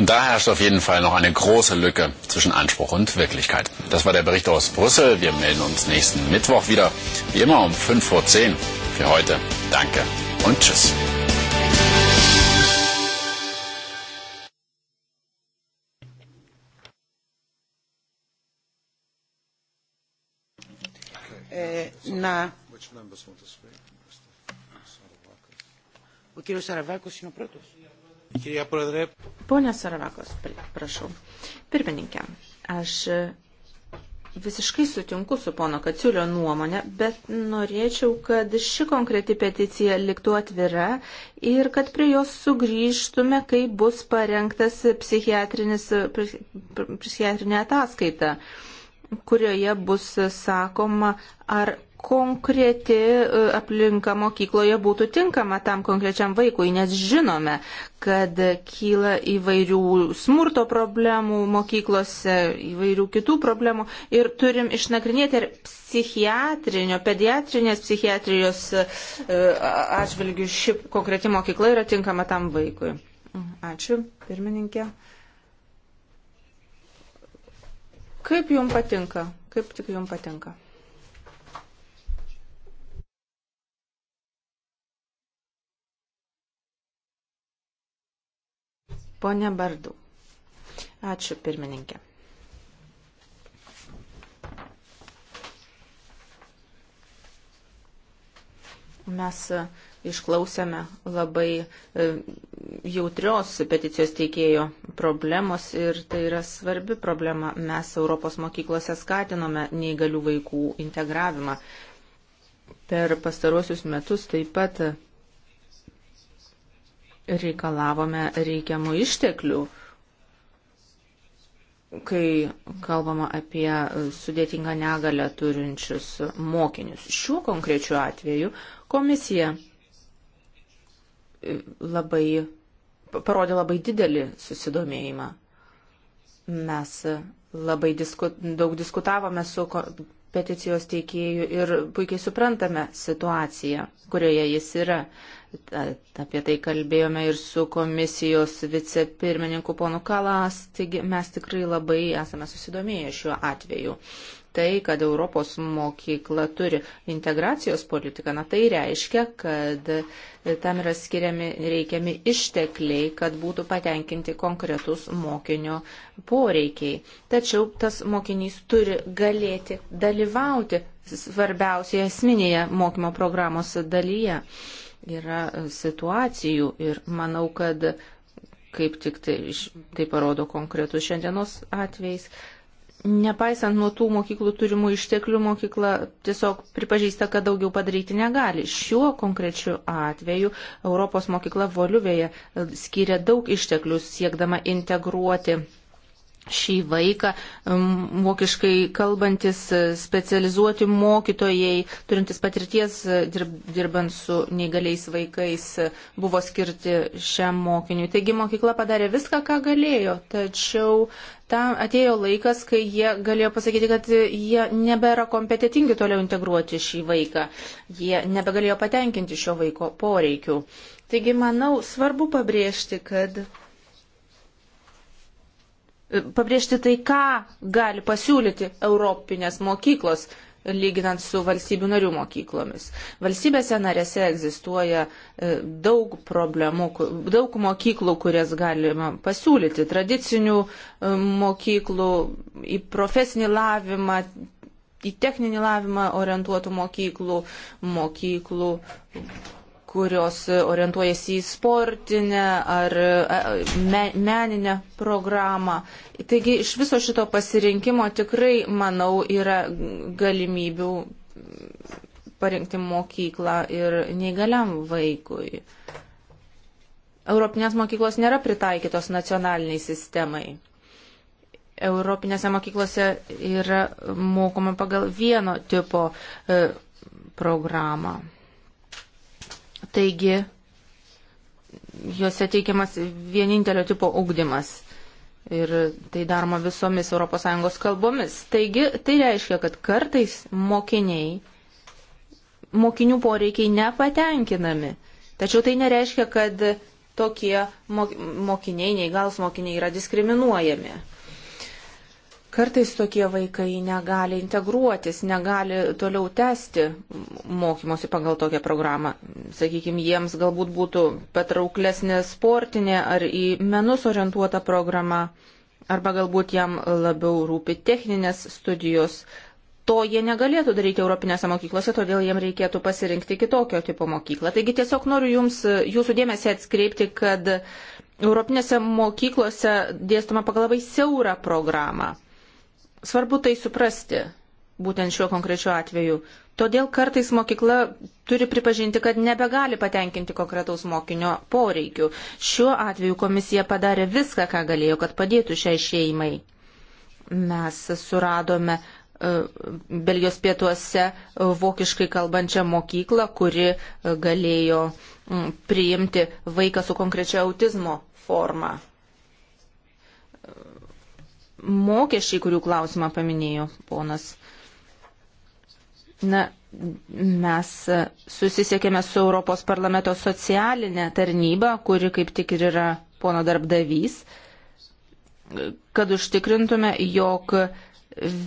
Und da herrscht auf jeden Fall noch eine große Lücke zwischen Anspruch und Wirklichkeit. Das war der Bericht aus Brüssel. Wir melden uns nächsten Mittwoch wieder, wie immer um 5 vor 10. Für heute danke und tschüss. να... Ο κύριος Σαραβάκος είναι ο πρώτος. Pone Saravakos, prašau. Pirmininkė, aš e, visiškai sutinku su pono Kaciulio nuomonė, bet norėčiau, kad ši konkreti peticija liktų atvira ir kad prie jos sugrįžtume, kai bus parengtas psichiatrinė ataskaita, kurioje bus sakoma, ar konkreti e, aplinka mokykloje būtų tinkama tam konkrečiam vaikui, nes žinome, kad kyla įvairių smurto problemų mokyklose, įvairių kitų problemų ir turim išnagrinėti ir psichiatrinio, pediatrinės psichiatrijos e, atžvilgių ši konkreti mokykla yra tinkama tam vaikui. Ačiū, pirmininkė. Kaip jums patinka? Kaip tik jums patinka? Pone Bardu. Ačiū, pirmininkė. Mes e, išklausėme labai e, jautrios peticijos teikėjo problemos ir tai yra svarbi problema. Mes Europos mokyklose skatinome neįgalių vaikų integravimą. Per pastarosius metus taip pat reikalavome reikiamų išteklių, kai kalbama apie sudėtingą negalę turinčius mokinius. Šiuo konkrečiu atveju komisija e, labai parodė labai didelį susidomėjimą. Mes e, labai disku, daug diskutavome su peticijos teikėjų ir puikiai suprantame situaciją, kurioje jis yra. Apie tai kalbėjome ir su komisijos vicepirmininku ponu Kalas, taigi mes tikrai labai esame susidomėję šiuo atveju tai, kad Europos mokykla turi integracijos politiką, na tai reiškia, kad tam yra skiriami reikiami ištekliai, kad būtų patenkinti konkretus mokinio poreikiai. Tačiau tas mokinys turi galėti dalyvauti svarbiausioje esminėje mokymo programos dalyje. Yra situacijų ir manau, kad kaip tik tai, tai parodo konkretus šiandienos atvejs, Nepaisant nuo tų mokyklų turimų išteklių, mokykla tiesiog pripažįsta, kad daugiau padaryti negali. Šiuo konkrečiu atveju Europos mokykla Voliuvėje e, skiria daug išteklių siekdama integruoti šį vaiką vokiškai kalbantis e, specializuoti mokytojai, turintis patirties e, dirbant su neįgaliais vaikais, e, buvo skirti šiam mokiniui. Taigi mokykla padarė viską, ką galėjo, tačiau tam atėjo laikas, kai jie galėjo pasakyti, kad jie nebėra kompetitingi toliau integruoti šį vaiką, jie nebegalėjo patenkinti šio vaiko poreikių. Taigi, manau, svarbu pabrėžti, kad pabrėžti tai, ką gali pasiūlyti Europinės mokyklos lyginant su valstybių narių mokyklomis. Valstybėse narėse egzistuoja e, daug problemų, daug mokyklų, kurias galima pasiūlyti. Tradicinių e, mokyklų į profesinį lavimą, į techninį lavimą orientuotų mokyklų, mokyklų kurios orientuojasi į sportinę ar e, meninę programą. Taigi iš viso šito pasirinkimo tikrai, manau, yra galimybių parinkti mokyklą ir neįgaliam vaikui. Europinės mokyklos nėra pritaikytos nacionaliniai sistemai. Europinėse mokyklose yra mokoma pagal vieno tipo e, programą. Taigi, juose teikiamas vienintelio tipo ugdymas. Ir tai daroma visomis ES kalbomis. Taigi, tai reiškia, kad kartais mokiniai, mokinių poreikiai nepatenkinami. Tačiau tai nereiškia, kad tokie mokiniai, neįgalus mokiniai yra diskriminuojami. Kartais tokie vaikai negali integruotis, negali toliau tęsti mokymosi pagal tokią programą. Sakykime, jiems galbūt būtų patrauklesnė sportinė ar į menus orientuota programa, arba galbūt jam labiau rūpi techninės studijos. To jie negalėtų daryti Europinėse mokyklose, todėl jiem reikėtų pasirinkti kitokio tipo mokyklą. Taigi tiesiog noriu jums, jūsų dėmesį atskreipti, kad Europinėse mokyklose dėstoma pagal labai siaurą programą Svarbu tai suprasti, būtent šiuo konkrečiu atveju. Todėl kartais mokykla turi pripažinti, kad nebegali patenkinti konkretaus mokinio poreikių. Šiuo atveju komisija padarė viską, ką galėjo, kad padėtų šiai šeimai. Mes suradome e, Belgijos pietuose e, vokiškai kalbančią mokyklą, kuri e, galėjo priimti vaiką su konkrečia autizmo forma mokesčiai, kurių klausimą paminėjo ponas. Na, mes susisiekėme su Europos parlamento socialinė tarnyba, kuri kaip tik ir yra pono darbdavys, kad užtikrintume, jog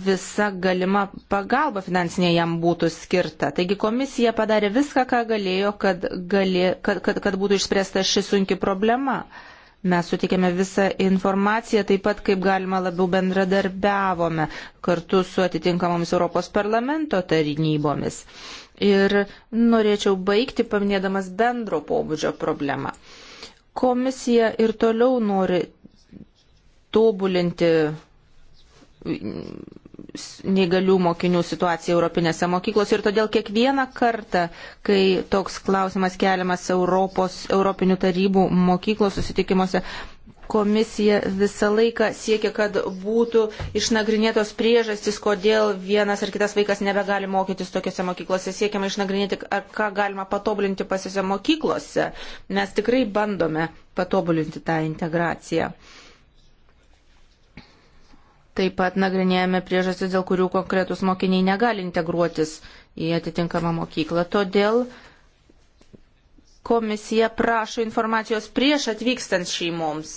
visa galima pagalba finansinė jam būtų skirta. Taigi komisija padarė viską, ką galėjo, kad, galė, kad, kad, kad būtų išspręsta ši sunki problema. Uh, Mes sutikėme visą informaciją, taip pat kaip galima labiau bendradarbiavome kartu su atitinkamomis Europos parlamento tarnybomis. Ir norėčiau baigti paminėdamas bendro pobūdžio problemą. Komisija ir toliau nori tobulinti neįgalių mokinių situaciją Europinėse mokyklose ir todėl kiekvieną kartą, kai toks klausimas keliamas Europos, Europinių tarybų mokyklos susitikimuose, komisija visą laiką siekia, kad būtų išnagrinėtos priežastys, kodėl vienas ar kitas vaikas nebegali mokytis tokiuose mokyklose. Siekiama išnagrinėti, ką galima patobulinti pasiuose mokyklose. Mes tikrai bandome patobulinti tą integraciją. Taip pat nagrinėjame priežastis, dėl kurių konkretus mokiniai negali integruotis į atitinkamą mokyklą. Todėl komisija prašo informacijos prieš atvykstant šeimoms,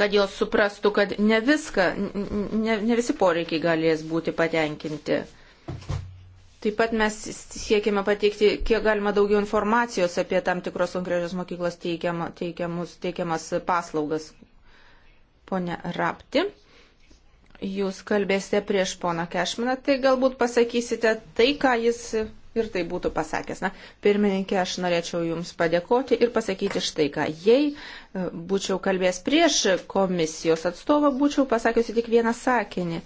kad jos suprastų, kad ne, viską, ne, ne visi poreikiai galės būti patenkinti. Taip pat mes siekime pateikti, kiek galima daugiau informacijos apie tam tikros konkrečios mokyklos teikiama, teikiamus, teikiamas paslaugas Pone Rapti, jūs kalbėsite prieš poną Kešminą, tai galbūt pasakysite tai, ką jis ir tai būtų pasakęs. Na, pirmininkė, aš norėčiau Jums padėkoti ir pasakyti štai ką. Jei e, būčiau kalbėjęs prieš komisijos atstovą, būčiau pasakiusi tik vieną sakinį,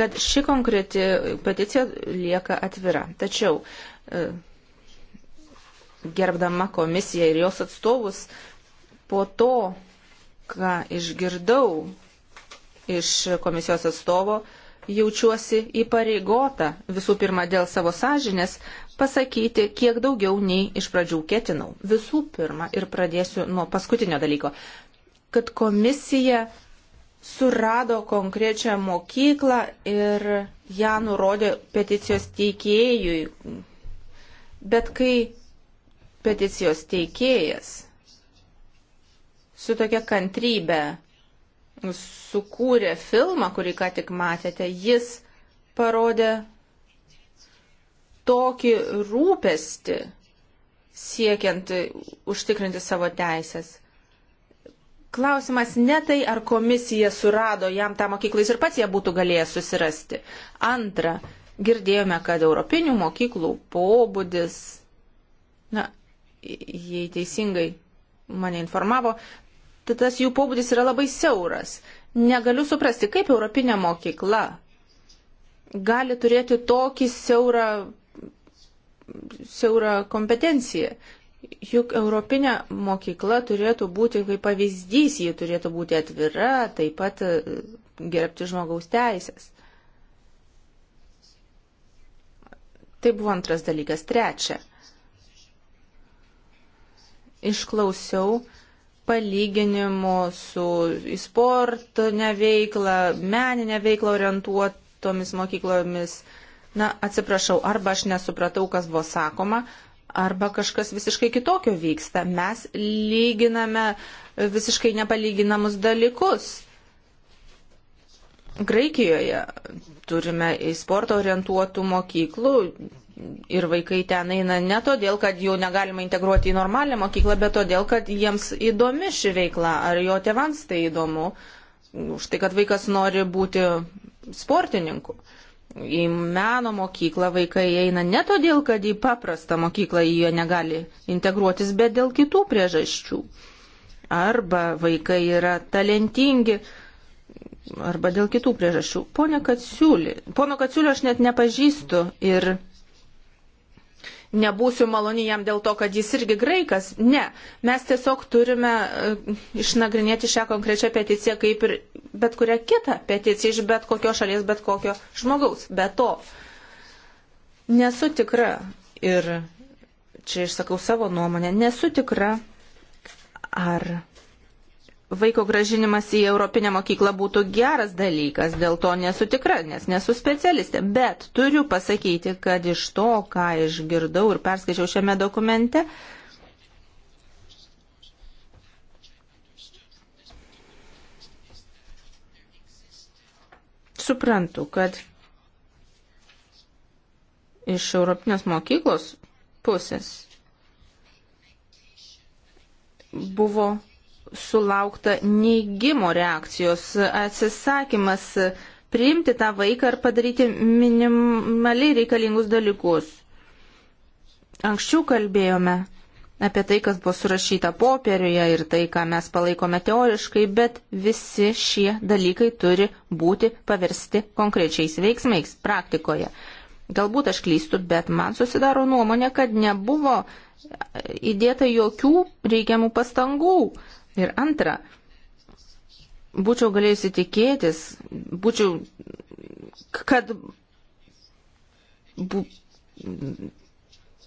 kad ši konkreti peticija lieka atvira. Tačiau e, gerbdama komisiją ir jos atstovus, po to ką išgirdau iš komisijos atstovo, jaučiuosi įpareigota visų pirma dėl savo sąžinės pasakyti kiek daugiau nei iš pradžių ketinau. Visų pirma, ir pradėsiu nuo paskutinio dalyko, kad komisija surado konkrečią mokyklą ir ją nurodė peticijos teikėjui. Bet kai peticijos teikėjas su tokia kantrybė sukūrė filmą, kurį ką tik matėte. Jis parodė tokį rūpestį siekiant užtikrinti savo teisės. Klausimas ne tai, ar komisija surado jam tą mokyklą, jis ir pats ją būtų galėjęs susirasti. Antra, girdėjome, kad europinių mokyklų pobūdis, na, jei teisingai mane informavo, Tai tas jų pobūdis yra labai siauras. Negaliu suprasti, kaip Europinė mokykla gali turėti tokį siaurą, siaurą kompetenciją. Juk Europinė mokykla turėtų būti kaip pavyzdys, ji turėtų būti atvira, taip pat e, gerbti žmogaus teisės. Tai buvo antras dalykas. Trečia. Išklausiau palyginimų su į sportinę veiklą, meninę veiklą orientuotomis mokyklomis. Na, atsiprašau, arba aš nesupratau, kas buvo sakoma, arba kažkas visiškai kitokio vyksta. Mes lyginame visiškai nepalyginamus dalykus. Graikijoje turime į sportą orientuotų mokyklų, ir vaikai ten eina ne todėl, kad jų negalima integruoti į normalią mokyklą, bet todėl, kad jiems įdomi ši veikla ar jo tėvams tai įdomu. Už tai, kad vaikas nori būti sportininku. Į meno mokyklą vaikai eina ne todėl, kad į paprastą mokyklą jie negali integruotis, bet dėl kitų priežasčių. Arba vaikai yra talentingi, arba dėl kitų priežasčių. Pone Katsiulį, pono Katsiulio aš net nepažįstu ir nebūsiu maloni jam dėl to, kad jis irgi graikas. Ne, mes tiesiog turime e, išnagrinėti šią konkrečią peticiją kaip ir bet kurią kitą peticiją iš bet kokios šalies, bet kokio žmogaus. Be to, nesu tikra ir čia išsakau savo nuomonę, nesu tikra, ar vaiko gražinimas į Europinę mokyklą būtų geras dalykas, dėl to nesu tikra, nes nesu specialistė. Bet turiu pasakyti, kad iš to, ką išgirdau ir perskaičiau šiame dokumente, suprantu, kad iš Europinės mokyklos pusės buvo sulaukta neigimo reakcijos, atsisakymas priimti tą vaiką ir padaryti minimaliai reikalingus dalykus. Anksčiau kalbėjome apie tai, kas buvo surašyta popieriuje ir tai, ką mes palaikome teoriškai, bet visi šie dalykai turi būti paversti konkrečiais veiksmais praktikoje. Galbūt aš klystu, bet man susidaro nuomonė, kad nebuvo įdėta jokių reikiamų pastangų Ir antra, būčiau galėjusi tikėtis, būčiau, kad bu,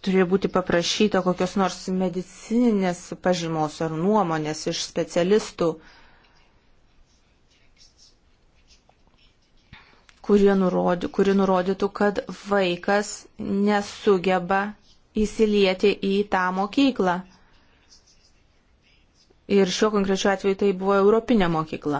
turėjo būti paprašyta kokios nors medicininės pažymos ar nuomonės iš specialistų, nurody, kuri nurodytų, kad vaikas nesugeba įsilieti į tą mokyklą. Ir šiuo konkrečiu atveju tai buvo Europinė mokykla.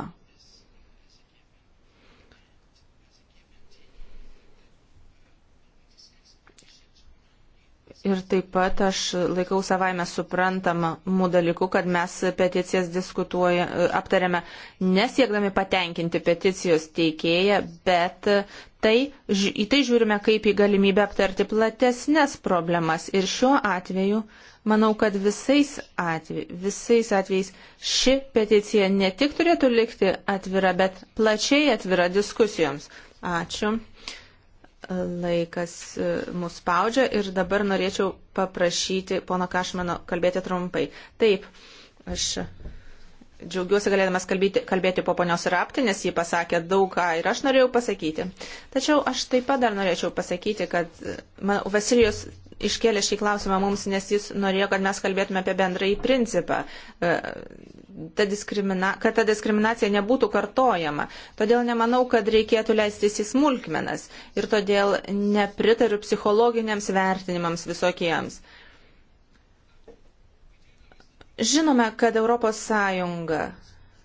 Ir taip pat aš laikau savaime suprantamų dalykų, kad mes peticijas diskutuoja, aptariame nesiekdami patenkinti peticijos teikėją, bet tai, į tai žiūrime kaip į galimybę aptarti platesnės problemas. Ir šiuo atveju uh, Manau, kad visais, atvej, visais atvejais ši peticija ne tik turėtų likti atvira, bet plačiai atvira diskusijoms. Ačiū. Laikas e, mus spaudžia ir dabar norėčiau paprašyti pono Kašmano kalbėti trumpai. Taip, aš Džiaugiuosi galėdamas kalbėti, kalbėti po ponios Rapti, nes ji pasakė daug ką ir aš norėjau pasakyti. Tačiau aš taip pat dar norėčiau pasakyti, kad e, man, Vasilijos iškėlė šį klausimą mums, nes jis norėjo, kad mes kalbėtume apie bendrąjį principą, e, ta diskrimina, kad ta diskriminacija nebūtų kartojama. Todėl nemanau, kad reikėtų leistis į smulkmenas ir todėl nepritariu psichologiniams vertinimams visokiems. Žinome, kad Europos Sąjunga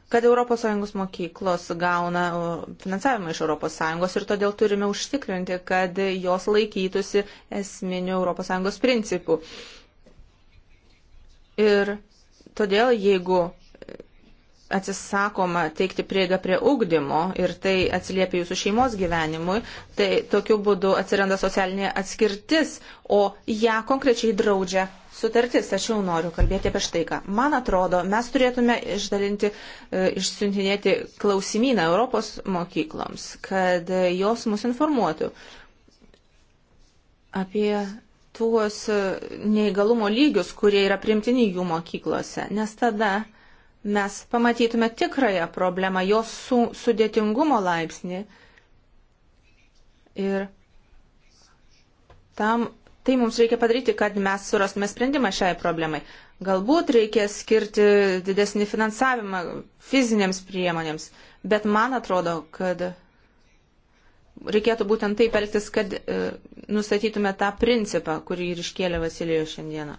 kad ES mokyklos gauna finansavimą iš ES ir todėl turime užtikrinti, kad jos laikytųsi esminių ES principų. Ir todėl, jeigu atsisakoma teikti prieigą prie ugdymo ir tai atsiliepia jūsų šeimos gyvenimui, tai tokiu būdu atsiranda socialinė atskirtis, o ją konkrečiai draudžia sutartis. Tačiau noriu kalbėti apie štai ką. Man atrodo, mes turėtume išdalinti, e, išsiuntinėti klausimyną Europos mokykloms, kad jos mus informuotų apie tuos neįgalumo lygius, kurie yra primtini jų mokyklose, nes tada mes pamatytume tikrąją problemą, jos su, sudėtingumo laipsnį. Ir tam tai mums reikia padaryti, kad mes surastume sprendimą šiai problemai. Galbūt reikės skirti didesnį finansavimą fizinėms priemonėms, bet man atrodo, kad reikėtų būtent taip elgtis, kad e, nustatytume tą principą, kurį ir iškėlė Vasilijo šiandieną.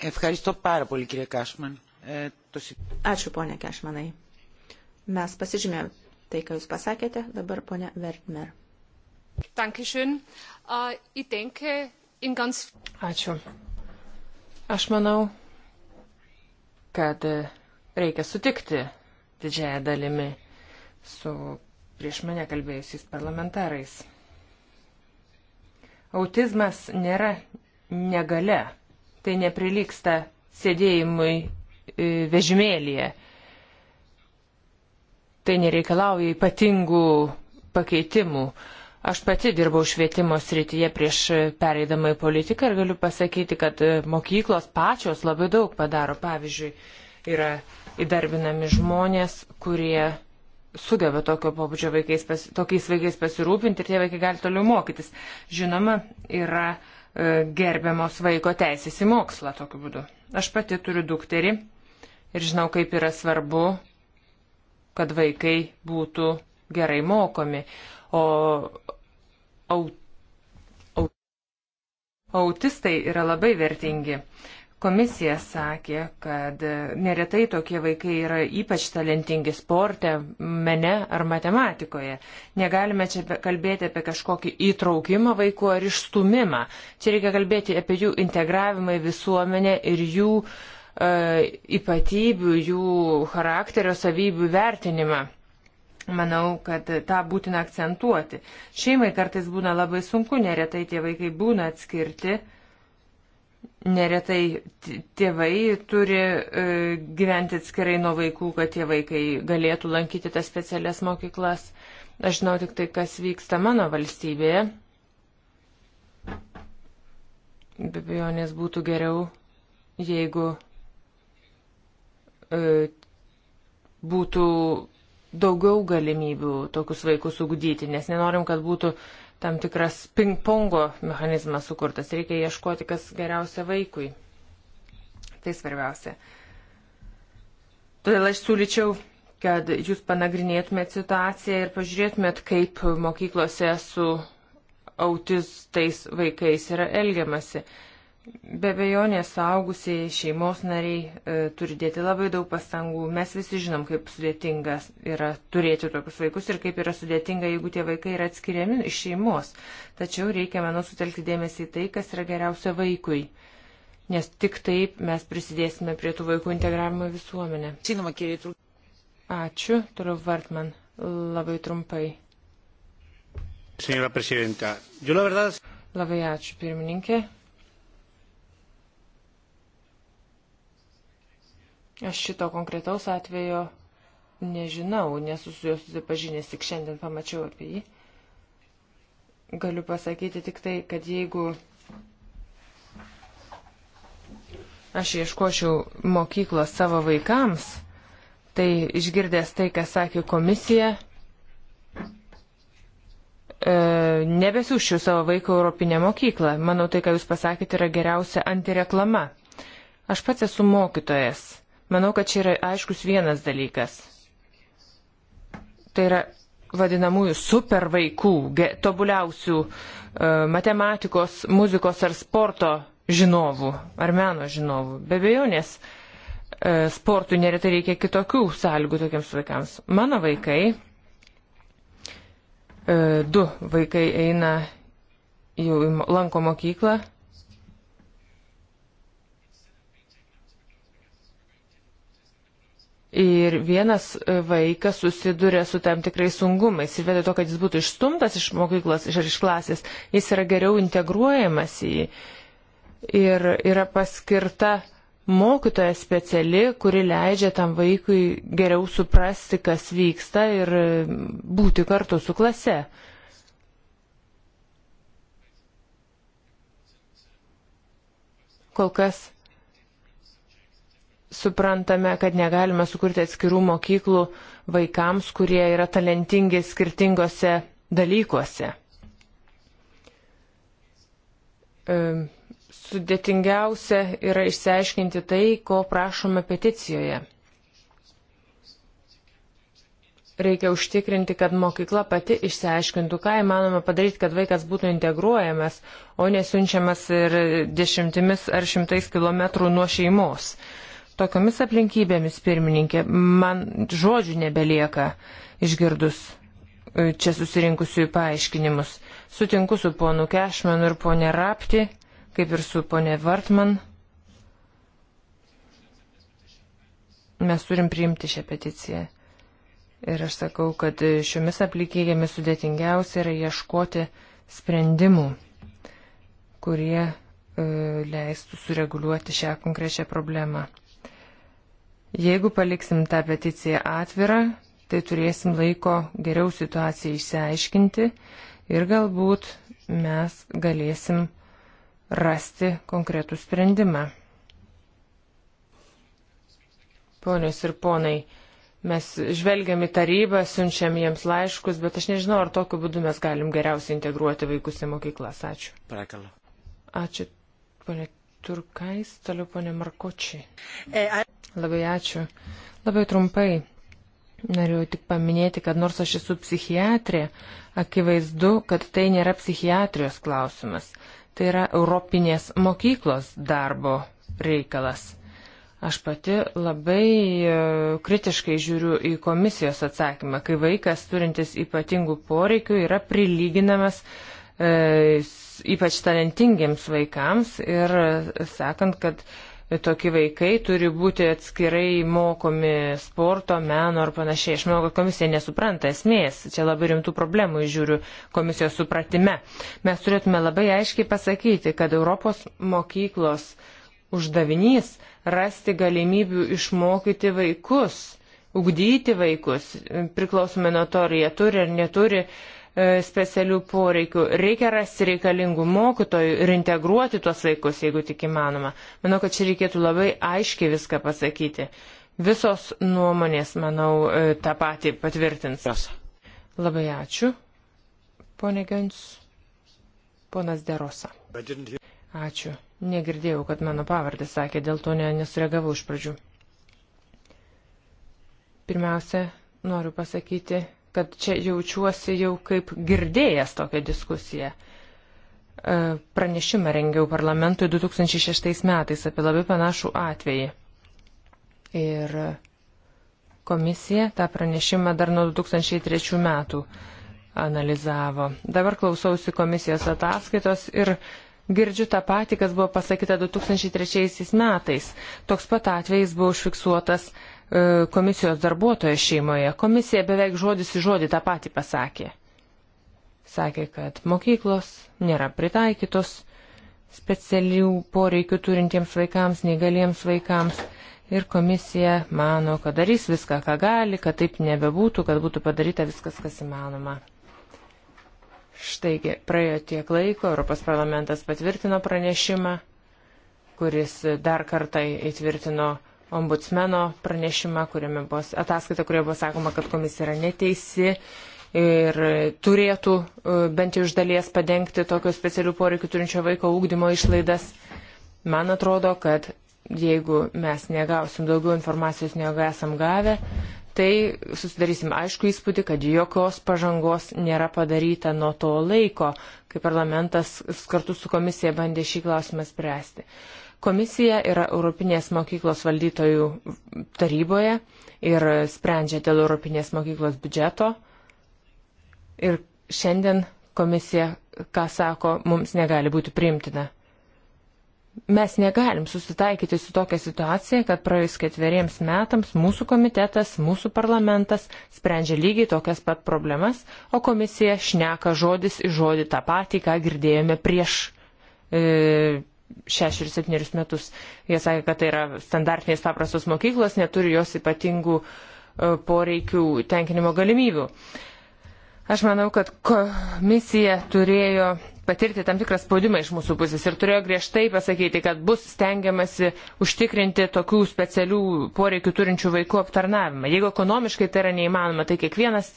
Ευχαριστώ πάρα πολύ, κύριε Κάσμαν. Ε, το... Ačiū, ponė Kešmanai. Mes pasižymėjom tai, ką Jūs pasakėte, dabar ponė Vertmer. Dankeschön. Uh, ich denke, in ganz... Ačiū. Aš manau, kad e, reikia sutikti didžiąją dalimi su prieš mane kalbėjusiais parlamentarais. Autizmas nėra negale tai neprilyksta sėdėjimui e, vežimėlėje. Tai nereikalauja ypatingų pakeitimų. Aš pati dirbau švietimo srityje prieš pereidamą į politiką ir galiu pasakyti, kad e, mokyklos pačios labai daug padaro. Pavyzdžiui, yra įdarbinami žmonės, kurie sugeba tokio pobūdžio vaikais, tokiais vaikais pasirūpinti ir tie vaikai gali toliau mokytis. Žinoma, yra E, gerbiamos vaiko teisės į mokslą tokiu būdu. Aš pati turiu dukterį ir žinau, kaip yra svarbu, kad vaikai būtų gerai mokomi. O aut, aut, autistai yra labai vertingi. Komisija sakė, kad neretai tokie vaikai yra ypač talentingi sporte, mene ar matematikoje. Negalime čia kalbėti apie kažkokį įtraukimą vaikų ar išstumimą. Čia reikia kalbėti apie jų integravimą į visuomenę ir jų e, ypatybių, jų charakterio savybių vertinimą. Manau, kad tą būtina akcentuoti. Šeimai kartais būna labai sunku, neretai tie vaikai būna atskirti neretai tėvai turi e, gyventi atskirai nuo vaikų, kad tie vaikai galėtų lankyti tas specialias mokyklas. Aš žinau tik tai, kas vyksta mano valstybėje. Be abejonės būtų geriau, jeigu e, būtų daugiau galimybių tokius vaikus ugdyti, nes nenorim, kad būtų uh, tam tikras ping-pongo mechanizmas sukurtas. Reikia ieškoti, kas geriausia vaikui. Tai svarbiausia. Todėl aš siūlyčiau, kad jūs panagrinėtumėt situaciją ir pažiūrėtumėt, kaip mokyklose su autistais vaikais yra elgiamasi. Be bejonės saugusiai šeimos nariai e, turi dėti labai daug pastangų. Mes visi žinom, kaip sudėtinga yra turėti tokius vaikus ir kaip yra sudėtinga, jeigu tie vaikai yra atskiriami iš šeimos. Tačiau reikia, manau, sutelkti dėmesį į tai, kas yra geriausia vaikui. Nes tik taip mes prisidėsime prie tų vaikų integravimo į visuomenę. Žinoma, kiriai trūk. Ačiū, toliau Vartman. Labai trumpai. Senora prezidentė, jau la verdad. Labai ačiū, pirmininkė. Aš šito konkretaus atvejo nežinau, nesu su juo susipažinęs, tik šiandien pamačiau apie jį. Galiu pasakyti tik tai, kad jeigu aš ieškočiau mokyklos savo vaikams, tai išgirdęs tai, ką sakė komisija, e, nebesiūščiau savo vaiko Europinę mokyklą. Manau, tai, ką jūs pasakėte, yra geriausia antireklama. Aš pats esu mokytojas. Manau, kad čia yra aiškus vienas dalykas. Tai yra vadinamųjų super vaikų, tobuliausių e, matematikos, muzikos ar sporto žinovų, ar meno žinovų. Be abejonės, e, sportui neretai reikia kitokių sąlygų tokiems vaikams. Mano vaikai, e, du vaikai eina jau lanko mokyklą Ir vienas e, vaikas susiduria su tam tikrais sungumais. Ir vietoj to, kad jis būtų išstumtas iš mokyklos ar iš klasės, jis yra geriau integruojamas į jį. Ir yra paskirta mokytoja speciali, kuri leidžia tam vaikui geriau suprasti, kas vyksta ir e, būti kartu su klase. Kol kas suprantame, kad negalime sukurti atskirų mokyklų vaikams, kurie yra talentingi skirtingose dalykuose. E, sudėtingiausia yra išsiaiškinti tai, ko prašome peticijoje. Reikia užtikrinti, kad mokykla pati išsiaiškintų, ką įmanoma padaryti, kad vaikas būtų integruojamas, o nesunčiamas ir dešimtimis ar šimtais kilometrų nuo šeimos. Uh, Tokiomis aplinkybėmis, pirmininkė, man žodžių nebelieka išgirdus e, čia susirinkusiųjų paaiškinimus. Sutinku su ponu Kešmanu ir ponė Rapti, kaip ir su ponė Vartman. Mes turim priimti šią peticiją. Ir aš sakau, kad šiomis aplikėjėmis sudėtingiausia yra ieškoti sprendimų, kurie e, leistų sureguliuoti šią konkrečią problemą. Jeigu paliksim tą peticiją atvirą, tai turėsim laiko geriau situaciją išsiaiškinti ir galbūt mes galėsim rasti konkretų sprendimą. Ponios ir ponai, mes žvelgiam į tarybą, siunčiam jiems laiškus, bet aš nežinau, ar tokiu būdu mes galim geriausiai integruoti vaikus į mokyklas. Ačiū. Prakala. Ačiū, ponė Turkais, toliau ponė Markočiai. E, labai ačiū. Labai trumpai. Norėjau tik paminėti, kad nors aš esu psichiatrė, akivaizdu, kad tai nėra psichiatrijos klausimas. Tai yra Europinės mokyklos darbo reikalas. Aš pati labai e, kritiškai žiūriu į komisijos atsakymą, kai vaikas turintis ypatingų poreikių yra prilyginamas uh, E, ypač talentingiems vaikams ir e, sakant, kad tokie vaikai turi būti atskirai mokomi sporto, meno ar panašiai. Aš manau, kad komisija nesupranta esmės. Čia labai rimtų problemų žiūriu komisijos supratime. Mes turėtume labai aiškiai pasakyti, kad Europos mokyklos uždavinys rasti galimybių išmokyti vaikus, ugdyti vaikus, priklausomai nuo to, ar jie turi ar neturi E, specialių poreikių. Reikia rasti reikalingų mokytojų ir integruoti tuos vaikus, jeigu tik įmanoma. Manau, kad čia reikėtų labai aiškiai viską pasakyti. Visos nuomonės, manau, e, tą patį patvirtins. Yes. Labai ačiū, ponė Gens, ponas Derosa. Ačiū. Negirdėjau, kad mano pavardė sakė, dėl to ne, nesureagavau iš pradžių. Pirmiausia, noriu pasakyti, kad čia jaučiuosi jau kaip girdėjęs tokią diskusiją. E, pranešimą rengiau parlamentui 2006 metais apie labai panašų atvejį. Ir komisija tą pranešimą dar nuo 2003 metų analizavo. Dabar klausausi komisijos ataskaitos ir girdžiu tą patį, kas buvo pasakyta 2003 metais. Toks pat atvejis buvo užfiksuotas E, komisijos darbuotojo šeimoje. Komisija beveik žodis į žodį tą patį pasakė. Sakė, kad mokyklos nėra pritaikytos specialių poreikių turintiems vaikams, neįgaliems vaikams. Ir komisija mano, kad darys viską, ką gali, kad taip nebebūtų, kad būtų padaryta viskas, kas įmanoma. Štaigi, praėjo tiek laiko, Europos parlamentas patvirtino pranešimą, kuris dar kartą įtvirtino uh, ombudsmeno pranešimą, kuriame buvo ataskaita, kurioje buvo sakoma, kad komisija yra neteisi ir turėtų e, bent jau iš dalies padengti tokio specialių poreikių turinčio vaiko ūkdymo išlaidas. Man atrodo, kad jeigu mes negausim daugiau informacijos, negu esam gavę, tai susidarysim aišku įspūdį, kad jokios pažangos nėra padaryta nuo to laiko, kai parlamentas kartu su komisija bandė šį klausimą spręsti. Komisija yra Europinės mokyklos valdytojų taryboje ir sprendžia dėl Europinės mokyklos biudžeto. Ir šiandien komisija, ką sako, mums negali būti priimtina. Mes negalim susitaikyti su tokia situacija, kad praėjus ketveriems metams mūsų komitetas, mūsų parlamentas sprendžia lygiai tokias pat problemas, o komisija šneka žodis į žodį tą patį, ką girdėjome prieš e, 6-7 metus. Jie sakė, kad tai yra standartinės paprastos mokyklos, neturi jos ypatingų e, poreikių tenkinimo galimybių. Aš manau, kad komisija turėjo patirti tam tikrą spaudimą iš mūsų pusės ir turėjo griežtai pasakyti, kad bus stengiamasi užtikrinti tokių specialių poreikių turinčių vaikų aptarnavimą. Jeigu ekonomiškai tai yra neįmanoma, tai kiekvienas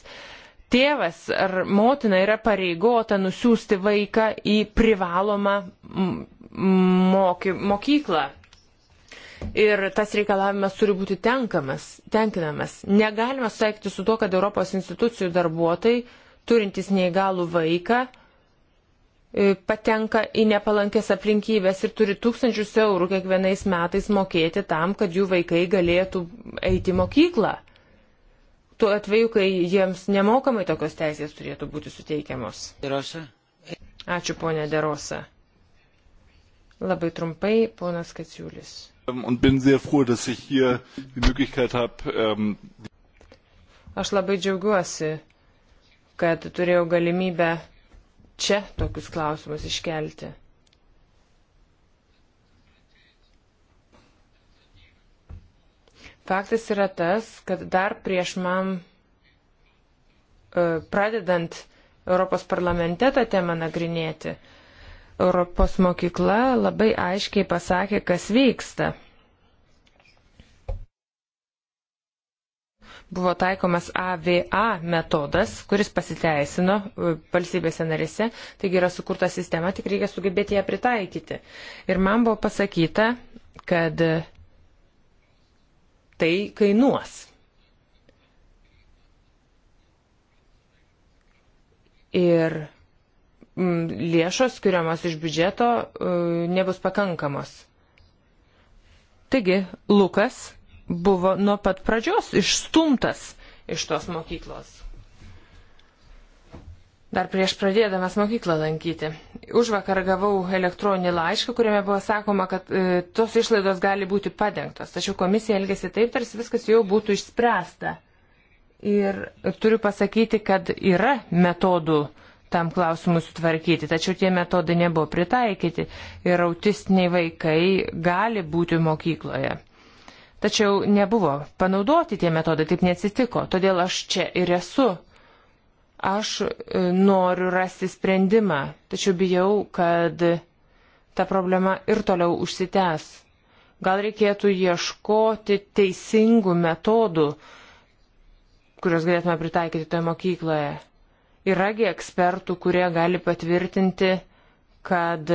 tėvas ar motina yra pareigota nusiųsti vaiką į privalomą moky, mokyklą. Ir tas reikalavimas turi būti tenkamas, tenkinamas. Negalime susiekti su to, kad Europos institucijų darbuotojai, turintys neįgalų vaiką, e, patenka į nepalankės aplinkybės ir turi tūkstančius eurų kiekvienais metais mokėti tam, kad jų vaikai galėtų eiti į mokyklą. Tuo atveju, kai jiems nemokamai tokios teisės turėtų būti suteikiamos. Derosa. Ačiū, ponė Derosa. Labai trumpai, ponas Kaciulis. Ähm, froh, hab, um... Aš labai džiaugiuosi, kad turėjau galimybę čia tokius klausimus iškelti. Faktas yra tas, kad dar prieš man e, pradedant Europos parlamente tą temą nagrinėti, Europos mokykla labai aiškiai pasakė, kas vyksta. buvo taikomas AVA metodas, kuris pasiteisino e, valstybėse narėse, taigi yra sukurta sistema, tik reikia sugebėti ją pritaikyti. Ir man buvo pasakyta, kad tai kainuos. Ir lėšos skiriamos iš biudžeto e, nebus pakankamos. Taigi, Lukas buvo nuo pat pradžios išstumtas iš tos mokyklos. Dar prieš pradėdamas mokyklą lankyti. Už vakar gavau elektroninį laišką, kuriame buvo sakoma, kad e, tos išlaidos gali būti padengtos. Tačiau komisija elgėsi taip, tarsi viskas jau būtų išspręsta. Ir turiu pasakyti, kad yra metodų e, tam klausimui sutvarkyti. Tačiau tie metodai nebuvo pritaikyti ir autistiniai vaikai gali būti mokykloje. Tačiau nebuvo panaudoti tie metodai, taip neatsitiko. Todėl aš čia ir esu. Aš e, noriu rasti sprendimą, tačiau bijau, kad ta problema ir toliau užsitęs. Gal reikėtų ieškoti teisingų metodų, kuriuos galėtume pritaikyti toje mokykloje. Yragi ekspertų, kurie gali patvirtinti, kad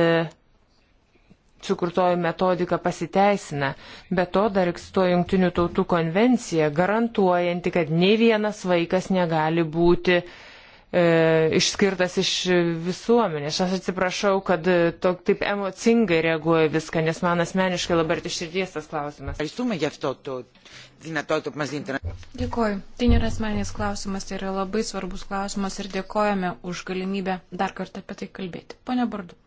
sukurtoji metodika pasiteisina. Be to dar egzistuoja Junktinių tautų konvencija, garantuojanti, kad nei vienas vaikas negali būti uh, E, išskirtas iš visuomenės. Aš atsiprašau, kad e, to, taip emocingai reaguoju viską, nes man asmeniškai labai arti širdies tas klausimas. Dėkoju. Tai nėra asmeninis klausimas, tai yra labai svarbus klausimas ir dėkojame už galimybę dar kartą apie tai kalbėti. Pone Bardu.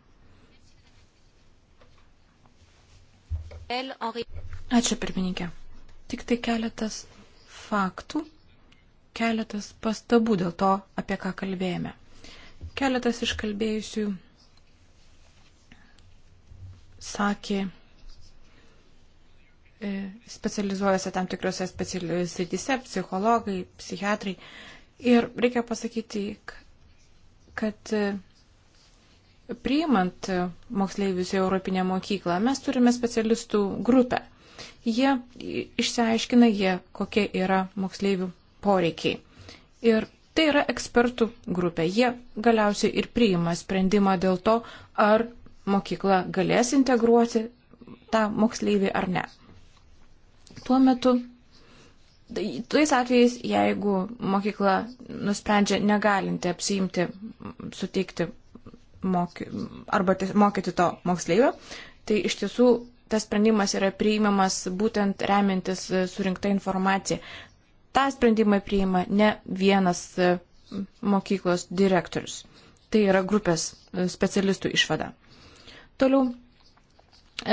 Ačiū pirmininkė. Tik tai keletas faktų keletas pastabų dėl to, apie ką kalbėjome. Keletas iškalbėjusių sakė, e, specializuojasi tam tikrose srityse, psichologai, psichiatrai. Ir reikia pasakyti, kad e, priimant moksleivius į Europinę mokyklą, mes turime specialistų grupę. Jie išsiaiškina, jie kokia yra moksleivių poreikiai. Ir tai yra ekspertų grupė. Jie galiausiai ir priima sprendimą dėl to, ar mokykla galės integruoti tą moksleivį ar ne. Tuo metu, tai tais atvejais, jeigu mokykla nusprendžia negalinti apsiimti, suteikti moky, arba mokyti to moksleivio, tai iš tiesų tas sprendimas yra priimamas būtent remintis surinkta informacija tą sprendimą priima ne vienas e, mokyklos direktorius. Tai yra grupės e, specialistų išvada. Toliau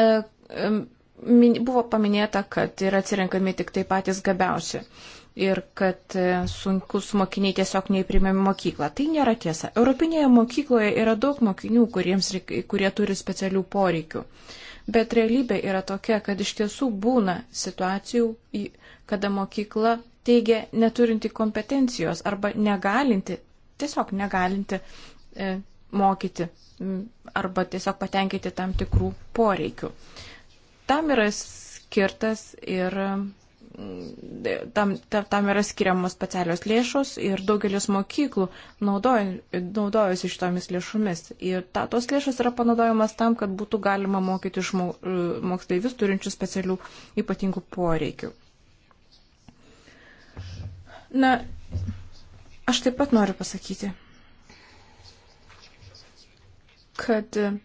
e, buvo paminėta, kad yra atsirinkami tik tai patys gabiausi ir kad sunkus mokiniai tiesiog neįprimėmi mokyklą. Tai nėra tiesa. Europinėje mokykloje yra daug mokinių, reik, kurie turi specialių poreikių. Bet realybė yra tokia, kad iš tiesų būna situacijų, kada mokykla teigia neturinti kompetencijos arba negalinti, tiesiog negalinti e, mokyti arba tiesiog patenkinti tam tikrų poreikių. Tam yra skirtas ir tam, tam, tam yra skiriamos specialios lėšos ir daugelis mokyklų naudojasi šitomis lėšomis. Ir ta, tos lėšos yra panaudojamas tam, kad būtų galima mokyti žmo, e, moksleivius turinčių specialių ypatingų poreikių. Na, aš taip pat noriu pasakyti, kad um,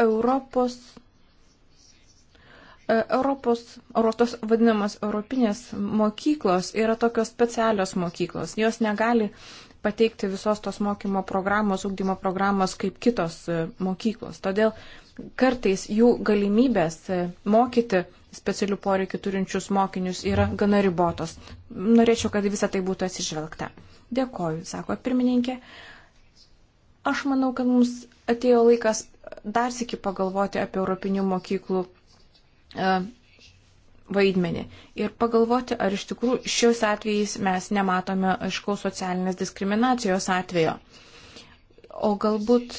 Europos, e, Europos, Europos vadinamas Europinės mokyklos yra tokios specialios mokyklos. Jos negali pateikti visos tos mokymo programos, ugdymo programos kaip kitos e, mokyklos. Todėl kartais jų galimybės e, mokyti specialių poreikių turinčius mokinius yra gana ribotos. Norėčiau, kad visą tai būtų atsižvelgta. Dėkoju, sako pirmininkė. Aš manau, kad mums atėjo laikas dar sėki pagalvoti apie Europinių mokyklų e, vaidmenį ir pagalvoti, ar iš tikrųjų šios atvejais mes nematome aiškaus socialinės diskriminacijos atvejo. O galbūt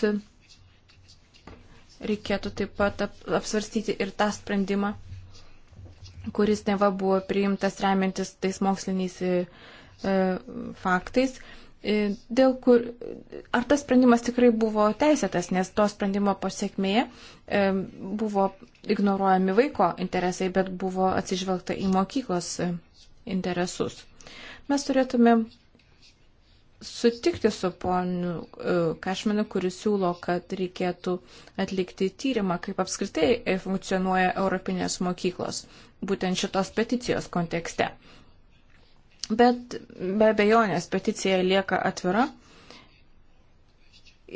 reikėtų taip pat apsvarstyti ir tą sprendimą, kuris neva buvo priimtas remiantis tais moksliniais e, e faktais, e, E, dėl kur, ar tas sprendimas tikrai buvo teisėtas, nes to sprendimo pasiekmėje e, buvo ignoruojami vaiko interesai, bet buvo atsižvelgta į mokyklos e, interesus. Mes turėtume sutikti su poniu Kašmenu, kuris siūlo, kad reikėtų atlikti tyrimą, kaip apskritai funkcionuoja Europinės mokyklos, būtent šitos peticijos kontekste. Bet be abejonės peticija lieka atvira.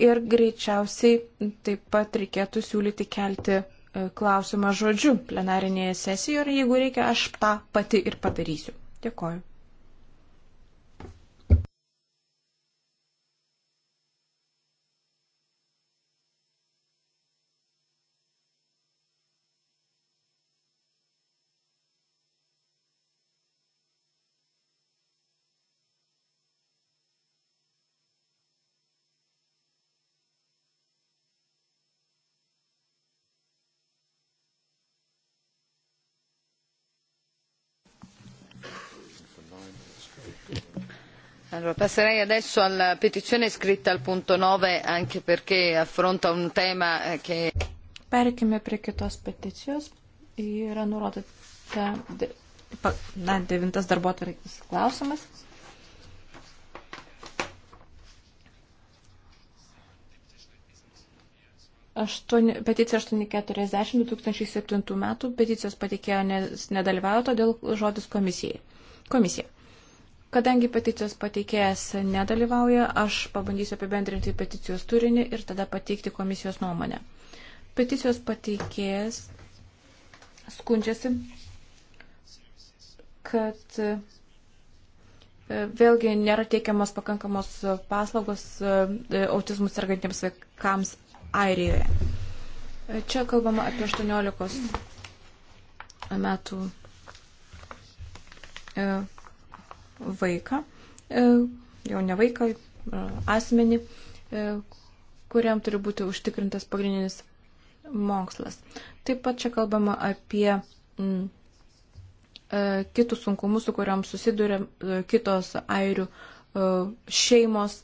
Ir greičiausiai taip pat reikėtų siūlyti kelti e, klausimą žodžiu plenarinėje sesijoje ir jeigu reikia, aš tą pati ir padarysiu. Dėkoju. Allora, passerei adesso alla petizione scritta al punto 9 anche perché affronta un tema eh, che... Perkime prie kitos peticijos. Yra nurodyta na, devintas darbo atvarkis klausimas. Aštuoni, peticija 840 2007 metų peticijos patikėjo nedalyvavo, todėl žodis komisijai. Komisija. Kadangi peticijos pateikėjas nedalyvauja, aš pabandysiu apibendrinti peticijos turinį ir tada pateikti komisijos nuomonę. Peticijos pateikėjas skundžiasi, kad e, vėlgi nėra teikiamas pakankamos paslaugos e, e, autizmų sergantiems vaikams Airijoje. Čia kalbama apie 18 metų vaiką, e, jau ne vaiką, e, asmenį, e, kuriam turi būti užtikrintas pagrindinis mokslas. Taip pat čia kalbama apie m, mm, kitus sunkumus, su kuriam susiduria kitos airių šeimos.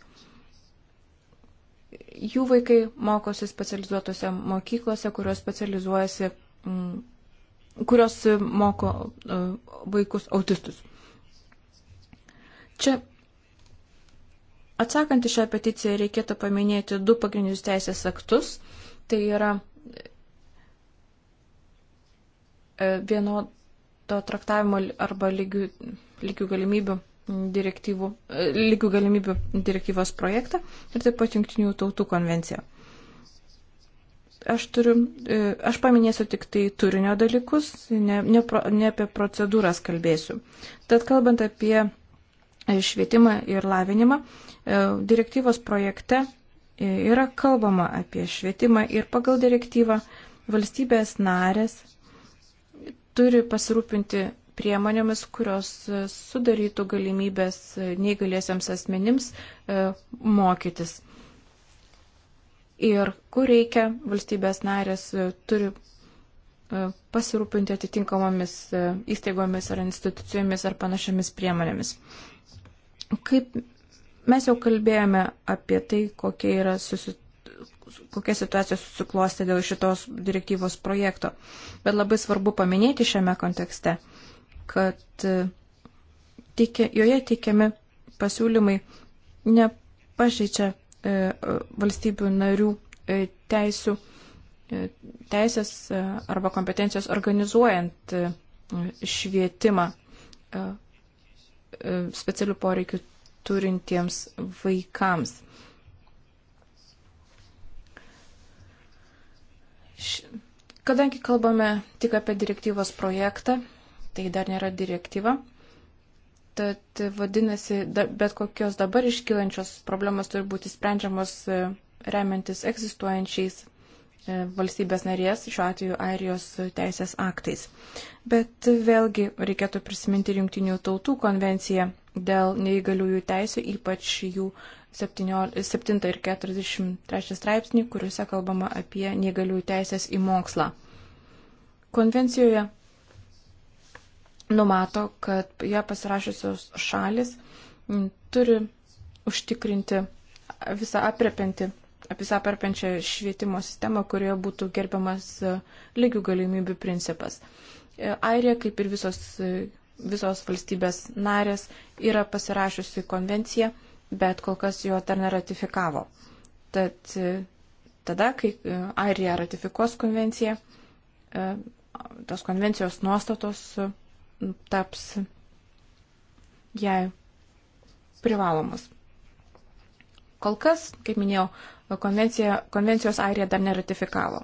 Jų vaikai mokosi specializuotose mokyklose, kurios specializuojasi, m, mm, kurios moko vaikus autistus. Čia atsakant į šią peticiją reikėtų paminėti du pagrindinius teisės aktus. Tai yra e, vienodo traktavimo arba lygių, lygių galimybių direktyvų, e, lygių galimybių direktyvos projektą ir taip pat Junktinių tautų konvenciją. Aš, turiu, e, aš paminėsiu tik tai turinio dalykus, ne, ne, ne apie procedūras kalbėsiu. Tad kalbant apie švietimą ir lavinimą, e, direktyvos projekte yra kalbama apie švietimą ir pagal direktyvą valstybės narės turi pasirūpinti priemonėmis, kurios sudarytų galimybės neįgaliesiams asmenims e, mokytis. Ir kur reikia, valstybės narės e, turi pasirūpinti atitinkamomis įstaigomis ar institucijomis ar panašiamis priemonėmis. Kaip mes jau kalbėjome apie tai, kokia, yra susi... kokia situacija susiklostė dėl šitos direktyvos projekto, bet labai svarbu paminėti šiame kontekste, kad e, teikia, joje teikiami pasiūlymai nepažeidžia e, valstybių narių e, teisų, e, teisės e, arba kompetencijos organizuojant e, švietimą. E, E, specialių poreikių turintiems vaikams. Kadangi kalbame tik apie direktyvos projektą, tai dar nėra direktyva, tad vadinasi, bet kokios dabar iškylančios problemos turi būti sprendžiamos e, remiantis egzistuojančiais E, valstybės narės, šiuo atveju Airijos teisės aktais. Bet vėlgi reikėtų prisiminti Junktinių tautų konvenciją dėl neįgaliųjų teisų, ypač jų 7 ir 43 straipsnį, kuriuose kalbama apie neįgaliųjų teisės į mokslą. Konvencijoje numato, kad ją pasirašiusios šalis turi užtikrinti visą aprepianti visą perpenčią švietimo sistemą, kurioje būtų gerbiamas e, lygių galimybių principas. E, Airija, kaip ir visos, e, visos valstybės narės, yra pasirašiusi konvenciją, bet kol kas jo dar neratifikavo. Tad tada, kai Airija ratifikuos konvenciją, tos konvencijos nuostatos taps jai privalomas. Kol kas, kaip minėjau, konvencijos Airija dar neratifikavo.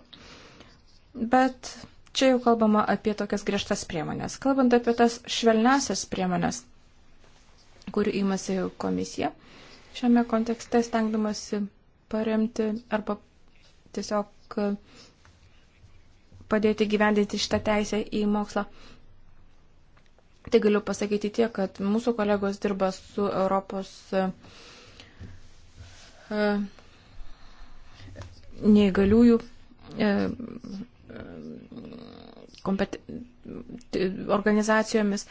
Bet čia jau kalbama apie tokias griežtas priemonės. Kalbant apie tas švelnesias priemonės, kurių įmasi komisija šiame kontekste, stengdamasi paremti arba tiesiog padėti gyvendinti šitą teisę į mokslą. Tai galiu pasakyti tiek, kad mūsų kolegos dirba su Europos e, neįgaliųjų e, organizacijomis.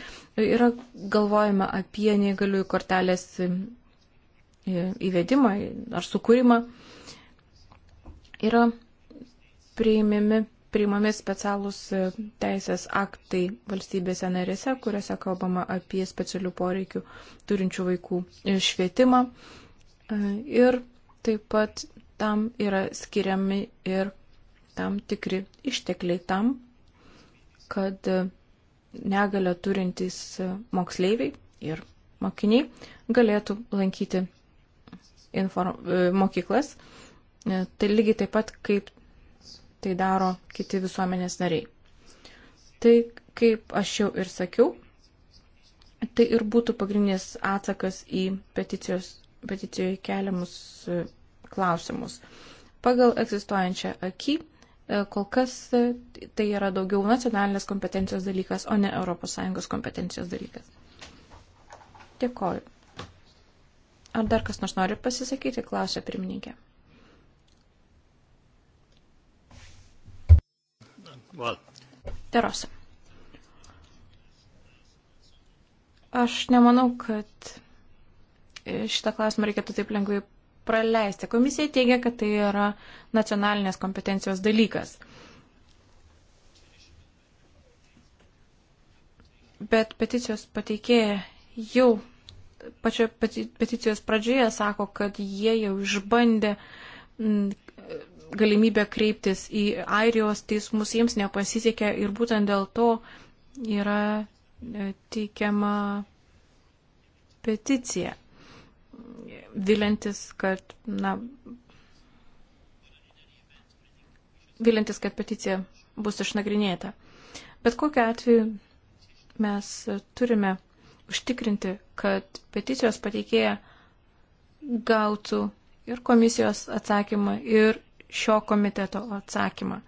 Yra galvojama apie neįgaliųjų kortelės e, įvedimą ar sukūrimą. Yra priimimi, priimami specialūs e, teisės aktai valstybėse narėse, kuriuose kalbama apie specialių poreikių turinčių vaikų švietimą. Ir taip pat tam yra skiriami ir tam tikri ištekliai tam, kad negalę turintys moksleiviai ir mokiniai galėtų lankyti inform... E, mokyklas. E, tai lygiai taip pat, kaip tai daro kiti visuomenės nariai. Tai, kaip aš jau ir sakiau, tai ir būtų pagrindinis atsakas į peticijos, peticijoje keliamus klausimus. Pagal egzistuojančią akį e, kol kas e, tai yra daugiau nacionalinės kompetencijos dalykas, o ne ES kompetencijos dalykas. Dėkoju. Ar dar kas nors nori pasisakyti, klausė pirmininkė. Well. Terosa. Aš nemanau, kad šitą klausimą reikėtų taip lengvai praleisti. Komisija teigia, kad tai yra nacionalinės kompetencijos dalykas. Bet peticijos pateikėja jau pačio peticijos pradžioje sako, kad jie jau išbandė galimybę kreiptis į Airijos teismus, jiems nepasisekė ir būtent dėl to yra e, teikiama peticija vilintis, kad, na, vilintis, kad peticija bus išnagrinėta. Bet kokiu atveju mes turime užtikrinti, kad peticijos pateikėja gautų ir komisijos atsakymą, ir šio komiteto atsakymą.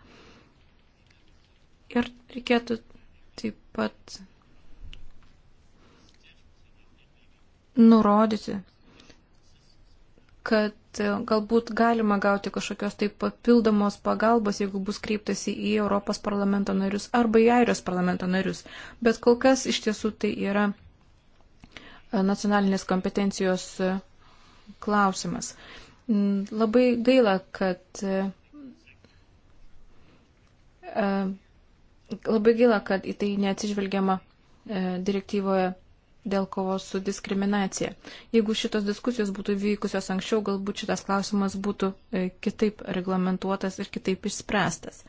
Ir reikėtų taip pat nurodyti, kad e, galbūt galima gauti kažkokios tai papildomos pagalbos, jeigu bus kreiptasi į Europos parlamento narius arba į Airijos parlamento narius. Bet kol kas iš tiesų tai yra e, nacionalinės kompetencijos e, klausimas. Mm, labai gaila, kad labai gaila, kad į tai neatsižvelgiama direktyvoje dėl kovos su diskriminacija. Jeigu šitos diskusijos būtų vykusios anksčiau, galbūt šitas klausimas būtų e, kitaip reglamentuotas ir kitaip išspręstas.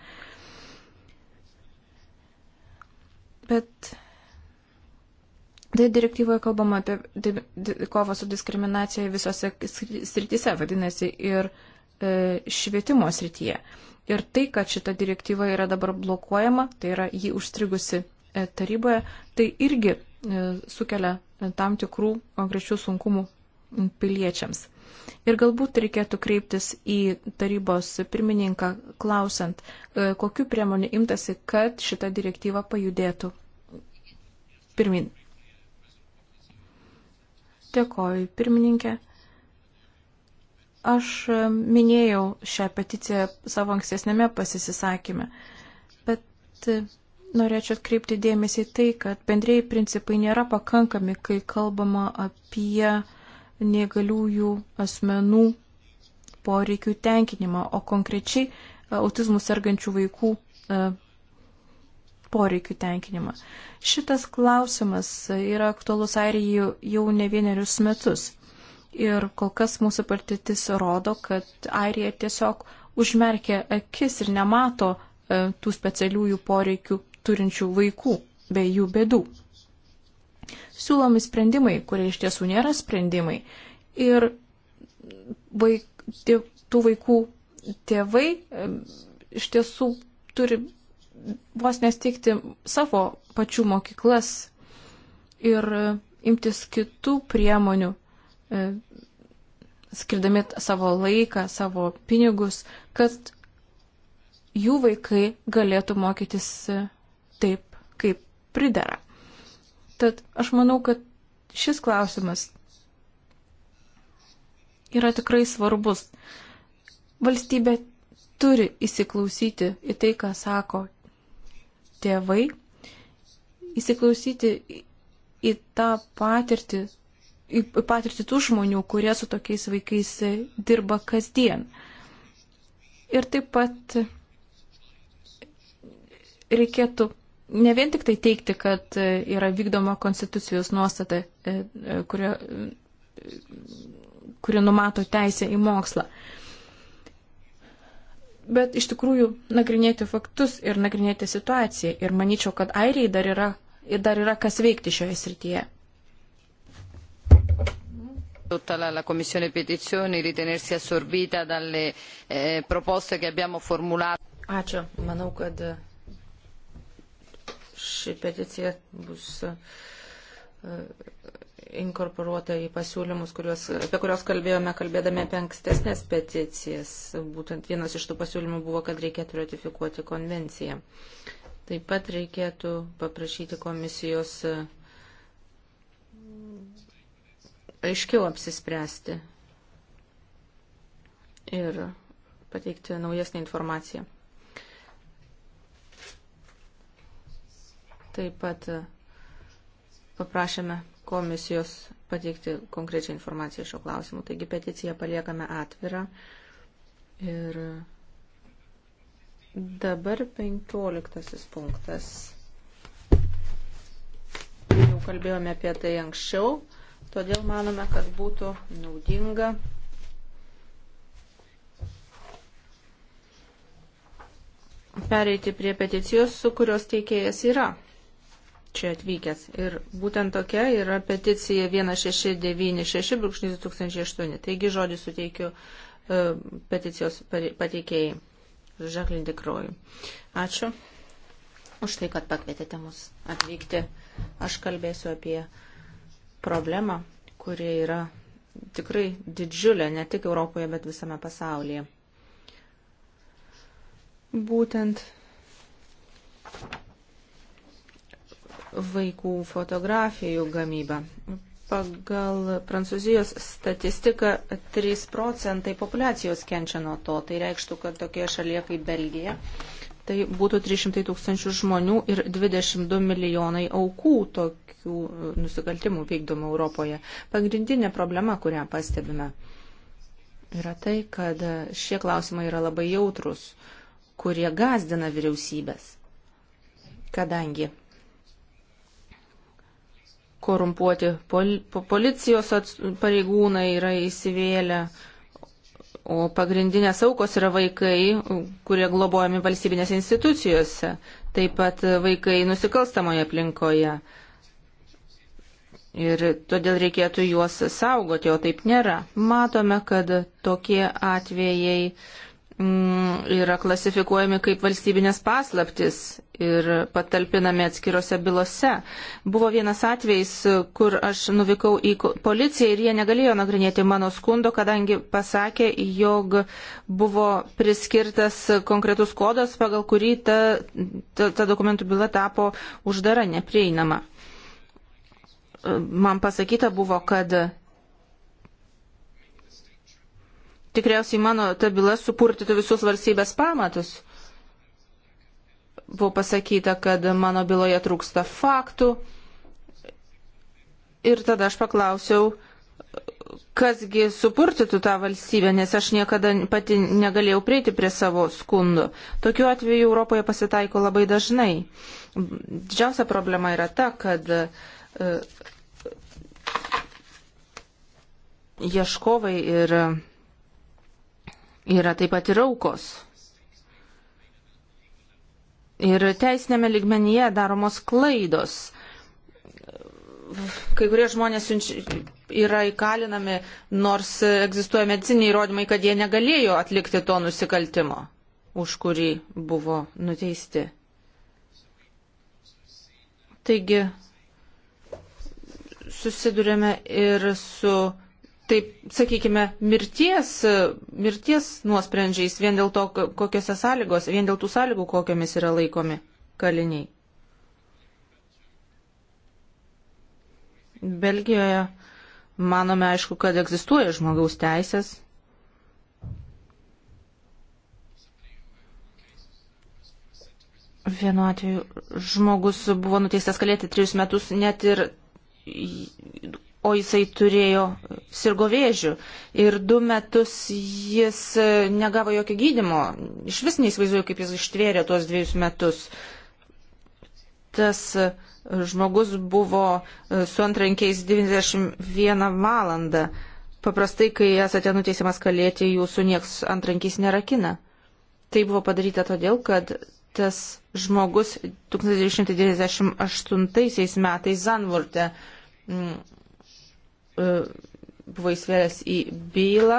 Bet tai direktyvoje kalbama apie di di kovą su diskriminacija visose srityse, vadinasi, ir e, švietimo srityje. Ir tai, kad šita direktyva yra dabar blokuojama, tai yra jį užstrigusi e, taryboje, tai irgi E, sukelia tam tikrų konkrečių sunkumų piliečiams. Ir galbūt reikėtų kreiptis į tarybos pirmininką, klausant, e, kokiu priemoniu imtasi, kad šita direktyva pajudėtų pirmin. Dėkoju, pirmininkė. Aš e, minėjau šią peticiją savo ankstesnėme pasisisakyme, bet Norėčiau atkreipti dėmesį tai, kad bendrėjai principai nėra pakankami, kai kalbama apie negaliųjų asmenų poreikių tenkinimą, o konkrečiai e, autizmų sergančių vaikų e, poreikių tenkinimą. Šitas klausimas yra aktualus Airijai jau ne vienerius metus. Ir kol kas mūsų partitis rodo, kad Airija tiesiog užmerkia akis ir nemato e, tų specialiųjų poreikių turinčių vaikų bei jų bėdų. Siūlomi sprendimai, kurie iš tiesų nėra sprendimai. Ir vaik, tė, tų vaikų tėvai iš tiesų turi vos nestikti savo pačių mokyklas ir e, imtis kitų priemonių, e, skirdami savo laiką, savo pinigus, kad jų vaikai galėtų mokytis e, taip, kaip pridara. Tad aš manau, kad šis klausimas yra tikrai svarbus. Valstybė turi įsiklausyti į tai, ką sako tėvai, įsiklausyti į tą patirtį, į patirtį tų žmonių, kurie su tokiais vaikais dirba kasdien. Ir taip pat reikėtų ne vien tik tai teikti, kad e, yra vykdoma konstitucijos nuostata, e, e, kurio, kuri numato teisę į mokslą. Bet iš tikrųjų nagrinėti faktus ir nagrinėti situaciją. Ir manyčiau, kad airiai dar yra, dar yra kas veikti šioje srityje. Tutta la, la Commissione petizioni ritenersi assorbita dalle eh, proposte che abbiamo formulato. Ačiū. Manau, kad ši peticija bus e, inkorporuota į pasiūlymus, kuriuos, apie kuriuos kalbėjome, kalbėdami apie ankstesnės peticijas. Būtent vienas iš tų pasiūlymų buvo, kad reikėtų ratifikuoti konvenciją. Taip pat reikėtų paprašyti komisijos e, aiškiau apsispręsti ir pateikti naujesnį informaciją. Taip pat e, paprašėme komisijos pateikti konkrečią informaciją šio klausimu. Taigi peticiją paliekame atvirą. Ir dabar penkioliktasis punktas. Jau kalbėjome apie tai anksčiau, todėl manome, kad būtų naudinga pereiti prie peticijos, su kurios teikėjas yra čia atvykęs. Ir būtent tokia yra peticija 1696-2008. Taigi žodį suteikiu e, peticijos pateikėjai Žaklin Dikrojui. Ačiū už tai, kad pakvietėte mus atvykti. Aš kalbėsiu apie problemą, kuri yra tikrai didžiulė ne tik Europoje, bet visame pasaulyje. Būtent vaikų fotografijų gamybą. Pagal Prancūzijos statistiką 3 procentai populacijos kenčia nuo to. Tai reikštų, kad tokioje šalyje kaip Belgija tai būtų 300 tūkstančių žmonių ir 22 milijonai aukų tokių nusikaltimų vykdomų Europoje. Pagrindinė problema, kurią pastebime, yra tai, kad šie klausimai yra labai jautrus, kurie gazdina vyriausybės. Kadangi korumpuoti pol, policijos ats, pareigūnai yra įsivėlę, o pagrindinės aukos yra vaikai, kurie globojami valstybinės institucijose, taip pat vaikai nusikalstamoje aplinkoje. Ir todėl reikėtų juos saugoti, o taip nėra. Matome, kad tokie atvejai Mm, yra klasifikuojami kaip valstybinės paslaptis ir patalpinami atskirose bylose. Buvo vienas atvejs, kur aš nuvykau į policiją ir jie negalėjo nagrinėti mano skundo, kadangi pasakė, jog buvo priskirtas konkretus kodas, pagal kurį ta, ta, ta dokumentų byla tapo uždara, neprieinama. Man pasakyta buvo, kad tikriausiai mano ta byla supurtytų visus valstybės pamatus. Buvo pasakyta, kad mano byloje trūksta faktų. Ir tada aš paklausiau, kasgi supurtytų tą valstybę, nes aš niekada pati negalėjau prieiti prie savo skundų. Tokių atvejų Europoje pasitaiko labai dažnai. Didžiausia problema yra ta, kad e, ieškovai ir Yra taip pat ir aukos. Ir teisinėme ligmenyje daromos klaidos. Kai kurie žmonės yra įkalinami, nors egzistuoja mediciniai įrodymai, kad jie negalėjo atlikti to nusikaltimo, už kurį buvo nuteisti. Taigi susidurėme ir su taip, sakykime, mirties, mirties nuosprendžiais vien dėl to, kokiuose sąlygos, vien dėl tų sąlygų, kokiamis yra laikomi kaliniai. Belgijoje manome, aišku, kad egzistuoja žmogaus teisės. Vienu atveju žmogus buvo nuteistas kalėti trijus metus, net ir o jisai turėjo sirgo vėžių. Ir du metus jis e, negavo jokio gydimo. Iš vis neįsivaizduoju, kaip jis ištvėrė tuos dviejus metus. Tas e, žmogus buvo e, su antrankiais 91 valandą. Paprastai, kai esate nuteisiamas kalėti, jūsų nieks antrankiais nerakina. Tai buvo padaryta todėl, kad tas žmogus 1998 metais Zanvurte mm, E, buvo įsvėlęs į bylą,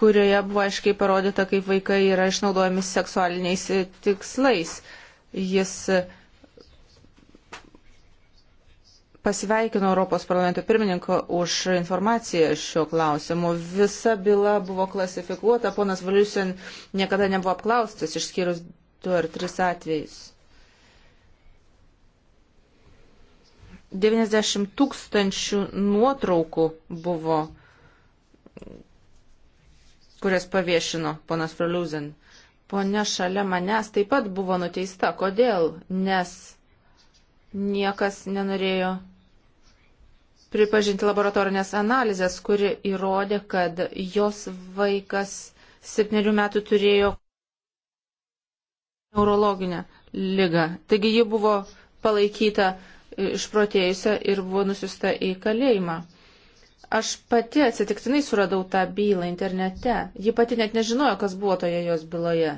kurioje buvo aiškiai parodyta, kaip vaikai yra išnaudojami seksualiniais tikslais. Jis pasveikino Europos parlamento pirmininko už informaciją šiuo klausimu. Visa byla buvo klasifikuota, ponas Valiusin niekada nebuvo apklaustas, išskyrus du ar tris atvejus. 90 tūkstančių nuotraukų buvo, kurias paviešino ponas Fraliuzin. Pone šalia manęs taip pat buvo nuteista. Kodėl? Nes niekas nenorėjo pripažinti laboratorinės analizės, kuri įrodė, kad jos vaikas septynerių metų turėjo neurologinę lygą. Taigi ji buvo palaikyta išprotėjusią ir buvo nusiusta į kalėjimą. Aš pati atsitiktinai suradau tą bylą internete. Ji pati net nežinojo, kas buvo toje jos byloje.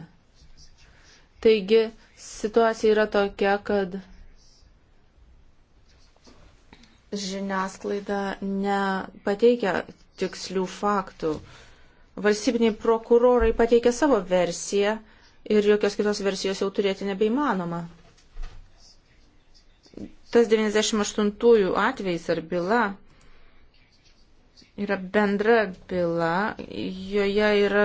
Taigi situacija yra tokia, kad žiniasklaida nepateikia tikslių faktų. Valstybiniai prokurorai pateikia savo versiją ir jokios kitos versijos jau turėti nebeįmanoma tas 98-ųjų atvejs ar byla yra bendra byla, joje yra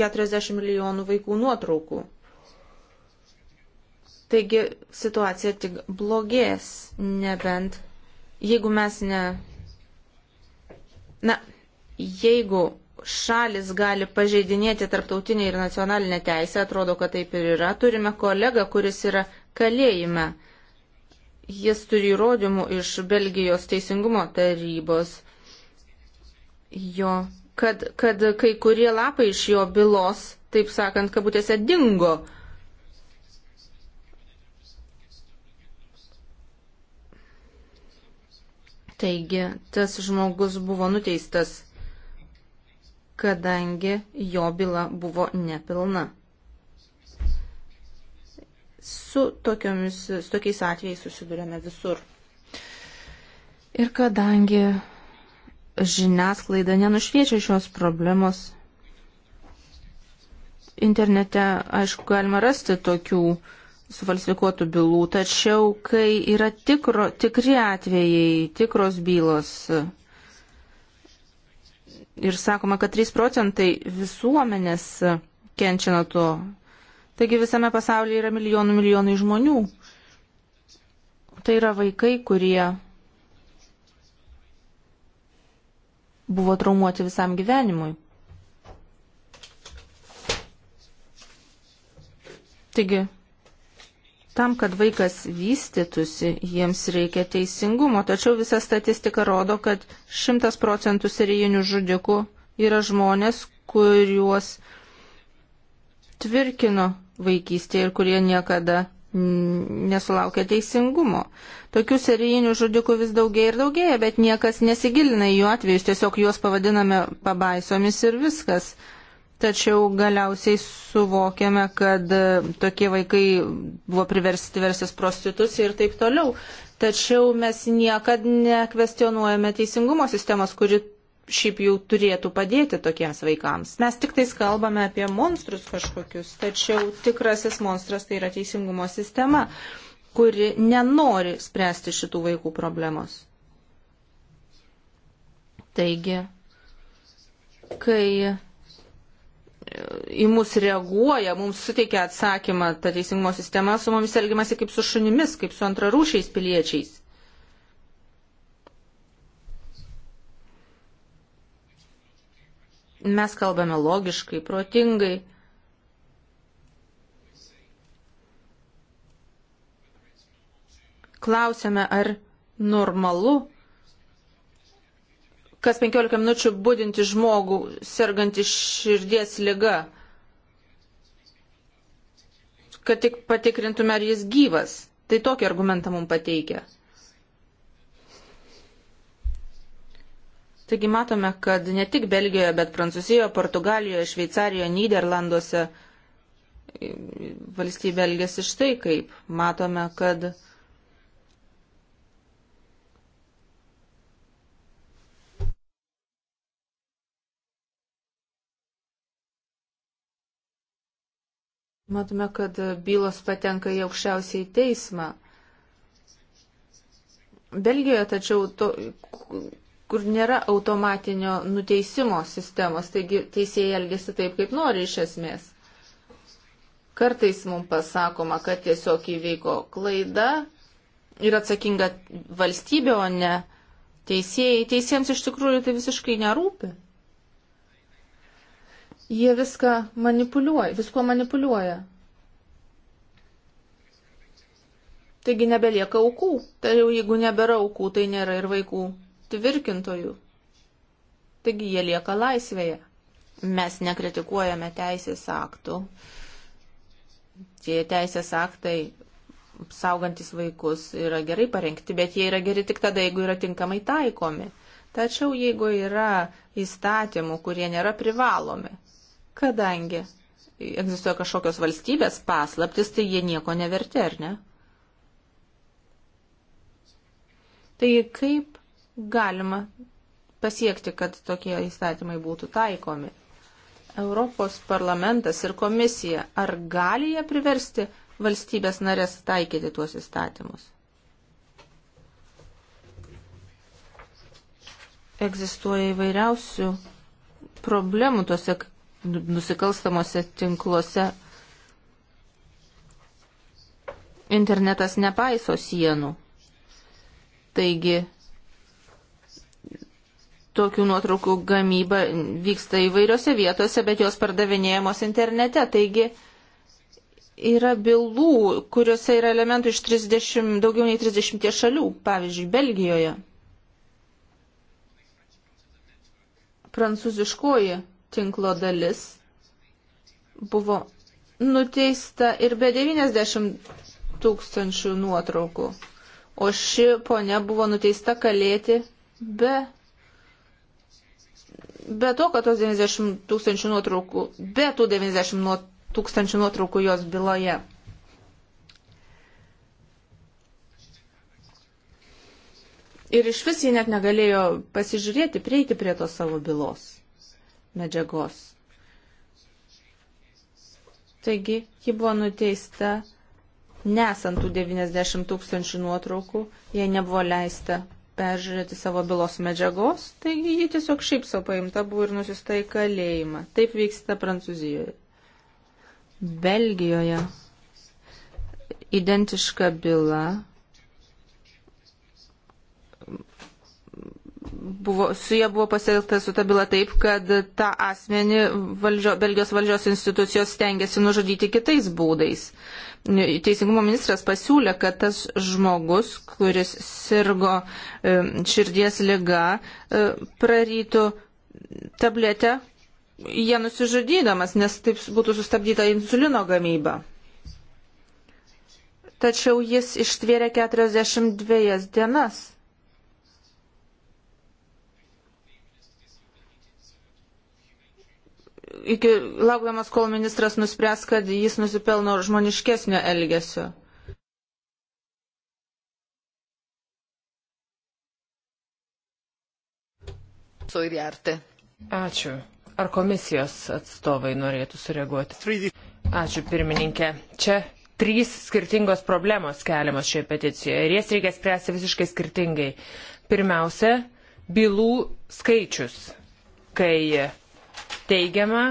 40 milijonų vaikų nuotraukų. Taigi situacija tik blogės, nebent jeigu mes ne. Na, jeigu šalis gali pažeidinėti tarptautinę ir nacionalinę teisę, atrodo, kad taip ir yra, turime kolegą, kuris yra kalėjime. Jis turi įrodymų iš Belgijos teisingumo tarybos, jo, kad, kad kai kurie lapai iš jo bylos, taip sakant, kabutėse dingo. Taigi, tas žmogus buvo nuteistas, kadangi jo byla buvo nepilna. Su, tokiomis, su tokiais atvejais susidurėme visur. Ir kadangi žiniasklaida nenušviečia šios problemos, internete, aišku, galima rasti tokių sufalsifikuotų bylų, tačiau kai yra tikro, tikri atvejai, tikros bylos ir sakoma, kad 3 procentai visuomenės kenčia nuo to, Taigi visame pasaulyje yra milijonų milijonai žmonių. Tai yra vaikai, kurie buvo traumuoti visam gyvenimui. Taigi, tam, kad vaikas vystytųsi, jiems reikia teisingumo, tačiau visa statistika rodo, kad šimtas procentų serijinių žudikų yra žmonės, kuriuos tvirkino vaikystėje ir kurie niekada nesulaukia teisingumo. Tokių serijinių žudikų vis daugėja ir daugėja, bet niekas nesigilina į jų atvejus, tiesiog juos pavadiname pabaisomis ir viskas. Tačiau galiausiai suvokiame, kad e, tokie vaikai buvo priversti versis prostituciją ir taip toliau. Tačiau mes niekad nekvestionuojame teisingumo sistemos, kuri šiaip jau turėtų padėti tokiems vaikams. Mes tik tais kalbame apie monstrus kažkokius, tačiau tikrasis monstras tai yra teisingumo sistema, kuri nenori spręsti šitų vaikų problemos. Taigi, kai e, į mus reaguoja, mums suteikia atsakymą ta teisingumo sistema, su mumis elgiamasi kaip su šunimis, kaip su antrarūšiais piliečiais. Mes kalbame logiškai, protingai. Klausėme, ar normalu kas 15 minučių būdinti žmogų sergantį širdies lyga, kad tik patikrintume, ar jis gyvas. Tai tokį argumentą mums pateikia. Taigi matome, kad ne tik Belgijoje, bet Prancūzijoje, Portugalijoje, Šveicarijoje, Niderlanduose e, valstybė elgesi štai kaip. Matome, kad Matome, kad bylos patenka į aukščiausiai teismą. Belgijoje tačiau to, kur nėra automatinio nuteisimo sistemos, taigi teisėjai elgesi taip, kaip nori iš esmės. Kartais mums pasakoma, kad tiesiog įvyko klaida ir atsakinga valstybė, o ne teisėjai. Teisėjams iš tikrųjų tai visiškai nerūpi. Jie viską manipuliuoja, visko manipuliuoja. Taigi nebelieka aukų. Tai jau jeigu nebėra aukų, tai nėra ir vaikų tvirkintojų. Taigi jie lieka laisvėje. Mes nekritikuojame teisės aktų. Tie teisės aktai saugantis vaikus yra gerai parengti, bet jie yra geri tik tada, jeigu yra tinkamai taikomi. Tačiau jeigu yra įstatymų, kurie nėra privalomi, kadangi egzistuoja kažkokios valstybės paslaptis, tai jie nieko neverti, ar ne? Tai kaip galima pasiekti, kad tokie įstatymai būtų taikomi. Europos parlamentas ir komisija, ar gali jie priversti valstybės narės taikyti tuos įstatymus? Egzistuoja įvairiausių problemų tuose nusikalstamuose tinkluose. Internetas nepaiso sienų. Taigi tokių nuotraukų gamyba vyksta įvairiose vietose, bet jos pardavinėjamos internete. Taigi yra bylų, kuriuose yra elementų iš 30, daugiau nei 30 šalių, pavyzdžiui, Belgijoje. Prancūziškoji tinklo dalis buvo nuteista ir be 90 tūkstančių nuotraukų, o ši ponia buvo nuteista kalėti be Be to, kad tos 90 tūkstančių nuotraukų, be tų 90 tūkstančių nuotraukų jos byloje. Ir iš vis jie net negalėjo pasižiūrėti, prieiti prie tos savo bylos medžiagos. Taigi, ji buvo nuteista nesant tų 90 tūkstančių nuotraukų, jai nebuvo leista peržiūrėti savo bylos medžiagos, taigi ji tiesiog šiaip savo paimta buvo ir nusista į kalėjimą. Taip vyksta Prancūzijoje. Belgijoje identiška byla buvo, su jie buvo pasielgta su ta byla taip, kad tą asmenį valdžio, Belgijos valdžios institucijos stengiasi nužudyti kitais būdais. Teisingumo ministras pasiūlė, kad tas žmogus, kuris sirgo širdies liga, e, prarytų tabletę, jie nusižudydamas, nes taip būtų sustabdyta insulino gamyba. Tačiau jis ištvėrė 42 dienas iki, laukdamas, kol ministras nuspręs, kad jis nusipelno žmoniškesnio elgesio. Ačiū. Ar komisijos atstovai norėtų sureaguoti? Ačiū, pirmininkė. Čia trys skirtingos problemos keliamos šioje peticijoje ir jas reikia spręsti visiškai skirtingai. Pirmiausia, bylų skaičius, kai teigiama,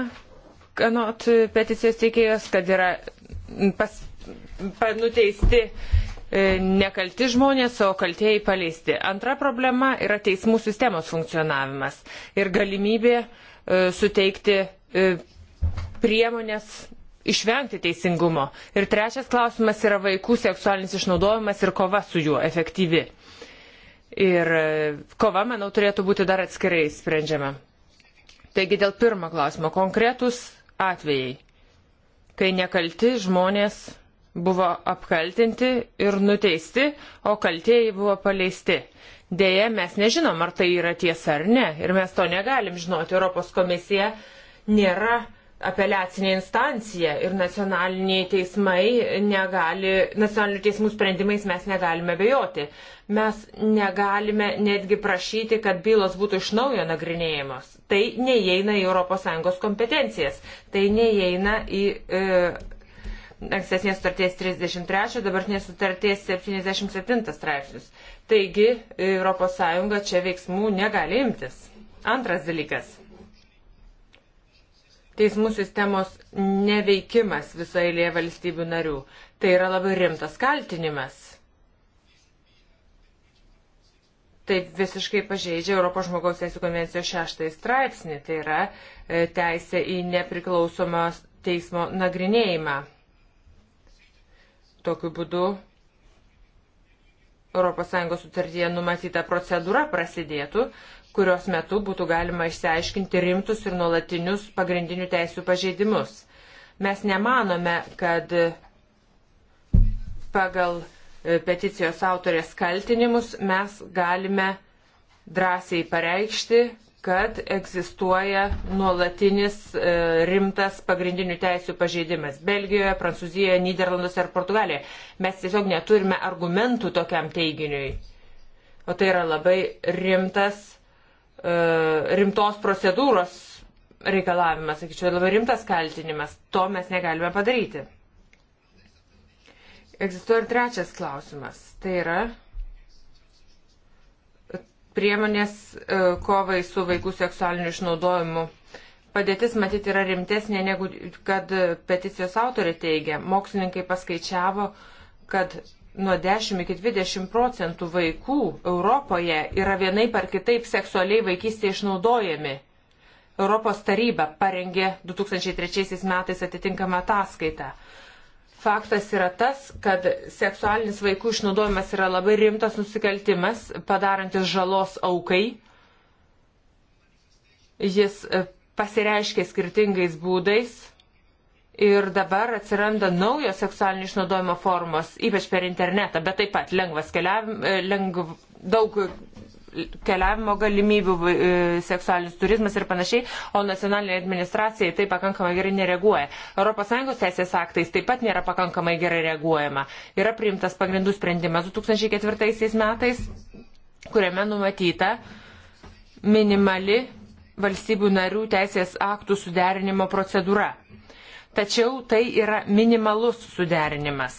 anot peticijos teikėjos, kad yra pas, pa, nuteisti e, nekalti žmonės, o kaltieji paleisti. Antra problema yra teismų sistemos funkcionavimas ir galimybė e, suteikti e, priemonės išvengti teisingumo. Ir trečias klausimas yra vaikų seksualinis išnaudojimas ir kova su juo efektyvi. Ir kova, manau, turėtų būti dar atskirai sprendžiama. Taigi dėl pirmo klausimo. Konkretus atvejai, kai nekalti žmonės buvo apkaltinti ir nuteisti, o kaltieji buvo paleisti. Deja, mes nežinom, ar tai yra tiesa ar ne, ir mes to negalim žinoti. Europos komisija nėra uh, apeliacinė instancija ir nacionaliniai teismai negali, nacionalinių teismų sprendimais mes negalime bejoti. Mes negalime netgi prašyti, kad bylos būtų iš naujo nagrinėjamos. Tai neįeina į ES kompetencijas. Tai neįeina į e, ankstesnės sutarties 33, dabartinės sutarties 77 straipsnius. Taigi e, ES čia veiksmų negali imtis. Antras dalykas teismų sistemos neveikimas visoje eilėje valstybių narių. Tai yra labai rimtas kaltinimas. Taip visiškai pažeidžia Europos žmogaus teisų konvencijos šeštąjį straipsnį, tai yra e, teisė į nepriklausomą teismo nagrinėjimą. Tokiu būdu ES sutartyje numatyta procedūra prasidėtų, kurios metu būtų galima išsiaiškinti rimtus ir nuolatinius pagrindinių teisų pažeidimus. Mes nemanome, kad pagal e, peticijos autorės kaltinimus mes galime drąsiai pareikšti, kad egzistuoja nuolatinis e, rimtas pagrindinių teisų pažeidimas Belgijoje, Prancūzijoje, Niderlanduose ar Portugalijoje. Mes tiesiog neturime argumentų tokiam teiginiui. O tai yra labai rimtas E, rimtos procedūros reikalavimas, sakyčiau, labai rimtas kaltinimas. To mes negalime padaryti. Egzistuoja ir trečias klausimas. Tai yra priemonės e, kovai su vaikų seksualiniu išnaudojimu. Padėtis matyti yra rimtesnė negu kad peticijos autoriai teigia. Mokslininkai paskaičiavo, kad nuo 10 iki 20 procentų vaikų Europoje yra vienaip ar kitaip seksualiai vaikystėje išnaudojami. Europos taryba parengė 2003 metais atitinkamą ataskaitą. Faktas yra tas, kad seksualinis vaikų išnaudojimas yra labai rimtas nusikaltimas, padarantis žalos aukai. Jis e, pasireiškia skirtingais būdais ir dabar atsiranda naujos seksualinio išnaudojimo formos, ypač per internetą, bet taip pat lengvas keliavimas, e, lengv, daug keliavimo galimybių, e, seksualinis turizmas ir panašiai, o nacionalinė administracija į tai pakankamai gerai nereaguoja. ES teisės aktais taip pat nėra pakankamai gerai reaguojama. Yra priimtas pagrindų sprendimas 2004 metais, kuriame numatyta minimali valstybių narių teisės aktų suderinimo procedūra. Tačiau tai yra minimalus suderinimas.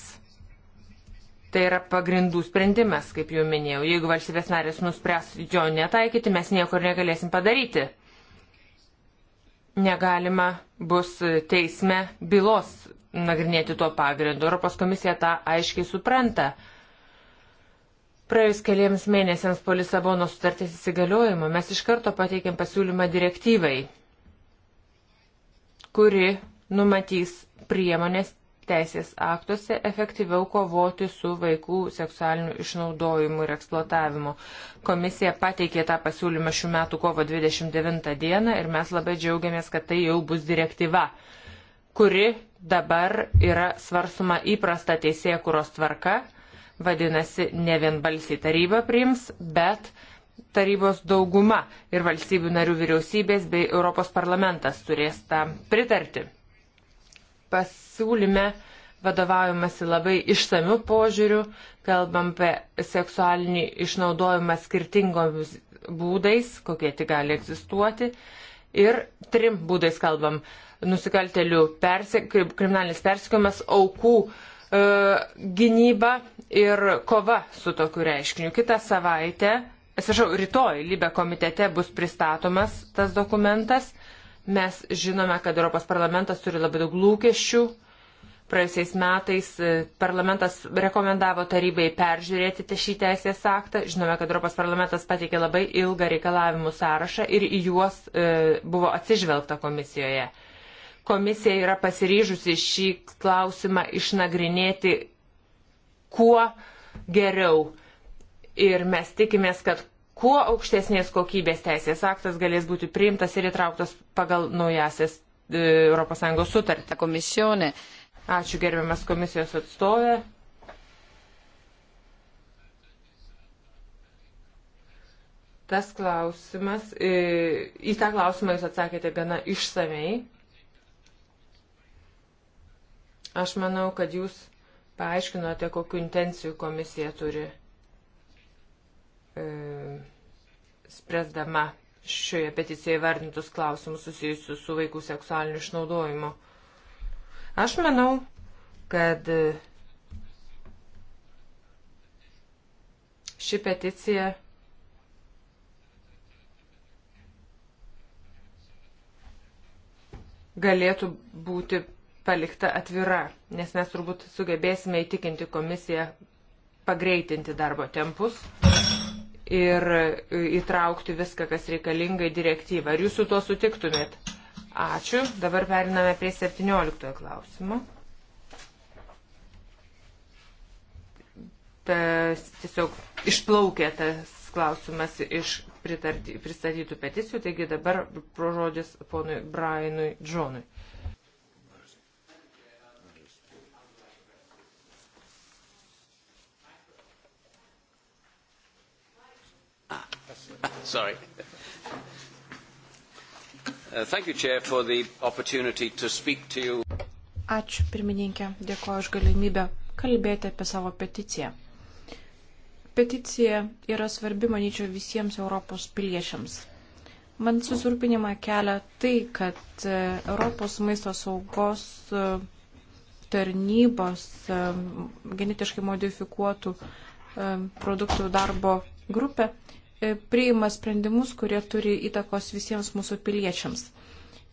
Tai yra pagrindų sprendimas, kaip jau minėjau. Jeigu valstybės narės nuspręs jo netaikyti, mes niekur negalėsim padaryti. Negalima bus teisme bylos nagrinėti tuo pagrindu. Europos komisija tą aiškiai supranta. Praėjus keliems mėnesiams po Lisabono sutarties įsigaliojimo mes iš karto pateikėm pasiūlymą direktyvai, kuri numatys priemonės teisės aktuose efektyviau kovoti su vaikų seksualiniu išnaudojimu ir eksploatavimu. Komisija pateikė tą pasiūlymą šių metų kovo 29 dieną ir mes labai džiaugiamės, kad tai jau bus direktyva, kuri dabar yra svarsuma įprasta teisėje kuros tvarka. Vadinasi, ne vien balsiai taryba priims, bet tarybos dauguma ir valstybių narių vyriausybės bei Europos parlamentas turės tam pritarti pasiūlyme vadovaujamasi labai išsamių požiūrių, kalbam apie seksualinį išnaudojimą skirtingomis būdais, kokie tik gali egzistuoti. Ir trim būdais kalbam - nusikaltelių persi, kriminalinis persikiojimas, aukų e, gynyba ir kova su tokiu reiškiniu. Kitą savaitę, atsiprašau, rytoj Libe komitete bus pristatomas tas dokumentas Mes žinome, kad Europos parlamentas turi labai daug lūkesčių. Praėjusiais metais e, parlamentas rekomendavo tarybai peržiūrėti šį teisės aktą. Žinome, kad Europos parlamentas pateikė labai ilgą reikalavimų sąrašą ir į juos e, buvo atsižvelgta komisijoje. Komisija yra pasiryžusi šį klausimą išnagrinėti kuo geriau. Ir mes tikimės, kad kuo aukštesnės kokybės teisės aktas galės būti priimtas ir įtrauktas pagal naujasias ES sutartį. Komisione. Ačiū gerbiamas komisijos atstovė. Tas klausimas, e, į tą klausimą jūs atsakėte gana išsamei. Aš manau, kad jūs paaiškinote, kokiu intencijų komisija turi. E, spręsdama šioje peticijoje vardintus klausimus susijusius su vaikų seksualiniu išnaudojimu. Aš manau, kad ši peticija galėtų būti palikta atvira, nes mes turbūt sugebėsime įtikinti komisiją pagreitinti darbo tempus ir e, įtraukti viską, kas reikalinga į direktyvą. Ar jūs su tuo sutiktumėt? Ačiū. Dabar periname prie 17 klausimo. Tas tiesiog išplaukė tas klausimas iš pristatytų peticijų, taigi dabar žodis ponui Brianui Džonui. Sorry. Uh, thank you, Chair, for the opportunity to speak to you. Ačiū, pirmininkė. Dėkuoju už galimybę kalbėti apie savo peticiją. Peticija yra svarbi, manyčiau, visiems Europos piliečiams. Man susirūpinimą kelia tai, kad uh, Europos maisto saugos uh, tarnybos um, genetiškai modifikuotų um, produktų darbo grupė E, priima sprendimus, kurie turi įtakos visiems mūsų piliečiams.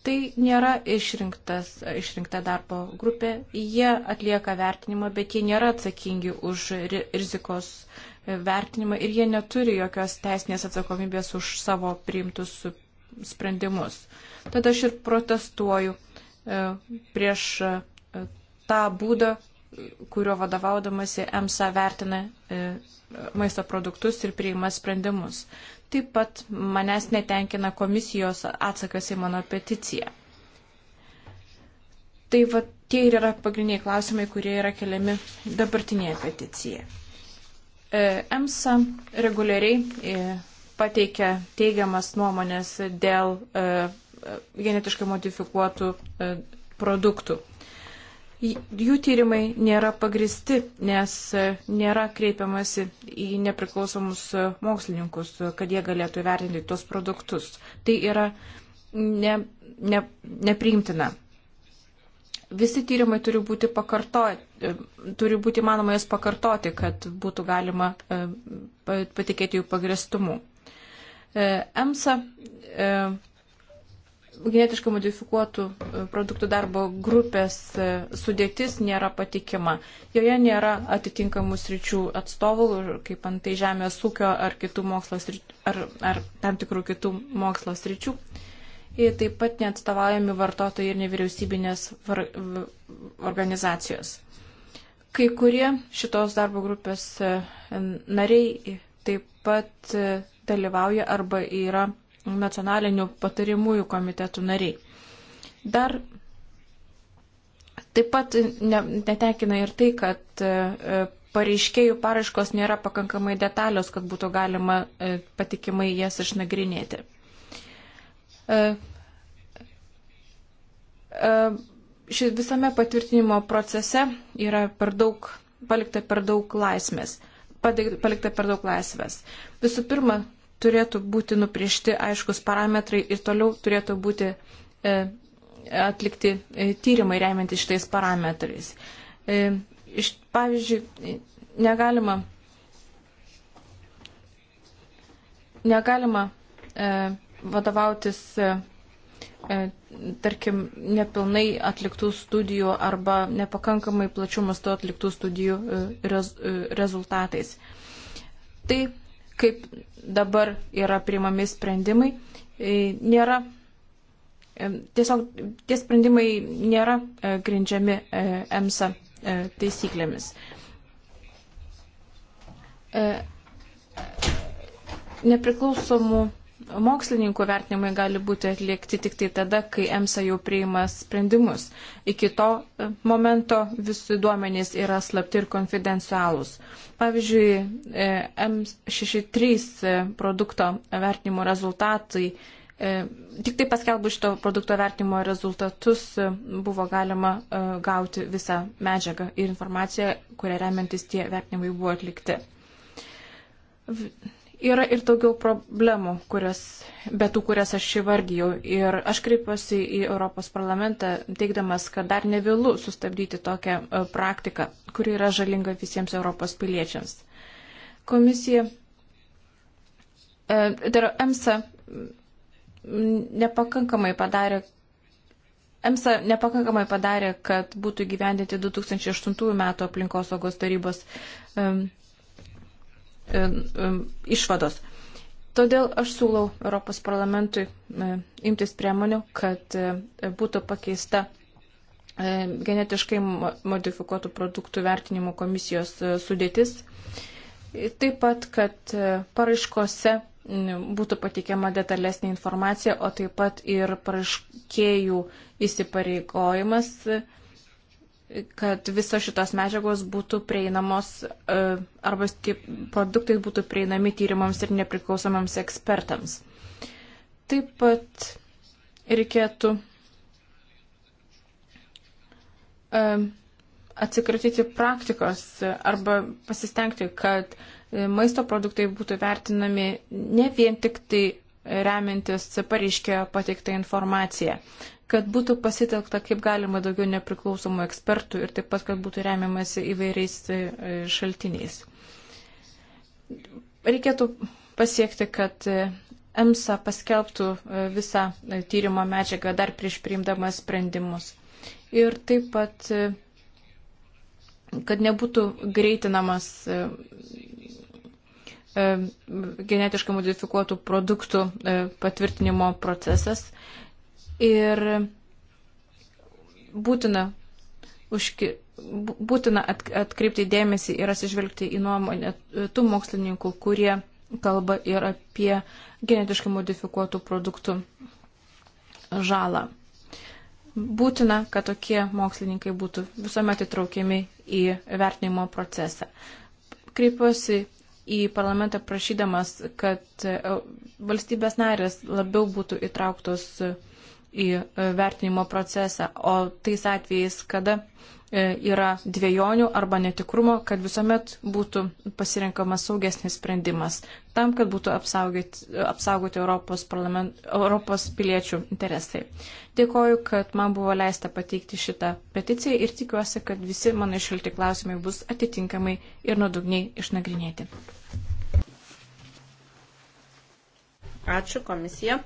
Tai nėra išrinkta darbo grupė, jie atlieka vertinimą, bet jie nėra atsakingi už rizikos e, vertinimą ir jie neturi jokios teisinės atsakomybės už savo priimtus sprendimus. Tad aš ir protestuoju e, prieš tą būdą, kurio vadovaudamasi EMSA vertina e, maisto produktus ir priima sprendimus. Taip pat manęs netenkina komisijos atsakas į mano peticiją. Tai va, tie ir yra pagrindiniai klausimai, kurie yra keliami dabartinėje peticijoje. E, EMSA reguliariai e, pateikia teigiamas nuomonės dėl genetiškai modifikuotų produktų jų tyrimai nėra pagristi, nes e, nėra kreipiamasi į nepriklausomus e, mokslininkus, e, kad jie galėtų įvertinti tuos produktus. Tai yra ne, ne, nepriimtina. Visi tyrimai turi būti pakartoti, turi būti manoma jas pakartoti, kad būtų galima patikėti jų pagristumu. EMSA genetiškai modifikuotų e, produktų darbo grupės e, sudėtis nėra patikima. Joje nėra atitinkamų sričių atstovų, kaip antai žemės ūkio ar, sričių, ar, ar tam tikrų kitų mokslo sričių. Ir taip pat neatstovaujami vartotojai ir nevyriausybinės var, v, organizacijos. Kai kurie šitos darbo grupės e, nariai taip pat dalyvauja arba yra nacionalinių patarimųjų komitetų nariai. Dar taip pat ne, netenkina ir tai, kad e, pareiškėjų paraiškos nėra pakankamai detalios, kad būtų galima e, patikimai jas išnagrinėti. E, ši visame patvirtinimo procese yra per daug, palikta per daug laisvės. Palikta per daug laisvės. Visų pirma, turėtų būti nupriešti aiškus parametrai ir toliau turėtų būti e, atlikti e, tyrimai remiantis šitais parametrais. E, iš, pavyzdžiui, negalima, negalima e, vadovautis, e, e tarkim, nepilnai atliktų studijų arba nepakankamai plačių mastų atliktų studijų e, rez, e, rezultatais. Tai kaip dabar yra priimami sprendimai, e, nėra. E, tiesiog tie sprendimai nėra e, grindžiami EMSA taisyklėmis. Nepriklausomų mokslininkų vertinimai gali būti atliekti tik tai tada, kai EMSA jau priima sprendimus. Iki to e, momento visi duomenys yra slapti ir konfidencialūs. Pavyzdžiui, e, M63 e, produkto vertinimo rezultatai. Tik tai paskelbus šito produkto vertinimo rezultatus buvo galima gauti visą medžiagą ir informaciją, kurią remiantis tie vertinimai buvo atlikti Yra ir daugiau problemų, kurias, bet tų, kurias aš įvardyjau. Ir aš kreipiuosi į Europos parlamentą, teikdamas, kad dar ne vėlų sustabdyti tokią e, praktiką, kuri yra žalinga visiems Europos piliečiams. Komisija, tai e, yra EMSA, nepakankamai padarė. EMSA nepakankamai padarė, kad būtų gyvendinti 2008 metų aplinkosaugos tarybos um, E, e, išvados. Todėl aš siūlau Europos parlamentui e, imtis priemonių, kad būtų pakeista genetiškai modifikuotų produktų vertinimo komisijos sudėtis. Taip pat, kad paraiškose būtų pateikiama detalesnė informacija, o taip pat ir paraiškėjų įsipareigojimas kad visos šitos medžiagos būtų prieinamos e, arba kaip produktai būtų prieinami tyrimams ir nepriklausomams ekspertams. Taip pat reikėtų e, atsikratyti praktikos arba pasistengti, kad e, maisto produktai būtų vertinami ne vien tik tai remiantis pareiškėjo pateiktą informaciją kad būtų pasitelkta kaip galima daugiau nepriklausomų ekspertų ir taip pat, kad būtų remiamasi įvairiais e, šaltiniais. Reikėtų pasiekti, kad e, EMSA paskelbtų e, visą tyrimo medžiagą dar prieš priimdamas sprendimus. Ir taip pat, kad nebūtų greitinamas genetiškai modifikuotų produktų patvirtinimo procesas ir būtina, užki, būtina atkreipti dėmesį ir atsižvelgti į nuomonę tų mokslininkų, kurie kalba ir apie genetiškai modifikuotų produktų žalą. Būtina, kad tokie mokslininkai būtų visuomet įtraukiami į vertinimo procesą. Kreipiuosi į parlamentą prašydamas, kad e, valstybės narės labiau būtų įtrauktos uh, į e, vertinimo procesą, o tais atvejais, kada e, yra dviejonių arba netikrumo, kad visuomet būtų pasirinkamas saugesnis sprendimas, tam, kad būtų apsaugoti, apsaugoti Europos, Europos piliečių interesai. Dėkoju, kad man buvo leista pateikti šitą peticiją ir tikiuosi, kad visi mano išilti klausimai bus atitinkamai ir nuodugniai išnagrinėti. Ačiū komisija.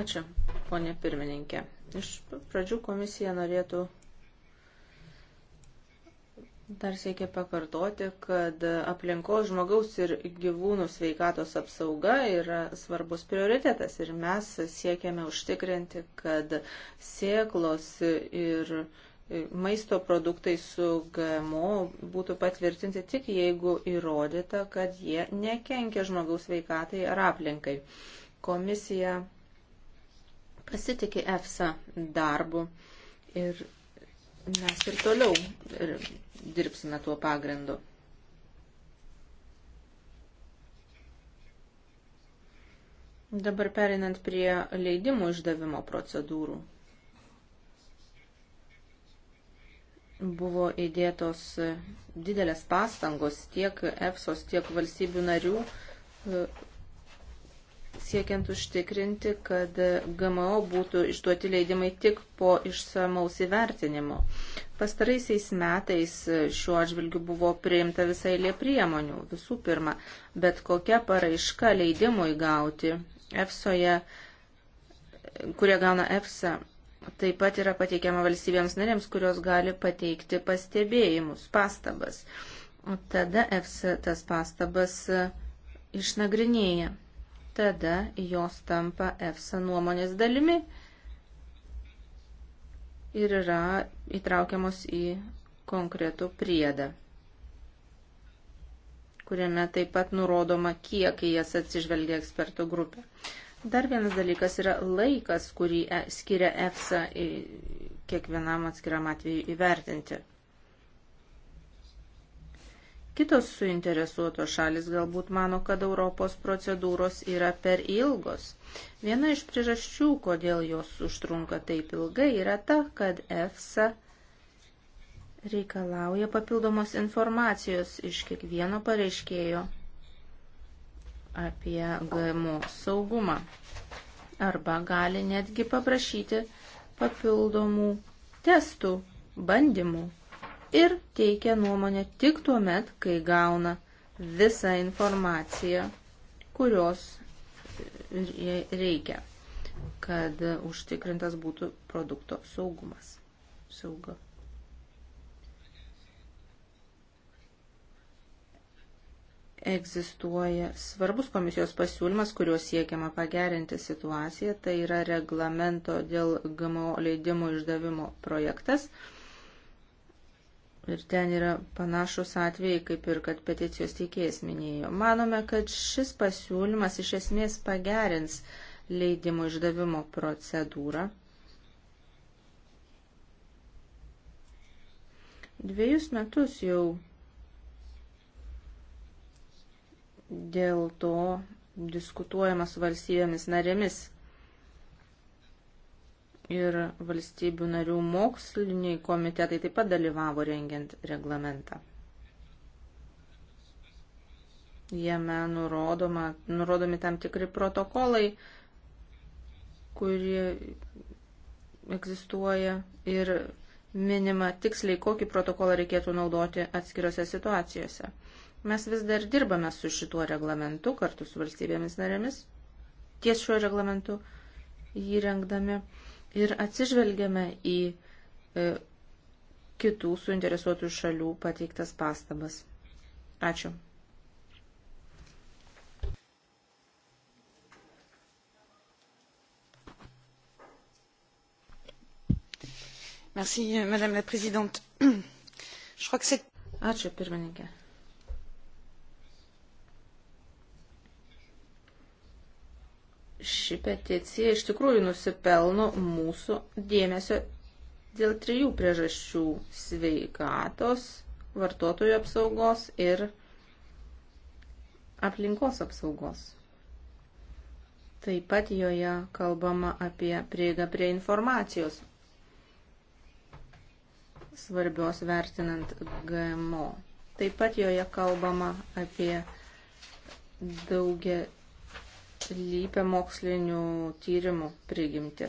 Ačiū, ponė pirmininkė. Iš pradžių komisija norėtų dar siekia pakartoti, kad aplinkos žmogaus ir gyvūnų sveikatos apsauga yra svarbus prioritetas ir mes siekiame užtikrinti, kad sėklos ir maisto produktai su GMO būtų patvirtinti tik jeigu įrodyta, kad jie nekenkia žmogaus sveikatai ar aplinkai. Komisija pasitikė EFSA darbu ir mes ir toliau ir dirbsime tuo pagrindu. Dabar perinant prie leidimų išdavimo procedūrų. Buvo įdėtos didelės pastangos tiek EFSOS, tiek valstybių narių siekiant užtikrinti, kad GMO būtų išduoti leidimai tik po išsamaus įvertinimo. Pastaraisiais metais šiuo atžvilgiu buvo priimta visai lė priemonių. Visų pirma, bet kokia paraiška leidimui gauti EFSOje, kurie gauna EFSA, taip pat yra pateikiama valstybėms narėms, kurios gali pateikti pastebėjimus, pastabas. O tada EFSA tas pastabas išnagrinėja tada jos tampa EFSA nuomonės dalimi ir yra įtraukiamos į konkretų priedą, kuriame taip pat nurodoma, kiek į jas atsižvelgia ekspertų grupė. Dar vienas dalykas yra laikas, kurį e, skiria EFSA kiekvienam atskiram atveju įvertinti. Kitos suinteresuotos šalis galbūt mano, kad Europos procedūros yra per ilgos. Viena iš priežasčių, kodėl jos užtrunka taip ilgai, yra ta, kad EFSA reikalauja papildomos informacijos iš kiekvieno pareiškėjo apie GMO saugumą. Arba gali netgi paprašyti papildomų testų, bandymų ir teikia nuomonę tik tuo met, kai gauna visą informaciją, kurios reikia, kad užtikrintas būtų produkto saugumas. Sauga. egzistuoja svarbus komisijos pasiūlymas, kuriuo siekiama pagerinti situaciją, tai yra reglamento dėl GMO leidimų išdavimo projektas, Ir ten yra panašus atvejai, kaip ir kad peticijos teikėjas minėjo. Manome, kad šis pasiūlymas iš esmės pagerins leidimų išdavimo procedūrą. Dviejus metus jau dėl to diskutuojama su valstybėmis narėmis ir valstybių narių moksliniai komitetai taip pat dalyvavo rengiant reglamentą. Jame nurodoma, nurodomi tam tikri protokolai, kurie egzistuoja ir minima tiksliai, kokį protokolą reikėtų naudoti atskirose situacijose. Mes vis dar dirbame su šituo reglamentu kartu su valstybėmis narėmis, ties šiuo reglamentu jį rengdami ir atsižvelgiame į e, kitų suinteresuotų šalių pateiktas pastabas. Ačiū. Merci, Madame la Présidente. Je crois que c'est... Ačiū, pirmininkė. ši peticija iš tikrųjų nusipelno mūsų dėmesio dėl trijų priežasčių - sveikatos, vartotojų apsaugos ir aplinkos apsaugos. Taip pat joje kalbama apie prieigą prie informacijos, svarbios vertinant GMO. Taip pat joje kalbama apie daugia slypia mokslinių tyrimų prigimti.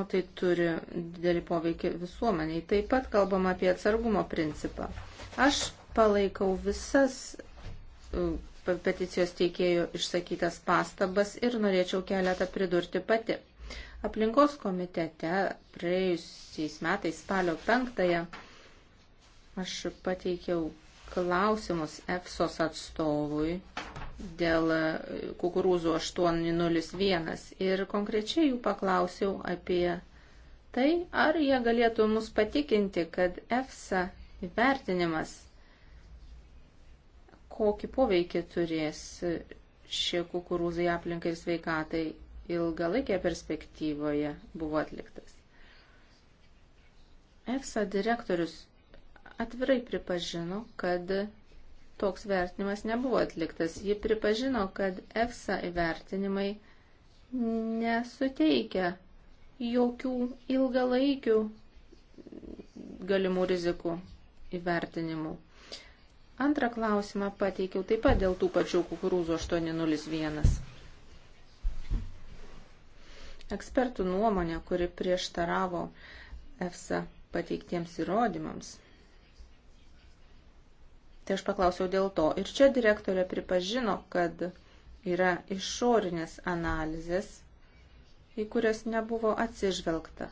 O tai turi didelį poveikį visuomeniai. Taip pat kalbam apie atsargumo principą. Aš palaikau visas e, peticijos teikėjų išsakytas pastabas ir norėčiau keletą pridurti pati. Aplinkos komitete praėjusiais metais spalio 5-ąją aš pateikiau klausimus EFSOS atstovui dėl kukurūzų 801 ir konkrečiai jų paklausiau apie tai, ar jie galėtų mus patikinti, kad EFSA įvertinimas kokį poveikį turės šie kukurūzai aplinkai ir sveikatai ilgalaikėje perspektyvoje buvo atliktas. EFSA direktorius atvirai pripažino, kad toks vertinimas nebuvo atliktas. Ji pripažino, kad EFSA įvertinimai nesuteikia jokių ilgalaikių galimų rizikų įvertinimų. Antrą klausimą pateikiau taip pat dėl tų pačių kukurūzų 801 ekspertų nuomonė, kuri prieštaravo EFSA pateiktiems įrodymams. Tai aš paklausiau dėl to. Ir čia direktorė pripažino, kad yra išorinės analizės, į kurias nebuvo atsižvelgta.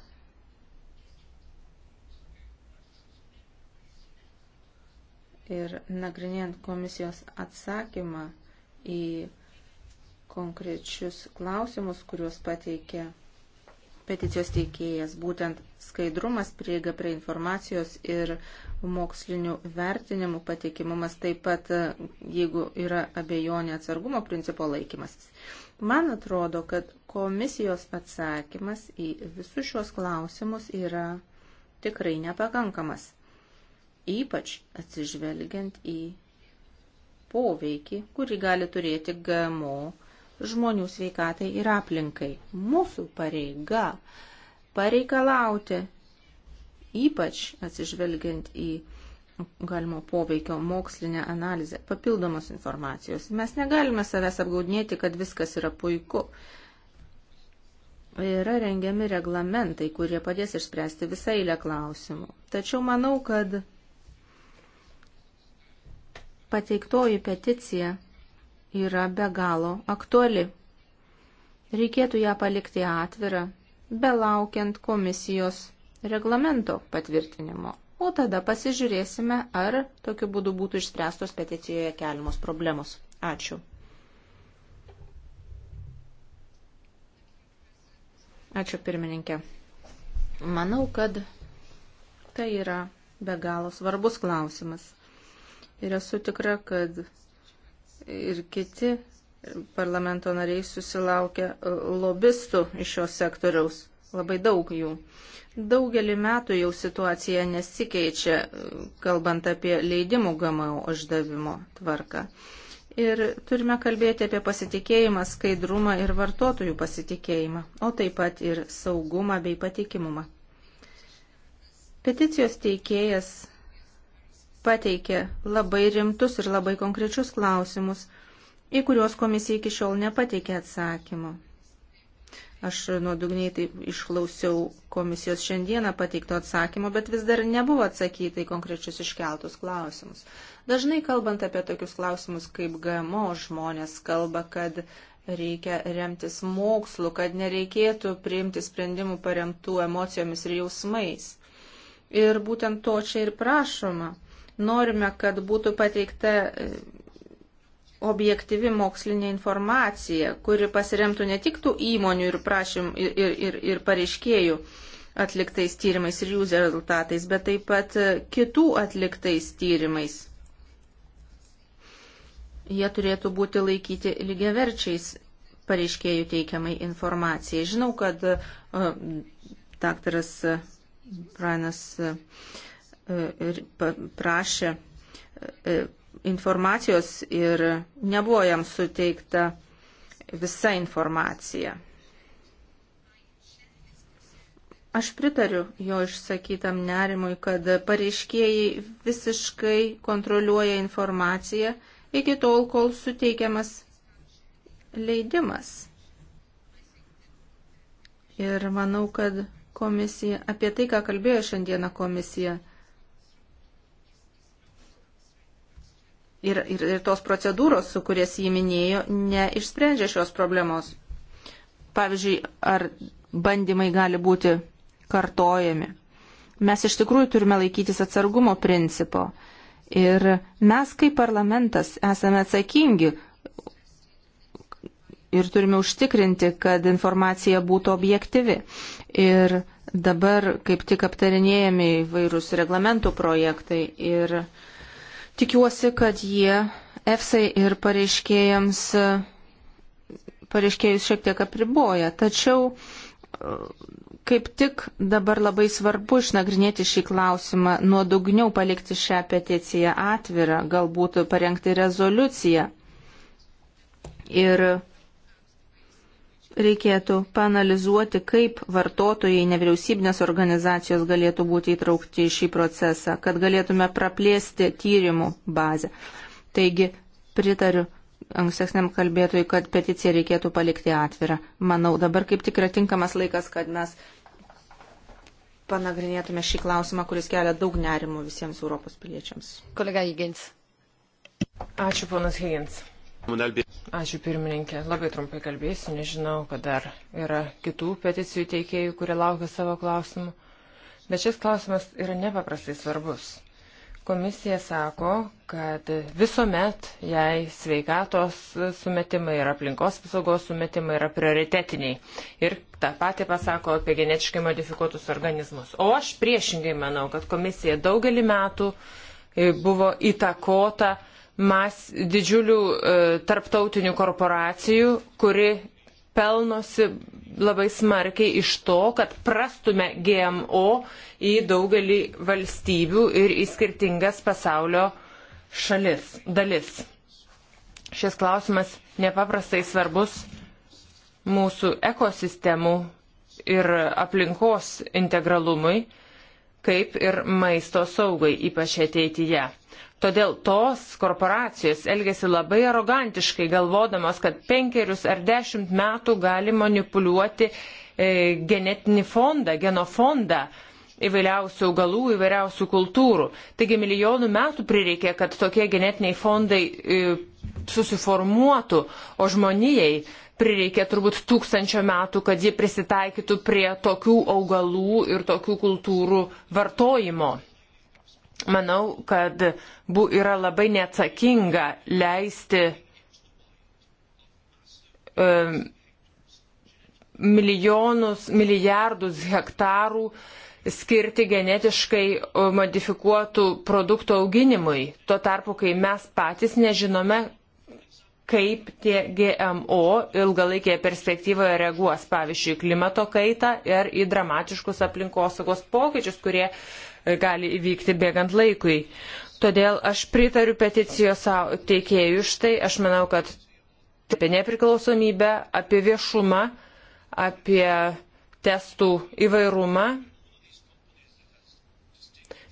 Ir nagrinėjant komisijos atsakymą į konkrečius klausimus, kuriuos pateikė peticijos teikėjas, būtent skaidrumas, prieiga prie informacijos ir mokslinių vertinimų patikimumas, taip pat jeigu yra abejonė atsargumo principo laikymasis. Man atrodo, kad komisijos atsakymas į visus šios klausimus yra tikrai nepakankamas, ypač atsižvelgiant į poveikį, kurį gali turėti GMO žmonių sveikatai ir aplinkai. Mūsų pareiga pareikalauti, ypač atsižvelgiant į galimo poveikio mokslinę analizę, papildomos informacijos. Mes negalime savęs apgaudinėti, kad viskas yra puiku. Yra rengiami reglamentai, kurie padės išspręsti visą eilę klausimų. Tačiau manau, kad pateiktoji peticija yra be galo aktuali. Reikėtų ją palikti atvirą, belaukiant komisijos reglamento patvirtinimo, o tada pasižiūrėsime, ar tokiu būdu būtų išspręstos peticijoje keliamos problemos. Ačiū. Ačiū pirmininkė. Manau, kad tai yra be galo svarbus klausimas. Ir esu tikra, kad ir kiti parlamento nariai susilaukia lobistų iš šio sektoriaus, labai daug jų. Daugelį metų jau situacija nesikeičia, kalbant apie leidimų GMO uždavimo tvarką. Ir turime kalbėti apie pasitikėjimą, skaidrumą ir vartotojų pasitikėjimą, o taip pat ir saugumą bei patikimumą. Peticijos teikėjas pateikė labai rimtus ir labai konkrečius klausimus, į kuriuos komisija iki šiol nepateikė atsakymo. Aš nuodugniai taip išklausiau komisijos šiandieną pateikto atsakymo, bet vis dar nebuvo atsakyta į konkrečius iškeltus klausimus. Dažnai kalbant apie tokius klausimus kaip GMO, žmonės kalba, kad reikia remtis mokslu, kad nereikėtų priimti sprendimų paremtų emocijomis ir jausmais. Ir būtent to čia ir prašoma Norime, kad būtų pateikta e, objektyvi mokslinė informacija, kuri pasiremtų ne tik tų įmonių ir, prašym, ir, ir, ir, ir pareiškėjų atliktais tyrimais ir jų rezultatais, bet taip pat e, kitų atliktais tyrimais. Jie turėtų būti laikyti lygiaverčiais pareiškėjų teikiamai informacijai. Žinau, kad uh, daktaras Brianas uh, ir prašė e, informacijos ir nebuvo jam suteikta visa informacija. Aš pritariu jo išsakytam nerimui, kad pareiškėjai visiškai kontroliuoja informaciją iki tol, kol suteikiamas leidimas. Ir manau, kad komisija, apie tai, ką kalbėjo šiandieną komisija, ir, ir, ir tos procedūros, su kurias jį minėjo, neišsprendžia šios problemos. Pavyzdžiui, ar bandymai gali būti kartojami. Mes iš tikrųjų turime laikytis atsargumo principo. Ir mes kaip parlamentas esame atsakingi ir turime užtikrinti, kad informacija būtų objektyvi. Ir dabar kaip tik aptarinėjami vairūs reglamentų projektai ir uh, Tikiuosi, kad jie EFSA ir pareiškėjams pareiškėjus šiek tiek apriboja. Tačiau kaip tik dabar labai svarbu išnagrinėti šį klausimą, nuodugniau palikti šią peticiją atvirą, galbūt parengti rezoliuciją. Ir reikėtų panalizuoti, kaip vartotojai nevyriausybinės organizacijos galėtų būti įtraukti į šį procesą, kad galėtume praplėsti tyrimų bazę. Taigi, pritariu ankstesniam kalbėtojui, kad peticiją reikėtų palikti atvirą. Manau, dabar kaip tik yra tinkamas laikas, kad mes panagrinėtume šį klausimą, kuris kelia daug nerimų visiems Europos piliečiams. Kolega Higgins. Ačiū, ponas Higgins. Ačiū pirmininkė, labai trumpai kalbėsiu, nežinau, kad dar yra kitų peticijų teikėjų, kurie laukia savo klausimų, bet šis klausimas yra nepaprastai svarbus. Komisija sako, kad visuomet jai sveikatos sumetimai ir aplinkos apsaugos sumetimai yra prioritetiniai. Ir tą patį pasako apie genetiškai modifikuotus organizmus. O aš priešingai manau, kad komisija daugelį metų e, buvo įtakota uh, mas, didžiulių e, tarptautinių korporacijų, kuri pelnosi labai smarkiai iš to, kad prastume GMO į daugelį valstybių ir į skirtingas pasaulio šalis, dalis. Šis klausimas nepaprastai svarbus mūsų ekosistemų ir aplinkos integralumui, kaip ir maisto saugai, ypač ateityje. Todėl tos korporacijos elgesi labai arogantiškai, galvodamos, kad penkerius ar dešimt metų gali manipuliuoti e, genetinį fondą, genofondą įvairiausių augalų, įvairiausių kultūrų. Taigi milijonų metų prireikė, kad tokie genetiniai fondai e, susiformuotų, o žmonijai prireikė turbūt tūkstančio metų, kad ji prisitaikytų prie tokių augalų ir tokių kultūrų vartojimo manau, kad bu yra labai neatsakinga leisti um, milijonus, milijardus hektarų skirti genetiškai modifikuotų produktų auginimui. Tuo tarpu, kai mes patys nežinome, kaip tie GMO ilgalaikėje perspektyvoje reaguos, pavyzdžiui, klimato kaitą ir į dramatiškus aplinkosaugos pokyčius, kurie e, gali įvykti bėgant laikui. Todėl aš pritariu peticijos teikėjų iš tai, aš manau, kad apie nepriklausomybę, apie viešumą, apie testų įvairumą.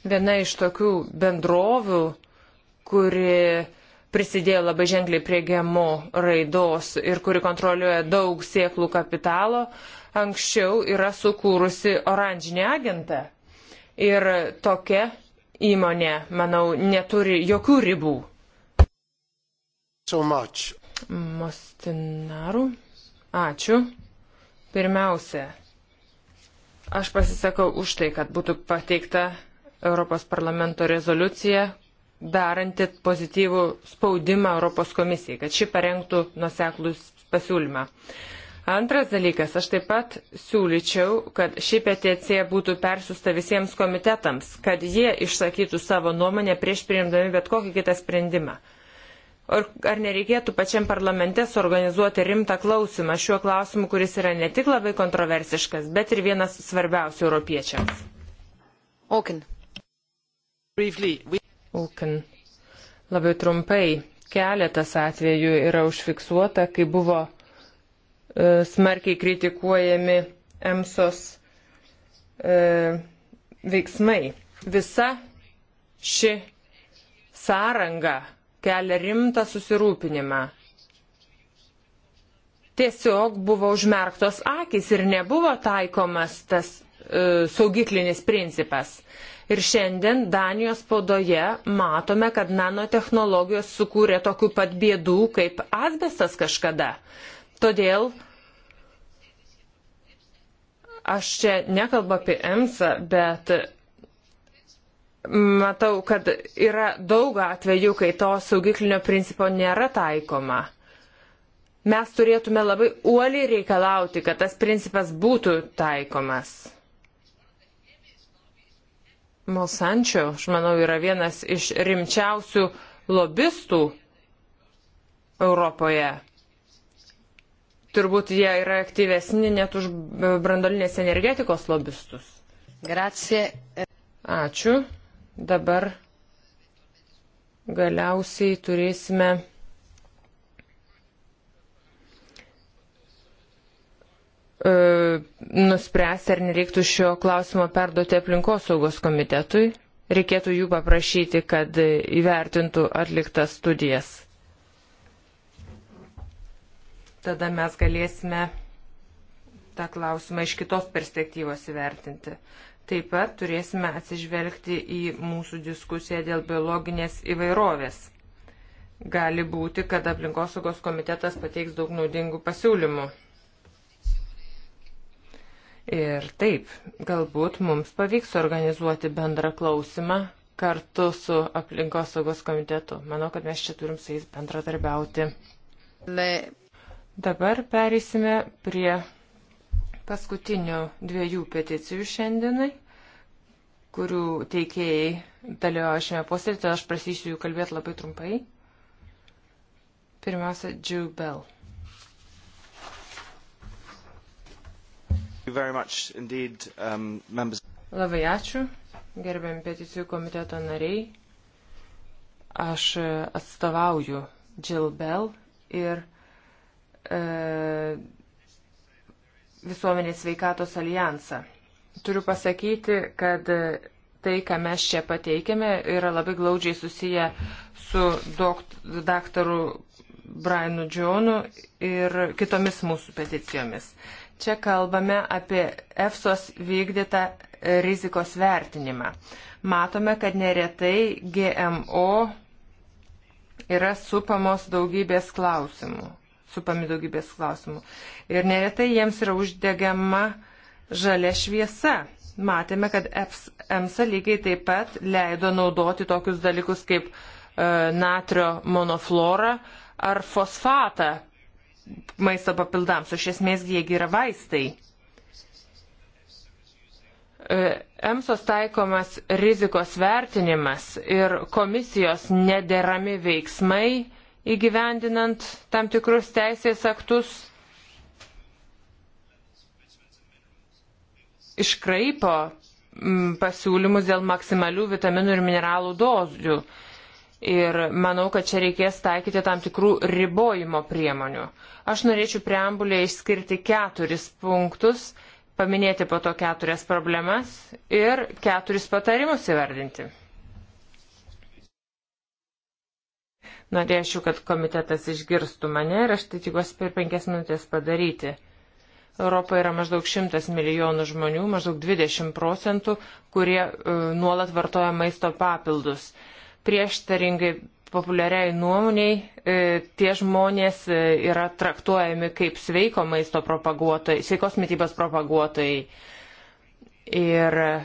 Viena iš tokių bendrovių, kuri prisidėjo labai ženkliai prie gemų raidos ir kuri kontroliuoja daug sieklų kapitalo, anksčiau yra sukūrusi oranžinį agentą. Ir tokia įmonė, manau, neturi jokių ribų. So much. Mostinaru. Ačiū. Pirmiausia, aš pasisakau už tai, kad būtų pateikta Europos parlamento rezoliucija, daranti pozityvų spaudimą Europos komisijai, kad ši parengtų nuseklų pasiūlymą. Antras dalykas, aš taip pat siūlyčiau, kad ši peticija būtų persiusta visiems komitetams, kad jie išsakytų savo nuomonę prieš priimdami bet kokį kitą sprendimą. Ar, ar nereikėtų pačiam parlamente suorganizuoti rimtą klausimą šiuo klausimu, kuris yra ne tik labai kontroversiškas, bet ir vienas svarbiausių europiečiams? Okin. Briefly, we... Ulkan. Labai trumpai, keletas atvejų yra užfiksuota, kai buvo e, smarkiai kritikuojami EMSOS e, veiksmai. Visa ši sąranga kelia rimtą susirūpinimą. Tiesiog buvo užmerktos akis ir nebuvo taikomas tas e, saugiklinis principas. Ir šiandien Danijos spaudoje matome, kad nanotehnologijos sukūrė tokių pat bėdų kaip asbestas kažkada. Todėl aš čia nekalbu apie EMSA, bet matau, kad yra daug atvejų, kai to saugiklinio principo nėra taikoma. Mes turėtume labai uoliai reikalauti, kad tas principas būtų taikomas. Monsančio, aš manau, yra vienas iš rimčiausių lobistų Europoje. Turbūt jie yra aktyvesni net už brandolinės energetikos lobistus. Grazie. Ačiū. Dabar galiausiai turėsime. E, nuspręsti, ar nereiktų šio klausimo perduoti aplinkosaugos komitetui. Reikėtų jų paprašyti, kad įvertintų atliktas studijas. Tada mes galėsime tą klausimą iš kitos perspektyvos įvertinti. Taip pat turėsime atsižvelgti į mūsų diskusiją dėl biologinės įvairovės. Gali būti, kad aplinkosaugos komitetas pateiks daug naudingų pasiūlymų. Ir taip, galbūt mums pavyks organizuoti bendrą klausimą kartu su aplinkosaugos komitetu. Manau, kad mes čia turim su jais bendradarbiauti. Le. Dabar perėsime prie paskutinių dviejų peticijų šiandienai, kurių teikėjai dalyvauja šiame posėdėje, aš prasysiu jų kalbėti labai trumpai. Pirmiausia, Jill Bell. Indeed, um, members... Labai ačiū, gerbiam peticijų komiteto nariai. Aš e, atstovauju Jill Bell ir e, Visuomenės sveikatos alijansą. Turiu pasakyti, kad e, tai, ką mes čia pateikėme, yra labai glaudžiai susiję su dokt, daktaru Brianu Džionu ir kitomis mūsų peticijomis. Čia kalbame apie EFSOS vykdytą rizikos vertinimą. Matome, kad neretai GMO yra supamos daugybės klausimų. Supami daugybės klausimų. Ir neretai jiems yra uždegama žalia šviesa. Matėme, kad EMSA lygiai taip pat leido naudoti tokius dalykus kaip e, natrio monoflorą ar fosfatą maisto papildams, o iš esmės jiegi yra vaistai. E, EMSOS taikomas rizikos vertinimas ir komisijos nederami veiksmai įgyvendinant tam tikrus teisės aktus iškraipo pasiūlymus dėl maksimalių vitaminų ir mineralų dozių. Ir manau, kad čia reikės taikyti tam tikrų ribojimo priemonių. Aš norėčiau preambulėje išskirti keturis punktus, paminėti po to keturias problemas ir keturis patarimus įvardinti. Norėčiau, kad komitetas išgirstų mane ir aš tai tikiuosi per penkias minutės padaryti. Europoje yra maždaug 100 milijonų žmonių, maždaug 20 procentų, kurie uh, nuolat vartoja maisto papildus. Uh, prieštaringai populiariai nuomoniai e, tie žmonės e, yra traktuojami kaip sveiko maisto propaguotojai, sveikos mytybos propaguotojai. Ir e,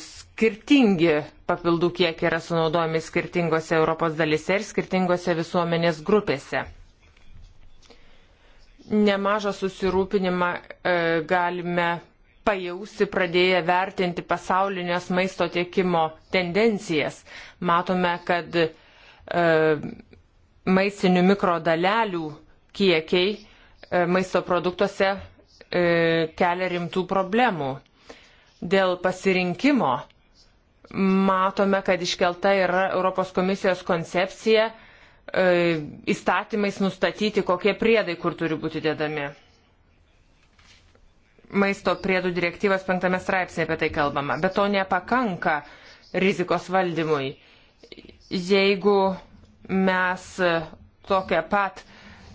skirtingi papildų kiekiai yra sunaudojami skirtingose Europos dalise ir skirtingose visuomenės grupėse. Nemažą susirūpinimą galime pajausi pradėję vertinti pasaulinės maisto tiekimo tendencijas. Matome, kad e, maistinių mikrodalelių kiekiai e, maisto produktuose e, kelia rimtų problemų. Dėl pasirinkimo matome, kad iškelta yra Europos komisijos koncepcija e, įstatymais nustatyti, kokie priedai kur turi būti dedami maisto priedų direktyvos penktame straipsnėje apie tai kalbama, bet to nepakanka rizikos valdymui. Jeigu mes tokią pat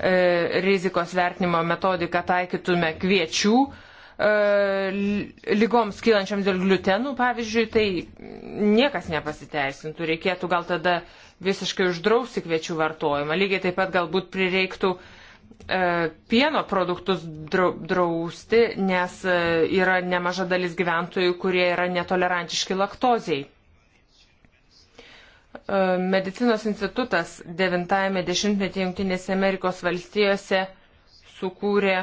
e, rizikos vertinimo metodiką taikytume kviečių, e, lygoms kylančiam dėl gliutenų, pavyzdžiui, tai niekas nepasiteisintų. Reikėtų gal tada visiškai uždrausti kviečių vartojimą. Lygiai taip pat galbūt prireiktų uh, E, pieno produktus drausti, nes e, yra nemaža dalis gyventojų, kurie yra netolerantiški laktozijai. E, medicinos institutas 90-ame dešimtmetyje Junktinėse Amerikos valstijose sukūrė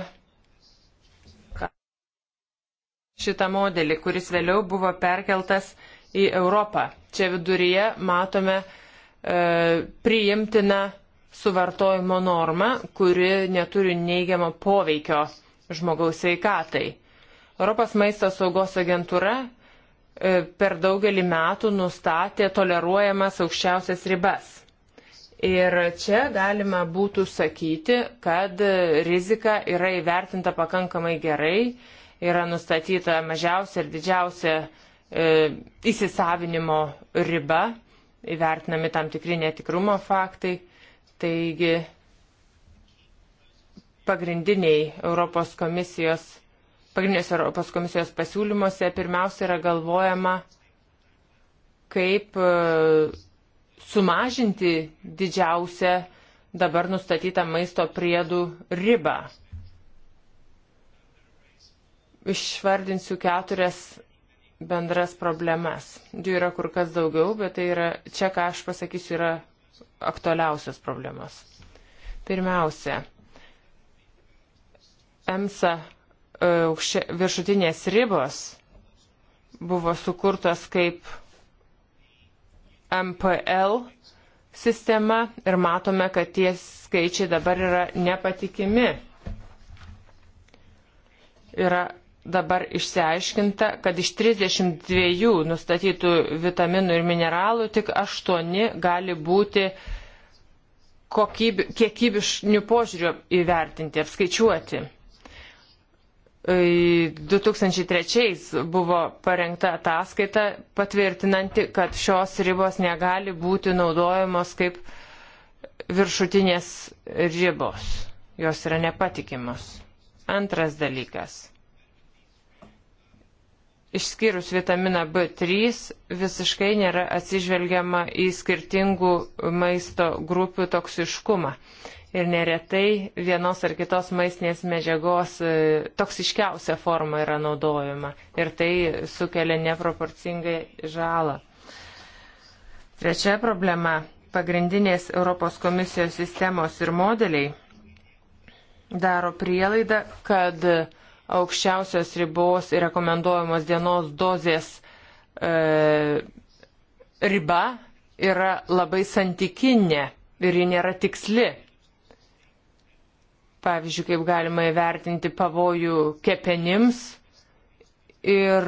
šitą modelį, kuris vėliau buvo perkeltas į Europą. Čia viduryje matome e, priimtiną suvartojimo normą, kuri neturi neigiamo poveikio žmogaus sveikatai. Europos maisto saugos agentūra e, per daugelį metų nustatė toleruojamas aukščiausias ribas. Ir čia galima būtų sakyti, kad rizika yra įvertinta pakankamai gerai, yra nustatyta mažiausia ir didžiausia e, įsisavinimo riba, įvertinami tam tikri netikrumo faktai. Taigi pagrindiniai Europos komisijos, pagrindinės Europos komisijos pasiūlymuose pirmiausia yra galvojama, kaip e, sumažinti didžiausią dabar nustatytą maisto priedų ribą. Išvardinsiu keturias bendras problemas. Jų yra kur kas daugiau, bet tai yra, čia ką aš pasakysiu, yra aktualiausios problemos. Pirmiausia, EMSA e, aukščia, viršutinės ribos buvo sukurtos kaip MPL sistema ir matome, kad tie skaičiai dabar yra nepatikimi. Yra dabar išsiaiškinta, kad iš 32 nustatytų vitaminų ir mineralų tik 8 gali būti kokybi, kiekybišnių požiūrių įvertinti, apskaičiuoti. 2003 e, buvo parengta ataskaita patvirtinanti, kad šios ribos negali būti naudojamos kaip viršutinės ribos. Jos yra nepatikimos. Antras dalykas išskyrus vitaminą B3, visiškai nėra atsižvelgiama į skirtingų maisto grupių toksiškumą. Ir neretai vienos ar kitos maistinės medžiagos e, toksiškiausia forma yra naudojama. Ir tai sukelia neproporcingai žalą. Trečia problema - pagrindinės Europos komisijos sistemos ir modeliai daro prielaidą, kad aukščiausios ribos ir rekomenduojamos dienos dozės e, riba yra labai santykinė ir ji nėra tiksli. Pavyzdžiui, kaip galima įvertinti pavojų kepenims ir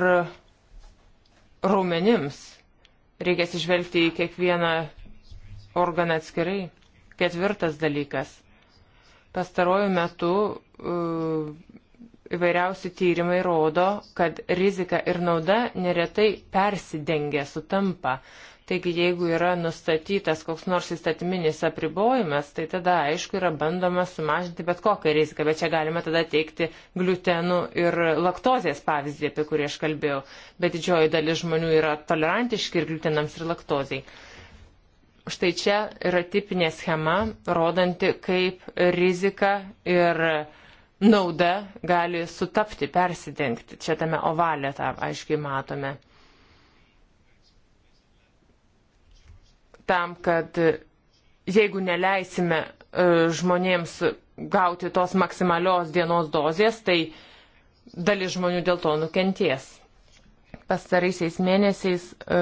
raumenims. Reikia atsižvelgti į kiekvieną organą atskirai. Ketvirtas dalykas. Pastaruoju metu uh, įvairiausi tyrimai rodo, kad rizika ir nauda neretai persidengia, sutampa. Taigi, jeigu yra nustatytas koks nors įstatyminis apribojimas, tai tada, aišku, yra bandoma sumažinti bet kokią riziką, bet čia galime tada teikti gliutenų ir laktozės pavyzdį, apie kurį aš kalbėjau, bet didžioji dalis žmonių yra tolerantiški ir gliutenams ir laktozijai. Štai čia yra tipinė schema, rodanti, kaip rizika ir uh, nauda gali sutapti, persidengti. Čia tame ovalė tą aiškiai matome. Tam, kad jeigu neleisime e, žmonėms gauti tos maksimalios dienos dozės, tai dalis žmonių dėl to nukenties. Pastaraisiais mėnesiais e,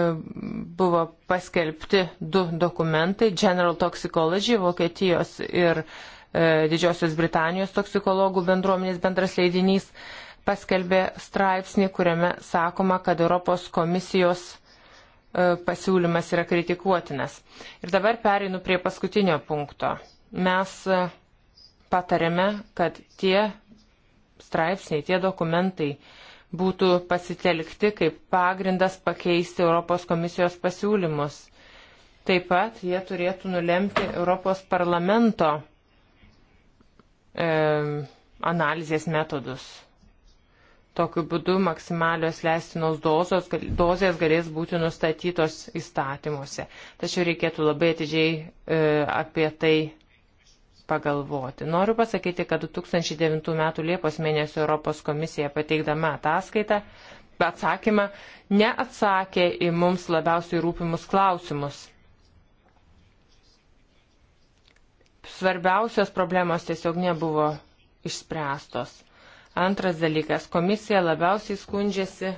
buvo paskelbti du dokumentai - General Toxicology Vokietijos ir uh, E, Didžiosios Britanijos toksikologų bendruomenės bendras leidinys paskelbė straipsnį, kuriame sakoma, kad Europos komisijos e, pasiūlymas yra kritikuotinas. Ir dabar pereinu prie paskutinio punkto. Mes e, patarėme, kad tie straipsniai, tie dokumentai būtų pasitelkti kaip pagrindas pakeisti Europos komisijos pasiūlymus. Taip pat jie turėtų nulemti Europos parlamento e, analizės metodus. Tokiu būdu maksimalios leistinos dozos, dozės galės būti nustatytos įstatymuose. Tačiau reikėtų labai atidžiai e, apie tai pagalvoti. Noriu pasakyti, kad 2009 m. Liepos mėnesio Europos komisija pateikdama ataskaitą, atsakymą, neatsakė į mums labiausiai rūpimus klausimus svarbiausios problemos tiesiog nebuvo išspręstos. Antras dalykas, komisija labiausiai skundžiasi,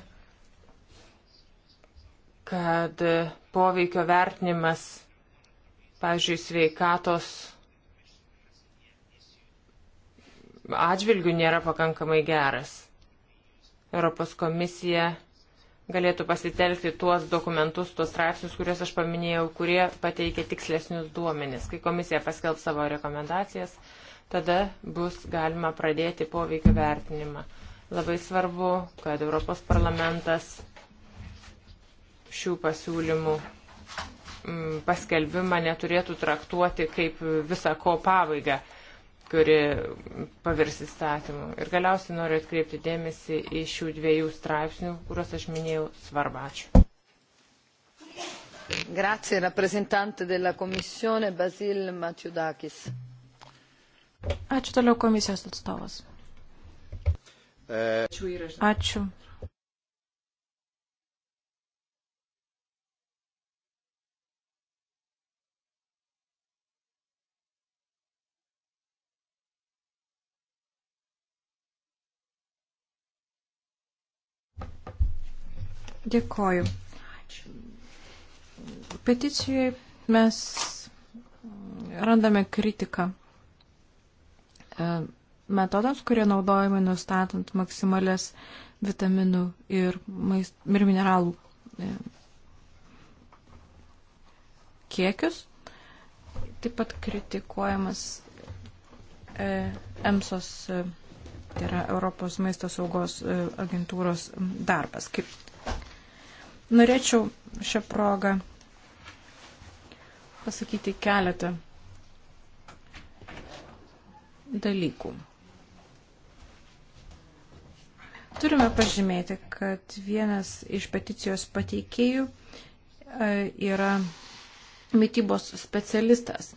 kad poveikio vertinimas, pavyzdžiui, sveikatos atžvilgių nėra pakankamai geras. Europos komisija galėtų pasitelkti tuos dokumentus, tuos straipsnius, kuriuos aš paminėjau, kurie pateikia tikslesnius duomenis. Kai komisija paskelb savo rekomendacijas, tada bus galima pradėti poveikio vertinimą. Labai svarbu, kad Europos parlamentas šių pasiūlymų mm, paskelbimą neturėtų traktuoti kaip visą ko pabaigą kuri pavirs įstatymu. Ir galiausiai noriu atkreipti dėmesį į šių dviejų straipsnių, kuriuos aš minėjau, svarbą. Ačiū. Grazie, rappresentante della Commissione Basil Matiudakis. Ačiū toliau komisijos atstovas. E, Ačiū. Dėkoju. Peticijoje mes randame kritiką e, metodams, kurie naudojami nustatant maksimalės vitaminų ir, maist, ir mineralų e, kiekius. Taip pat kritikuojamas e, EMSOS, tai yra Europos maisto saugos agentūros darbas. Kaip Norėčiau šią progą pasakyti keletą dalykų. Turime pažymėti, kad vienas iš peticijos pateikėjų e, yra mytybos specialistas.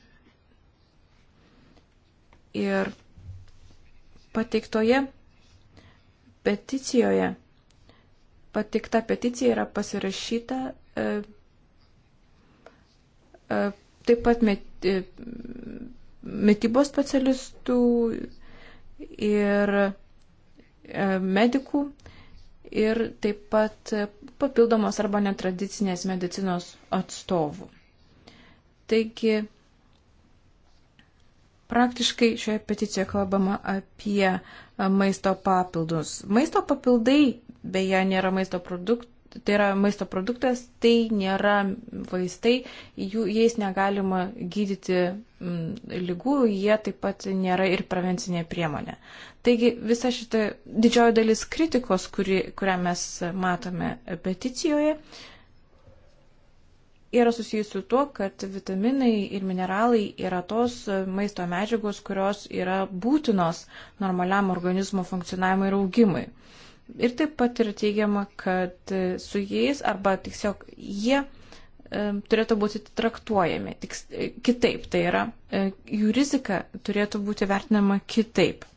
Ir pateiktoje peticijoje patikta peticija yra pasirašyta. E, e, taip pat mytybos e, specialistų ir medikų ir taip pat papildomos arba netradicinės medicinos atstovų. Taigi, praktiškai šioje peticijoje kalbama apie maisto papildus. Maisto papildai beje nėra maisto produktų. Tai yra maisto produktas, tai nėra vaistai, jų, jais negalima gydyti m, mm, lygų, jie taip pat nėra ir prevencinė priemonė. Taigi visa šita didžioji dalis kritikos, kuri, kurią mes matome peticijoje, yra susijusi su tuo, kad vitaminai ir mineralai yra tos maisto medžiagos, kurios yra būtinos normaliam organizmo funkcionavimui ir augimui. Ir taip pat yra teigiama, kad e, su jais arba tiesiog jie e, turėtų būti traktuojami tiks, e, kitaip. Tai yra, e, jų rizika turėtų būti vertinama kitaip.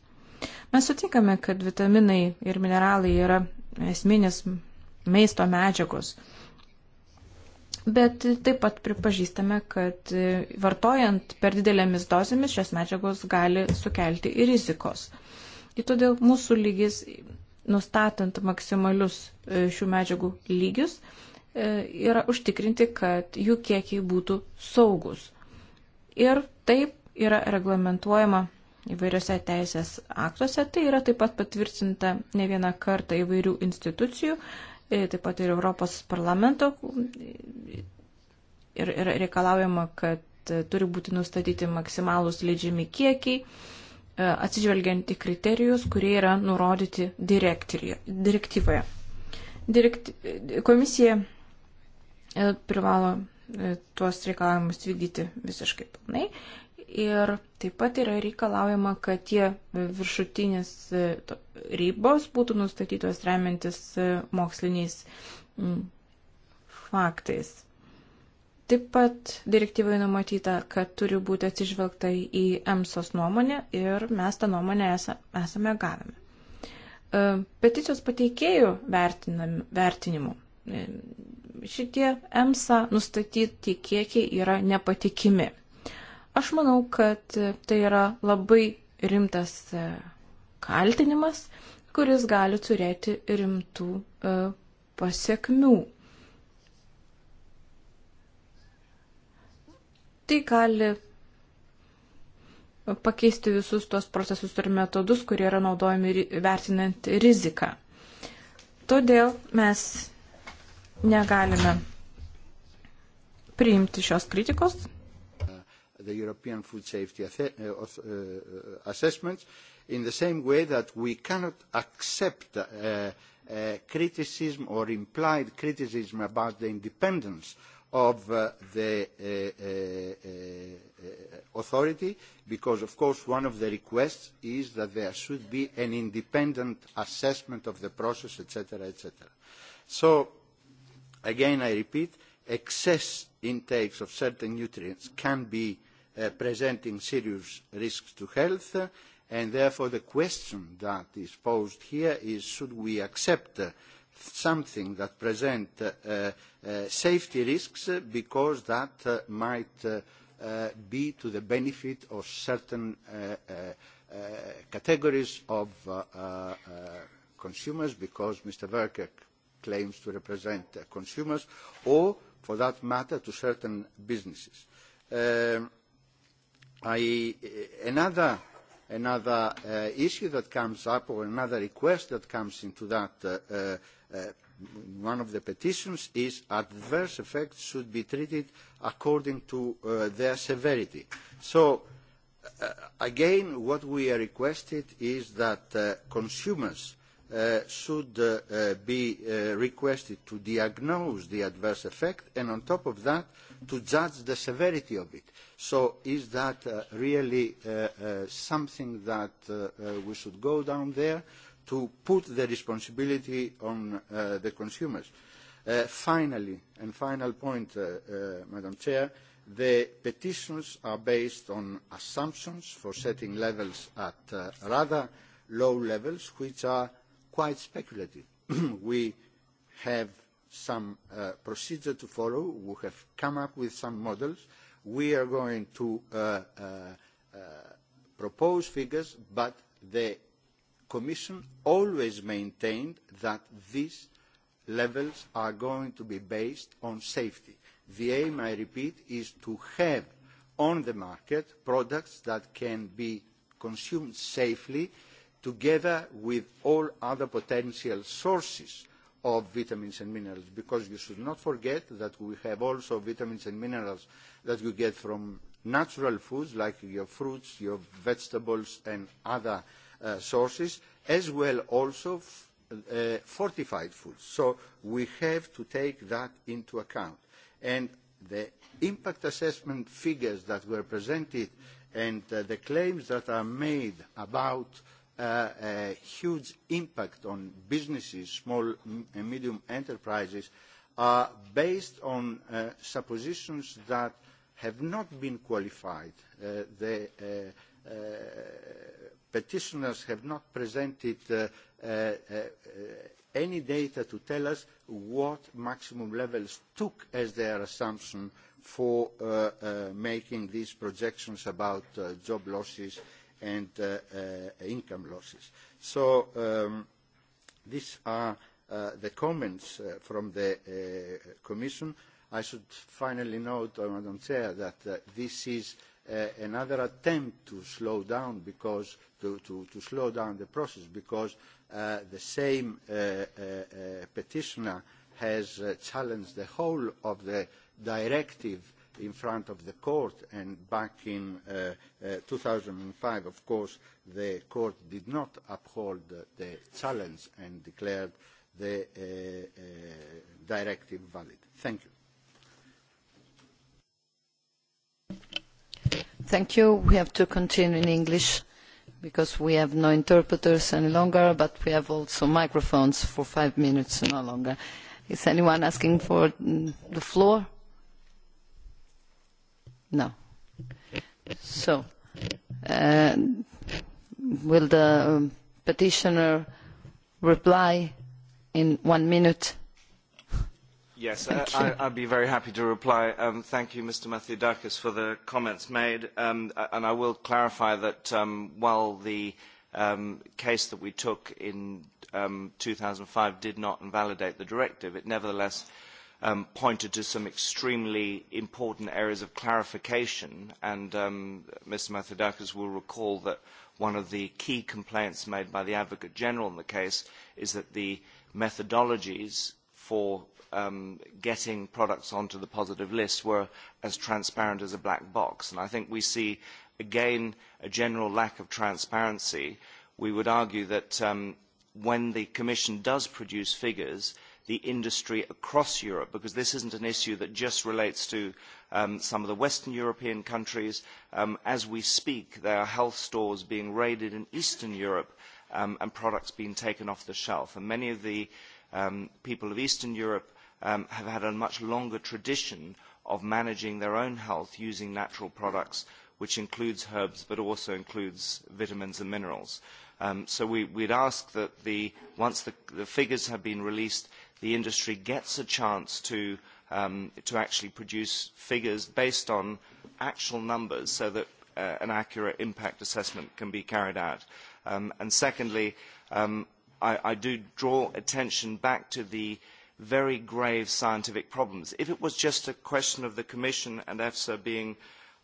Mes sutikame, kad vitaminai ir mineralai yra esminės maisto medžiagos. Bet taip pat pripažįstame, kad e, vartojant per didelėmis dozėmis šios medžiagos gali sukelti ir rizikos. Ir todėl mūsų lygis nustatant maksimalius e, šių medžiagų lygius, e, yra užtikrinti, kad jų kiekiai būtų saugus. Ir taip yra reglamentuojama įvairiose teisės aktuose, tai yra taip pat patvirtinta ne vieną kartą įvairių institucijų, e, taip pat ir Europos parlamento ir, ir reikalaujama, kad turi būti nustatyti maksimalūs leidžiami kiekiai E, atsižvelgiant į kriterijus, kurie yra nurodyti direktyvoje. Direkti, komisija e, privalo e, tuos reikalavimus vykdyti visiškai pilnai. Ir taip pat yra reikalaujama, kad tie viršutinės ribos būtų nustatytos remiantis moksliniais faktais. Taip pat direktyvai numatyta, kad turi būti atsižvelgta į EMSOS nuomonę ir mes tą nuomonę esame gavę. E, peticijos pateikėjų vertinimu e, šitie EMSA nustatyti kiekiai yra nepatikimi. Aš manau, kad tai yra labai rimtas e, kaltinimas, kuris gali turėti rimtų pasiekmių. tai gali pakeisti visus tuos procesus ir metodus, kurie yra naudojami vertinant riziką. Todėl mes negalime priimti šios kritikos. The European Food Safety eh, eh, Assessments in the same way that we cannot accept uh, uh, criticism or implied criticism about the independence of uh, the uh uh, uh, uh, authority because, of course, one of the requests is that there should be an independent assessment of the process, etc., etc. So, again, I repeat, excess intakes of certain nutrients can be uh, presenting serious risks to health, uh, and therefore the question that is posed here is should we accept uh, something that present uh, uh, safety risks uh, because that uh, might uh, uh, be to the benefit of certain uh, uh, uh, categories of uh, uh, uh consumers because Mr. Verker claims to represent uh, consumers or for that matter to certain businesses. Um, uh, I, another another uh, issue that comes up or another request that comes into that uh, uh, uh, one of the petitions is adverse effects should be treated according to uh, their severity. So, uh, again, what we are requested is that uh, consumers uh, should uh, uh, be uh, requested to diagnose the adverse effect, and on top of that, uh, to judge the severity of it. So is that uh, really uh, uh, something that uh, uh, we should go down there to put the responsibility on uh, the consumers? Uh, finally, and final point, uh, uh, Madam Chair, the petitions are based on assumptions for setting levels at uh, rather low levels, which are quite speculative. we have some uh, procedure to follow. We have come up with some models. We are going to uh, uh, uh, propose figures, but the Commission always maintained that these levels are going to be based on safety. The aim, I repeat, is to have on the market products that can be consumed safely together with all other potential sources of vitamins and minerals because you should not forget that we have also vitamins and minerals that you get from natural foods like your fruits, your vegetables and other uh, sources as well also f uh, fortified foods. So we have to take that into account. And the impact assessment figures that were presented and uh, the claims that are made about uh, uh, a huge impact on businesses, small and medium enterprises, are uh, based on uh, suppositions that have not been qualified. Uh, the uh, uh, petitioners have not presented uh, uh, uh, any data to tell us what maximum levels took as their assumption for uh, uh, making these projections about uh, job losses uh, and uh, uh, uh, income losses. So um, these are uh, the comments uh, from the uh, Commission. I should finally note, uh, Madam Chair, that uh, this is uh, another attempt to slow down because to, to, to slow down the process because uh, the same uh, uh, uh, petitioner has uh, challenged the whole of the directive in front of the court and back in uh, uh, 2005 of course the court did not uphold the challenge and declared the uh, uh, directive valid. Thank you. Thank you. We have to continue in English because we have no interpreters any longer, but we have also microphones for five minutes no longer. Is anyone asking for mm, the floor? No. So, uh, will the um, petitioner reply in one minute? Yes, thank I, you. I, I'd be very happy to reply. Um, thank you, Mr. Mathiodakis, for the comments made. Um, and I will clarify that um, while the um, case that we took in um, 2005 did not invalidate the directive, it nevertheless uh, um, pointed to some extremely important areas of clarification, and um, Mr. Mathodakis will recall that one of the key complaints made by the Advocate General in the case is that the methodologies for um, getting products onto the positive list were as transparent as a black box. And I think we see, again, a general lack of transparency. We would argue that um, when the Commission does produce figures, uh, the industry across Europe, because this isn't an issue that just relates to um, some of the Western European countries. Um, as we speak, there are health stores being raided in Eastern Europe um, and products being taken off the shelf. And many of the um, people of Eastern Europe um, have had a much longer tradition of managing their own health using natural products, which includes herbs but also includes vitamins and minerals. Um, so we, we'd ask that the, once the, the figures have been released, the industry gets a chance to, um, to actually produce figures based on actual numbers so that uh, an accurate impact assessment can be carried out. Um, and secondly, um, I, I do draw attention back to the very grave scientific problems. If it was just a question of the Commission and EFSA being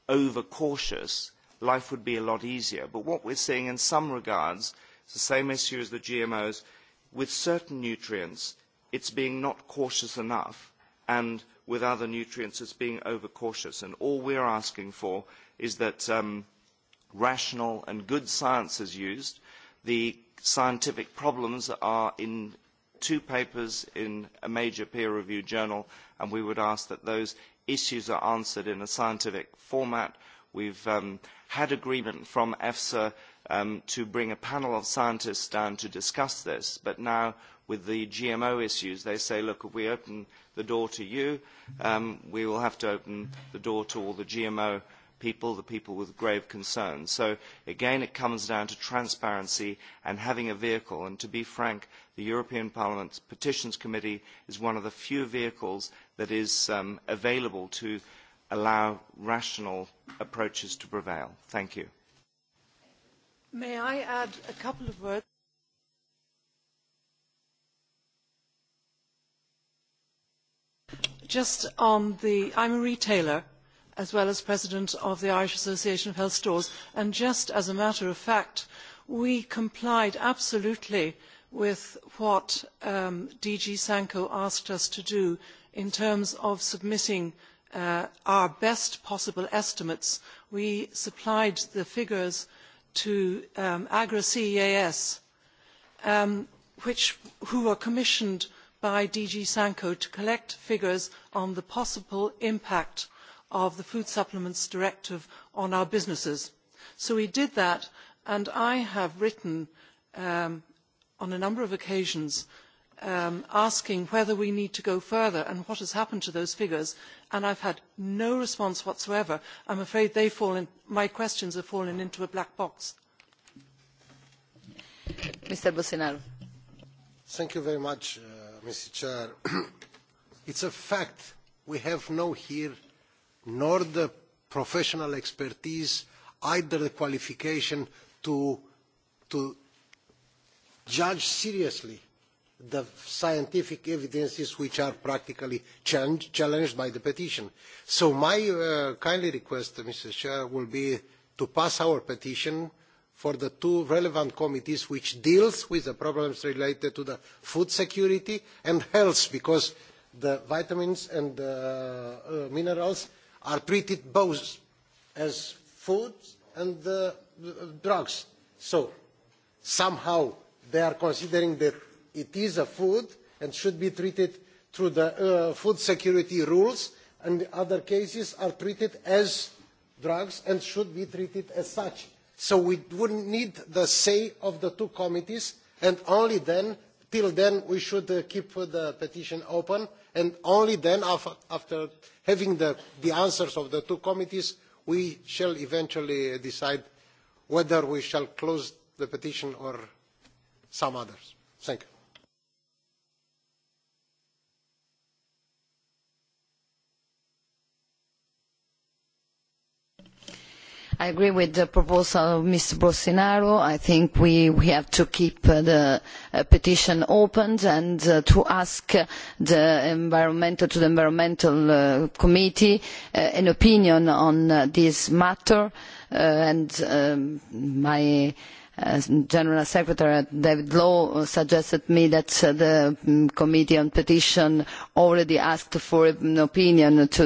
overcautious, life would be a lot easier. But what we're seeing in some regards, it's the same issue as the GMOs, with certain nutrients, it's being not cautious enough and with other nutrients it's being overcautious. And all we're asking for is that um, rational and good science is used. The scientific problems are in two papers in a major peer-reviewed journal, and we would ask that those issues are answered in a scientific format. We've um, had agreement from EFSA um, to bring a panel of scientists down to discuss this, but now with the GMO issues. They say, look, if we open the door to you, um, we will have to open the door to all the GMO people, the people with grave concerns. So again, it comes down to transparency and having a vehicle. And to be frank, the European Parliament's Petitions Committee is one of the few vehicles that is um, available to allow rational approaches to prevail. Thank you. May I add a couple of words? just on the, I'm a retailer as well as president of the Irish Association of Health Stores, and just as a matter of fact, we complied absolutely with what um, DG Sanko asked us to do in terms of submitting uh, our best possible estimates. We supplied the figures to um, Agra CEAS, um, which, who were commissioned by dg sanco to collect figures on the possible impact of the food supplements directive on our businesses. so we did that and i have written um, on a number of occasions um, asking whether we need to go further and what has happened to those figures and i've had no response whatsoever. i'm afraid they fall in, my questions have fallen into a black box. mr. Bolsonaro. thank you very much. Uh, Mr. Chair. it's a fact. We have no here, nor the professional expertise, either the qualification to, to judge seriously the scientific evidences which are practically challenge, challenged by the petition. So my uh, kindly request, Mr. Chair, will be to pass our petition uh, for the two relevant committees which deals with the problems related to the food security and health because the vitamins and the uh, uh, minerals are treated both as food and uh, drugs. So somehow they are considering that it is a food and should be treated through the uh, food security rules and other cases are treated as drugs and should be treated as such so we would not need the say of the two committees and only then until then we should uh, keep the petition open and only then after having the, the answers of the two committees we shall eventually decide whether we shall close the petition or some others. thank you. I agree with the proposal of Mr. Bolsonaro. I think we, we have to keep uh, the uh, petition open and uh, to ask uh, the environmental, to the environmental uh, committee uh, an opinion on uh, this matter. Uh, and um, my uh, General Secretary David Law suggested me that uh, the um, Committee on Petition already asked for an opinion to